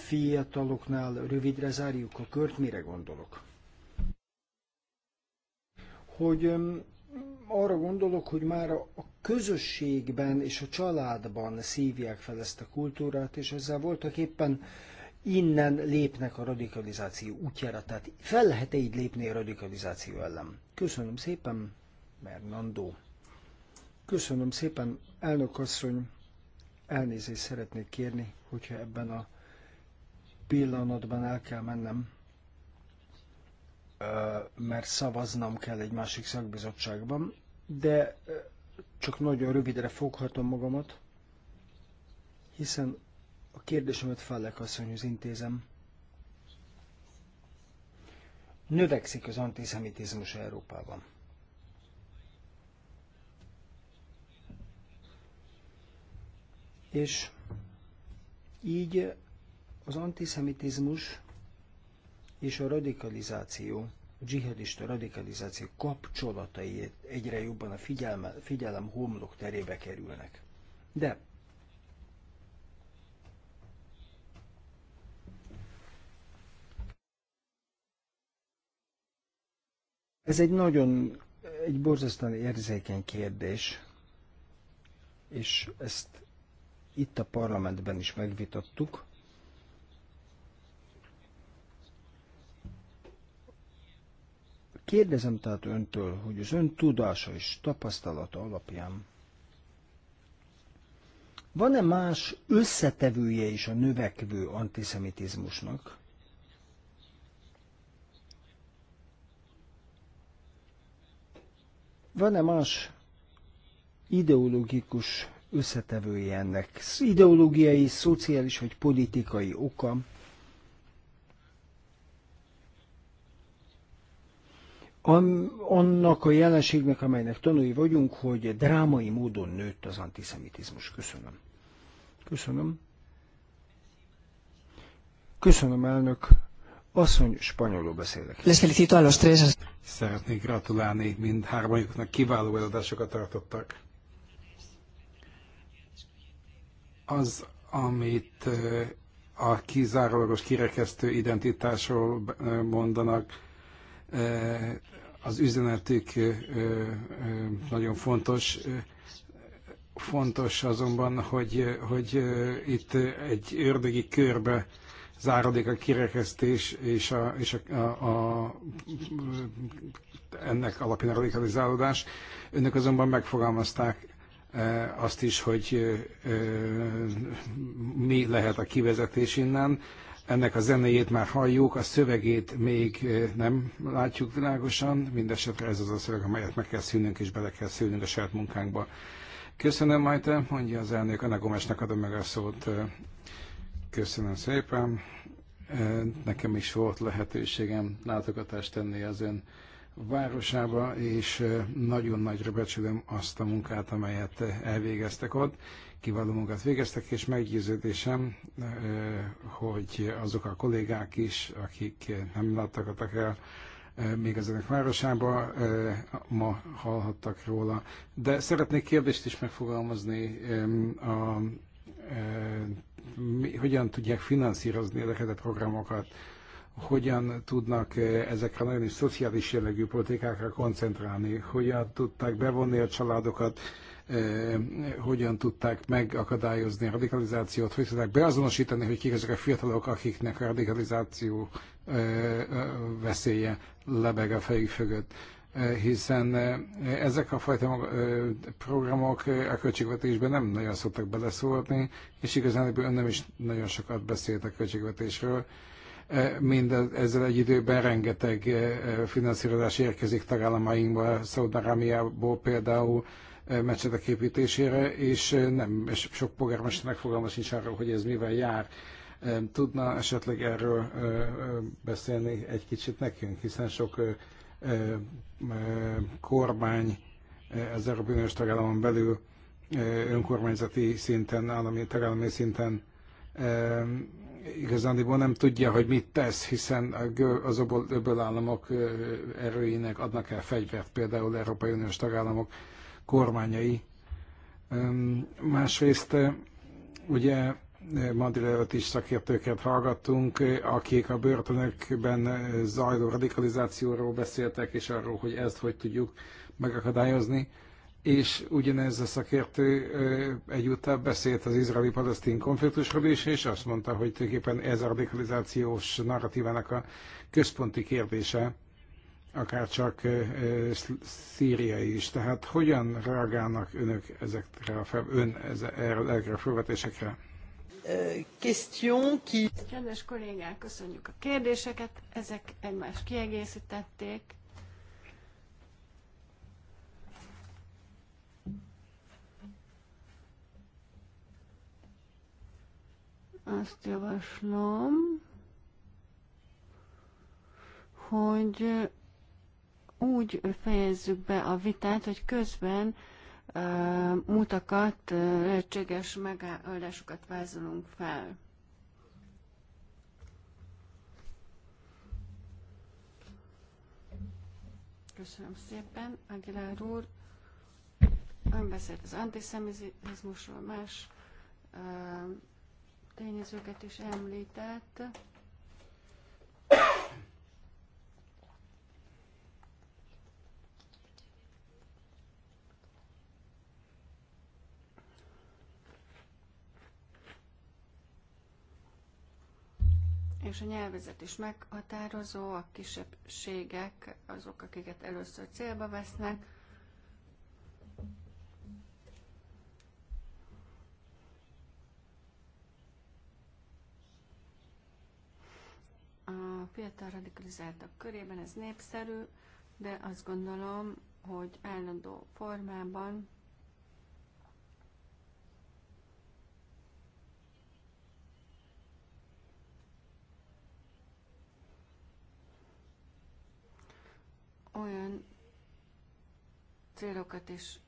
fiataloknál rövidre zárjuk a kört, mire gondolok? Hogy arra gondolok, hogy már a közösségben és a családban szívják fel ezt a kultúrát, és ezzel voltak éppen innen lépnek a radikalizáció útjára. Tehát fel lehet -e így lépni a radikalizáció ellen? Köszönöm szépen, Bernando. Köszönöm szépen, elnök asszony elnézést szeretnék kérni, hogyha ebben a pillanatban el kell mennem, mert szavaznom kell egy másik szakbizottságban, de csak nagyon rövidre foghatom magamat, hiszen a kérdésemet Fellek asszonyhoz intézem. Növekszik az antiszemitizmus Európában. És így az antiszemitizmus és a radikalizáció, a dzsihadista radikalizáció kapcsolatai egyre jobban a figyelme, figyelem homlok terébe kerülnek. De Ez egy nagyon, egy borzasztóan érzékeny kérdés, és ezt itt a parlamentben is megvitattuk. Kérdezem tehát öntől, hogy az ön tudása és tapasztalata alapján van-e más összetevője is a növekvő antiszemitizmusnak? Van-e más ideológikus összetevője ennek. Ideológiai, szociális vagy politikai oka. Annak a jelenségnek, amelynek tanúi vagyunk, hogy drámai módon nőtt az antiszemitizmus. Köszönöm. Köszönöm. Köszönöm, elnök. Asszony, spanyolul beszélek. Les felicito a los tres. Szeretnék gratulálni mindhármajuknak, kiváló előadásokat tartottak. Az, amit a kizárólagos kirekesztő identitásról mondanak, az üzenetük nagyon fontos. Fontos azonban, hogy, hogy itt egy ördögi körbe záradik a kirekesztés és a, és a, a, a ennek alapján a radikalizálódás. Önök azonban megfogalmazták Eh, azt is, hogy eh, eh, mi lehet a kivezetés innen. Ennek a zenéjét már halljuk, a szövegét még nem látjuk világosan, mindesetre ez az a szöveg, amelyet meg kell szűnünk és bele kell szűnünk a saját munkánkba. Köszönöm, Majte, mondja az elnök, Anna Gomesnek adom meg a szót. Köszönöm szépen. Nekem is volt lehetőségem látogatást tenni az ön városába, és nagyon nagyra becsülöm azt a munkát, amelyet elvégeztek ott. Kiváló munkát végeztek, és meggyőződésem, hogy azok a kollégák is, akik nem a el még az a városába, ma hallhattak róla. De szeretnék kérdést is megfogalmazni a hogyan tudják finanszírozni ezeket a programokat hogyan tudnak eh, ezek a nagyon is szociális jellegű politikákra koncentrálni, hogyan tudták bevonni a családokat, eh, hogyan tudták megakadályozni a radikalizációt, hogy tudták beazonosítani, hogy kik ezek a fiatalok, akiknek a radikalizáció eh, veszélye lebeg a fejük fögött hiszen ezek a fajta programok a költségvetésben nem nagyon szoktak beleszólni, és igazán nem is nagyon sokat beszélt a költségvetésről E, mind ezzel egy időben rengeteg e, finanszírozás érkezik tagállamainkba, Szaudarámiából például e, mecsetek építésére, és nem, és sok polgármesternek fogalma sincs arról, hogy ez mivel jár. Tudna esetleg erről beszélni egy kicsit nekünk, hiszen sok kormány az Európai Uniós tagállamon belül önkormányzati szinten, állami tagállami szinten igazándiból nem tudja, hogy mit tesz, hiszen az öböl államok erőinek adnak el fegyvert, például Európai Uniós tagállamok kormányai. Másrészt ugye ma is szakértőket hallgattunk, akik a börtönökben zajló radikalizációról beszéltek, és arról, hogy ezt hogy tudjuk megakadályozni és ugyanez a szakértő egyúttal beszélt az izraeli-palesztin konfliktusról is, és azt mondta, hogy tulajdonképpen ez a radikalizációs narratívának a központi kérdése, akár csak szíriai is. Tehát hogyan reagálnak önök ezekre a fel, ön ezekre a felvetésekre? Kérdés kollégák, köszönjük a kérdéseket, ezek egymást kiegészítették Azt javaslom, hogy úgy fejezzük be a vitát, hogy közben uh, mutakat, uh, lehetséges megoldásokat vázolunk fel. Köszönöm szépen, Aguilar úr. Ön beszélt az antiszemizmusról, más uh, tényezőket is említett. és a nyelvezet is meghatározó, a kisebbségek azok, akiket először célba vesznek, A fiatal radikalizáltak körében ez népszerű, de azt gondolom, hogy állandó formában olyan célokat is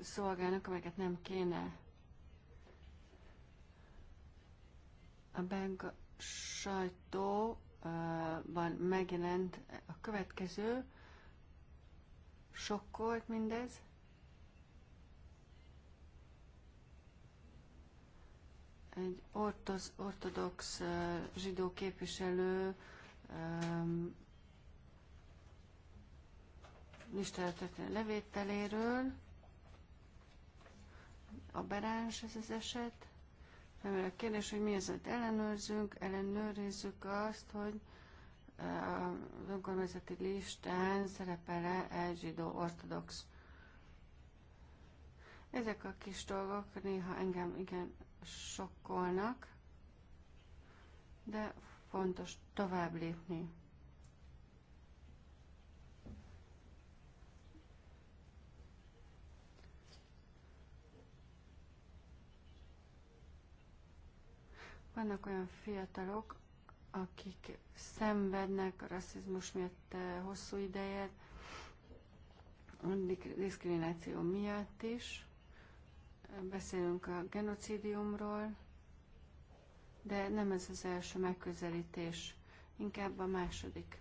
szolgálnak, amelyeket nem kéne. A bank sajtóban megjelent a következő, sokkolt mindez. Egy ortoz, ortodox zsidó képviselő um, Istenetetlen levételéről. Aberáns ez az eset. Felmerül a kérdés, hogy mi az, hogy ellenőrzünk, ellenőrizzük azt, hogy az önkormányzati listán szerepel-e zsidó ortodox. Ezek a kis dolgok néha engem igen sokkolnak, de fontos tovább lépni. Vannak olyan fiatalok, akik szenvednek a rasszizmus miatt eh, hosszú ideje, a diszkrimináció miatt is. Beszélünk a genocidiumról, de nem ez az első megközelítés, inkább a második.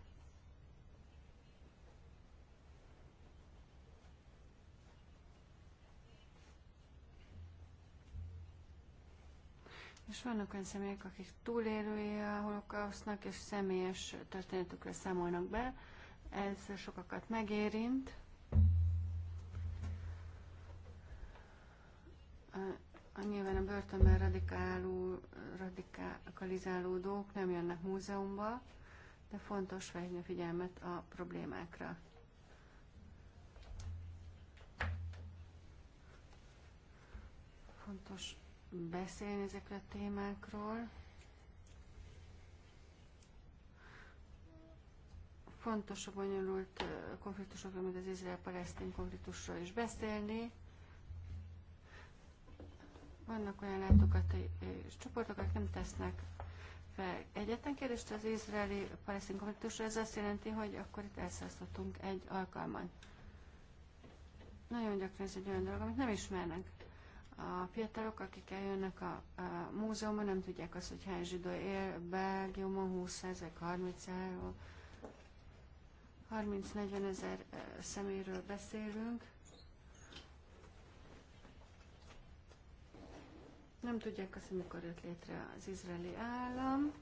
És vannak olyan személyek, akik túlélői a holokausznak, és személyes történetükről számolnak be. Ez sokakat megérint. A, nyilván a börtönben radikáló, radikalizálódók nem jönnek múzeumba, de fontos felhívni a figyelmet a problémákra. Fontos beszélni ezekről a témákról. Fontos a bonyolult konfliktusokról, mint az izrael-palesztin konfliktusról is beszélni. Vannak olyan látokat és csoportok, akik nem tesznek fel egyetlen kérdést az izraeli-palesztin konfliktusra. Ez azt jelenti, hogy akkor itt elszállszottunk egy alkalmat. Nagyon gyakran ez egy olyan dolog, amit nem ismernek a fiatalok, akik eljönnek a, a múzeumban, nem tudják azt, hogy hány zsidó él Belgiumon, 20 ezer, 30 30-40 ezer szeméről beszélünk. Nem tudják azt, hogy mikor jött létre az izraeli állam.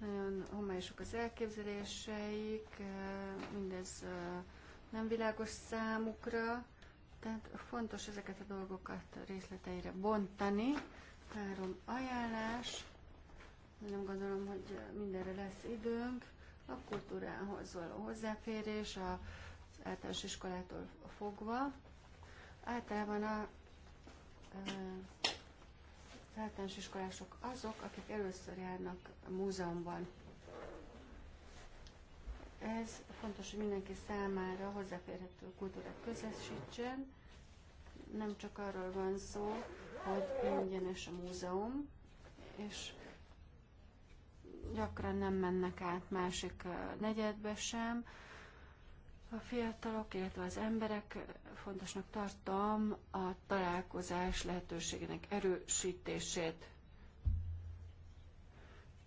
Nagyon homályosok az elképzeléseik, mindez nem világos számukra tehát fontos ezeket a dolgokat részleteire bontani. Három ajánlás. Nem gondolom, hogy mindenre lesz időnk. A kultúrához való hozzáférés, a általános iskolától fogva. Általában a az általános iskolások azok, akik először járnak a múzeumban. Ez fontos, hogy mindenki számára hozzáférhető kultúrát közösítsen. Nem csak arról van szó, hogy ingyenes a múzeum, és gyakran nem mennek át másik negyedbe sem. A fiatalok, illetve az emberek fontosnak tartom a találkozás lehetőségének erősítését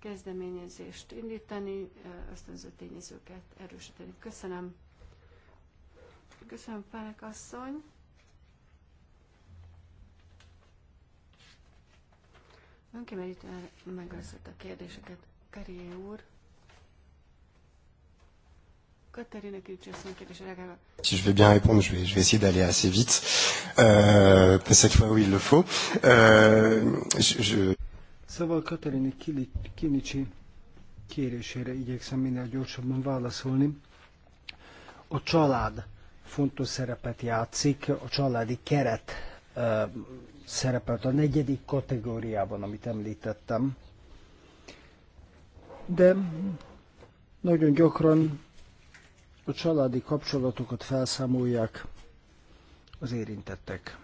kezdeményezést indítani, ösztönző tényezőket erősíteni. Köszönöm. Köszönöm, Felek asszony. Önkimerítően megösszött a kérdéseket. Karié úr. Si je vais bien répondre, je vais, je vais essayer d'aller assez vite, euh, cette fois où il le faut. Euh, je, je... Szóval Katalini Kinicsi kérésére igyekszem minél gyorsabban válaszolni. A család fontos szerepet játszik, a családi keret ö, szerepelt a negyedik kategóriában, amit említettem. De nagyon gyakran a családi kapcsolatokat felszámolják az érintettek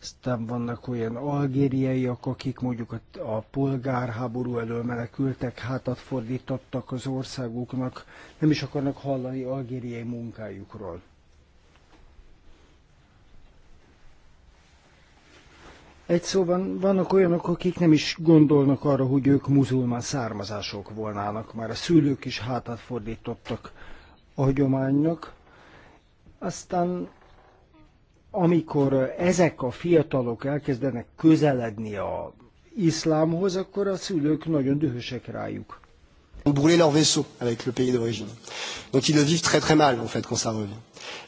aztán vannak olyan algériaiak, akik mondjuk a, a polgárháború elől menekültek, hátat fordítottak az országuknak, nem is akarnak hallani algériai munkájukról. Egy szóban vannak olyanok, akik nem is gondolnak arra, hogy ők muzulmán származások volnának, már a szülők is hátat fordítottak a hagyománynak. Aztán amikor ezek a fiatalok elkezdenek közeledni a iszlámhoz, akkor a szülők nagyon dühösek rájuk. brûler leur vaisseau avec le pays d'origine. Donc ils le vivent très très mal en fait quand ça revient.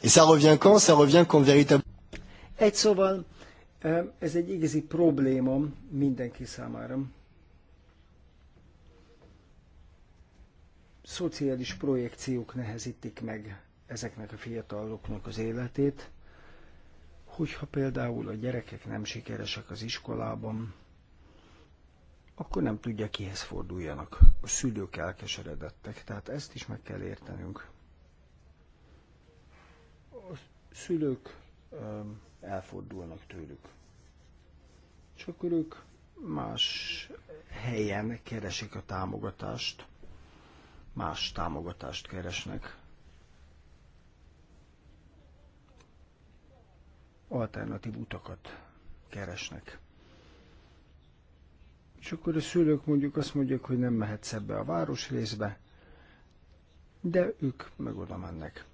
Et ça revient quand Ça revient quand véritablement... Egy szóval, ez egy igazi probléma mindenki számára. Szociális projekciók nehezítik meg ezeknek a fiataloknak az életét, Hogyha például a gyerekek nem sikeresek az iskolában, akkor nem tudja, kihez forduljanak. A szülők elkeseredettek, tehát ezt is meg kell értenünk. A szülők elfordulnak tőlük. Csak ők más helyen keresik a támogatást, más támogatást keresnek. alternatív utakat keresnek. És akkor a szülők mondjuk azt mondják, hogy nem mehetsz ebbe a város részbe, de ők meg oda mennek.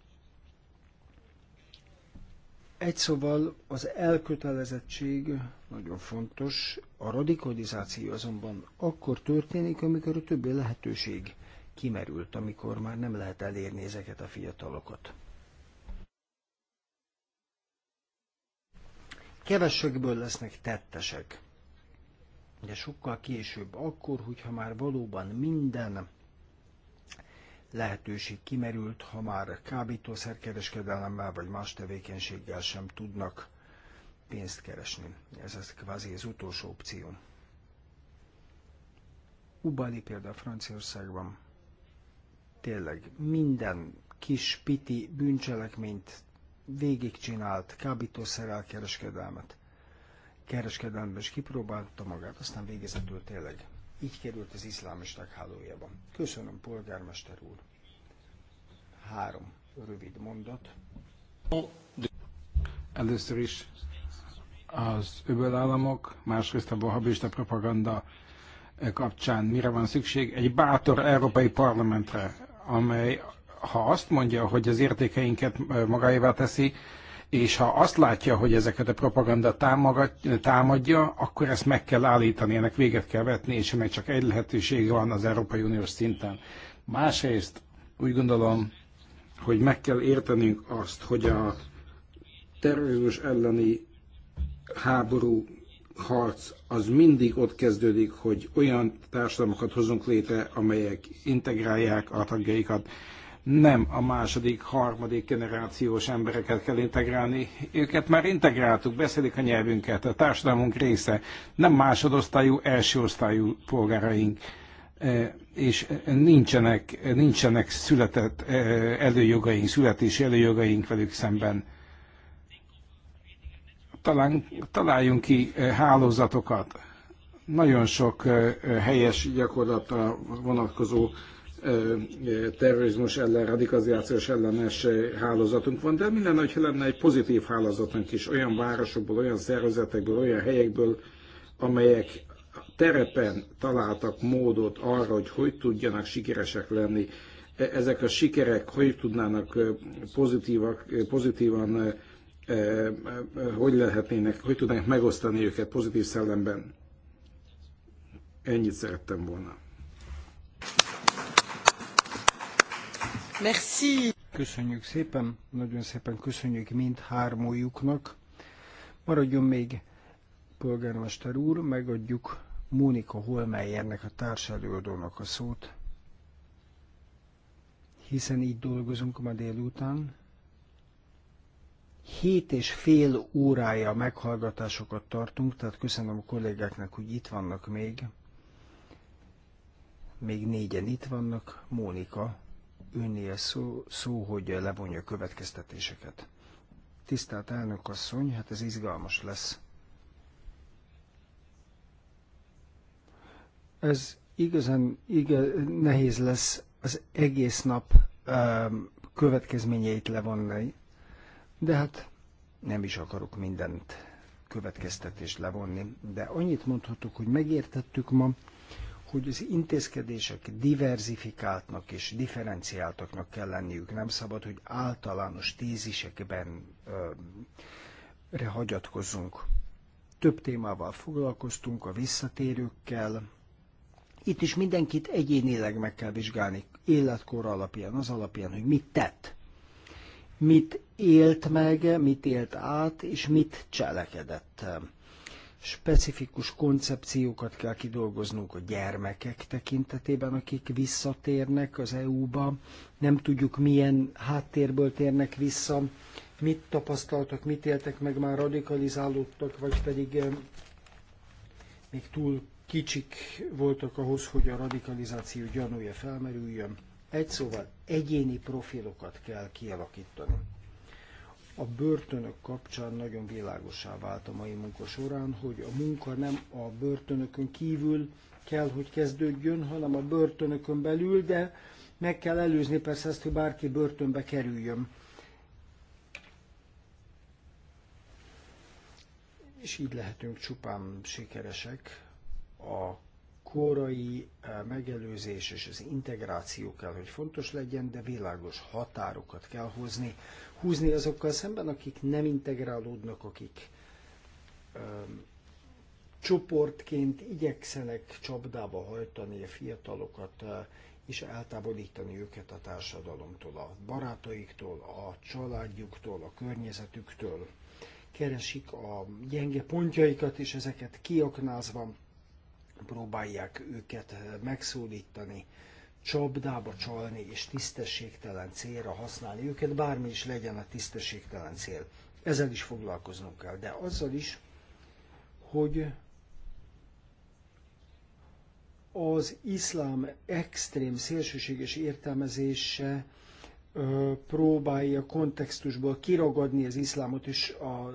Egy szóval az elkötelezettség nagyon fontos, a radikalizáció azonban akkor történik, amikor a többi lehetőség kimerült, amikor már nem lehet elérni ezeket a fiatalokat. kevesekből lesznek tettesek. De sokkal később, akkor, hogyha már valóban minden lehetőség kimerült, ha már kábítószerkereskedelemmel vagy más tevékenységgel sem tudnak pénzt keresni. Ez az kvázi az utolsó opció. Ubali például Franciaországban tényleg minden kis piti bűncselekményt végigcsinált kábítószerrel kereskedelmet. Kereskedelmet is kipróbálta magát, aztán végezetül tényleg így került az iszlámisták hálójában. Köszönöm, polgármester úr. Három rövid mondat. Először is az öbölállamok, másrészt a bohabista propaganda eh, kapcsán mire van szükség? Egy bátor európai parlamentre, amely ha azt mondja, hogy az értékeinket magáévá teszi, és ha azt látja, hogy ezeket a propaganda támadja, akkor ezt meg kell állítani, ennek véget kell vetni, és ennek csak egy lehetőség van az Európai Uniós szinten. Másrészt úgy gondolom, hogy meg kell értenünk azt, hogy a terrorizmus elleni háború harc az mindig ott kezdődik, hogy olyan társadalmakat hozunk létre, amelyek integrálják a tagjaikat, nem a második, harmadik generációs embereket kell integrálni. Őket már integráltuk, beszélik a nyelvünket, a társadalmunk része. Nem másodosztályú, első osztályú polgáraink e, és nincsenek, nincsenek született e, előjogaink, születési előjogaink velük szemben. Talán találjunk ki e, hálózatokat. Nagyon sok helyes gyakorlatra vonatkozó terrorizmus ellen, radikalizációs ellenes hálózatunk van, de minden lenne, hogyha lenne egy pozitív hálózatunk is, olyan városokból, olyan szervezetekből, olyan helyekből, amelyek terepen találtak módot arra, hogy hogy tudjanak sikeresek lenni, e, ezek a sikerek hogy tudnának pozitívak, pozitívan, hogy lehetnének, hogy tudnánk megosztani őket pozitív szellemben. Ennyit szerettem volna. Merci. Köszönjük szépen, nagyon szépen köszönjük mind hármójuknak. Maradjon még polgármester úr, megadjuk Mónika Holmeyernek, a társelőadónak a szót, hiszen így dolgozunk ma délután. Hét és fél órája meghallgatásokat tartunk, tehát köszönöm a kollégáknak, hogy itt vannak még. Még négyen itt vannak. Mónika, önné szó, szó, hogy levonja a következtetéseket. Tisztelt elnök asszony, hát ez izgalmas lesz. Ez igazán igaz, nehéz lesz az egész nap következményeit levonni, de hát nem is akarok mindent következtetést levonni. De annyit mondhatok, hogy megértettük ma, hogy az intézkedések diverzifikáltnak és differenciáltaknak kell lenniük. Nem szabad, hogy általános tézisekben hagyatkozzunk. Több témával foglalkoztunk, a visszatérőkkel. Itt is mindenkit egyénileg meg kell vizsgálni, életkor alapján, az alapján, hogy mit tett. Mit élt meg, mit élt át, és mit cselekedett specifikus koncepciókat kell kidolgoznunk a gyermekek tekintetében, akik visszatérnek az EU-ba, nem tudjuk milyen háttérből térnek vissza, mit tapasztaltak, mit éltek meg, már radikalizálódtak, vagy pedig eh, még túl kicsik voltak ahhoz, hogy a radikalizáció gyanúja felmerüljön. Egy szóval egyéni profilokat kell kialakítani a börtönök kapcsán nagyon világosá vált a mai munka során, hogy a munka nem a börtönökön kívül kell, hogy kezdődjön, hanem a börtönökön belül, de meg kell előzni persze ezt, hogy bárki börtönbe kerüljön. És így lehetünk csupán sikeresek. A korai eh, megelőzés és az integráció kell, hogy fontos legyen, de világos határokat kell hozni, húzni azokkal szemben, akik nem integrálódnak, akik um, csoportként igyekszenek csapdába hajtani a fiatalokat, és eltávolítani őket a társadalomtól, a barátaiktól, a családjuktól, a környezetüktől. Keresik a gyenge pontjaikat, és ezeket kiaknázva próbálják őket megszólítani, csapdába csalni és tisztességtelen célra használni őket, bármi is legyen a tisztességtelen cél. Ezzel is foglalkoznunk kell, de azzal is, hogy az iszlám extrém szélsőséges értelmezése ö, próbálja kontextusból kiragadni az iszlámot és a,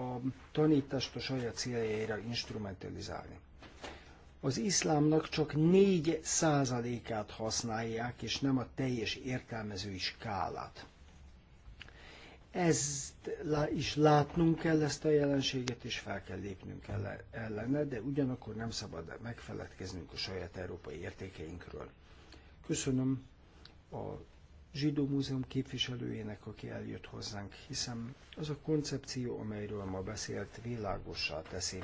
a tanítást a saját céljaira instrumentalizálni az iszlámnak csak 4 százalékát használják, és nem a teljes értelmezői skálát. Ezt is látnunk kell ezt a jelenséget, és fel kell lépnünk ellene, de ugyanakkor nem szabad megfeledkeznünk a saját európai értékeinkről. Köszönöm a Zsidó Múzeum képviselőjének, aki eljött hozzánk, hiszem az a koncepció, amelyről ma beszélt, világossá teszi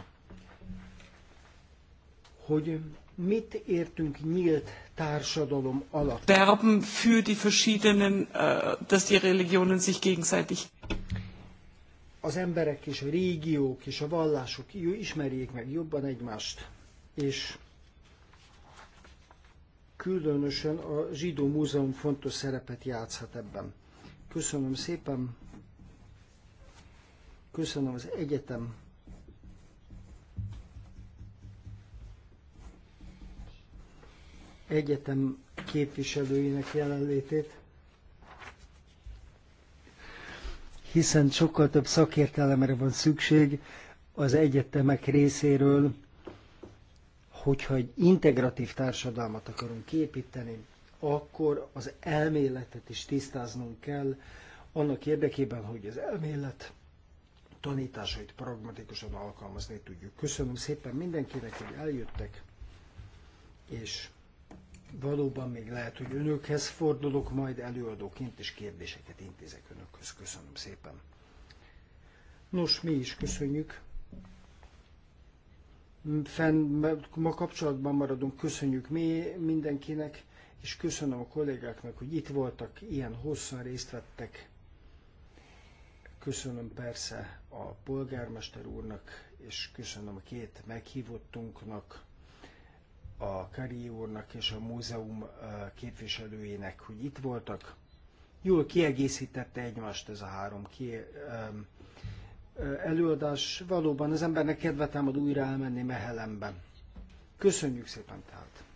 hogy mit értünk nyílt társadalom alatt. Verben für die verschiedenen, äh, dass die Religionen sich gegenseitig az emberek és a régiók és a vallások jó ismerjék meg jobban egymást, és különösen a Zsidó Múzeum fontos szerepet játszhat ebben. Köszönöm szépen, köszönöm az egyetem egyetem képviselőinek jelenlétét, hiszen sokkal több szakértelemre van szükség az egyetemek részéről, hogyha egy integratív társadalmat akarunk képíteni, akkor az elméletet is tisztáznunk kell, annak érdekében, hogy az elmélet tanításait pragmatikusan alkalmazni tudjuk. Köszönöm szépen mindenkinek, hogy eljöttek, és valóban még lehet, hogy önökhez fordulok majd előadóként, és kérdéseket intézek önökhöz. Köszönöm szépen. Nos, mi is köszönjük. Fenn, ma kapcsolatban maradunk, köszönjük mi mindenkinek, és köszönöm a kollégáknak, hogy itt voltak, ilyen hosszan részt vettek. Köszönöm persze a polgármester úrnak, és köszönöm a két meghívottunknak a Kari úrnak és a múzeum képviselőjének, hogy itt voltak. Jól kiegészítette egymást ez a három ki, előadás. Valóban az embernek kedve támad újra elmenni Mehelembe. Köszönjük szépen tehát!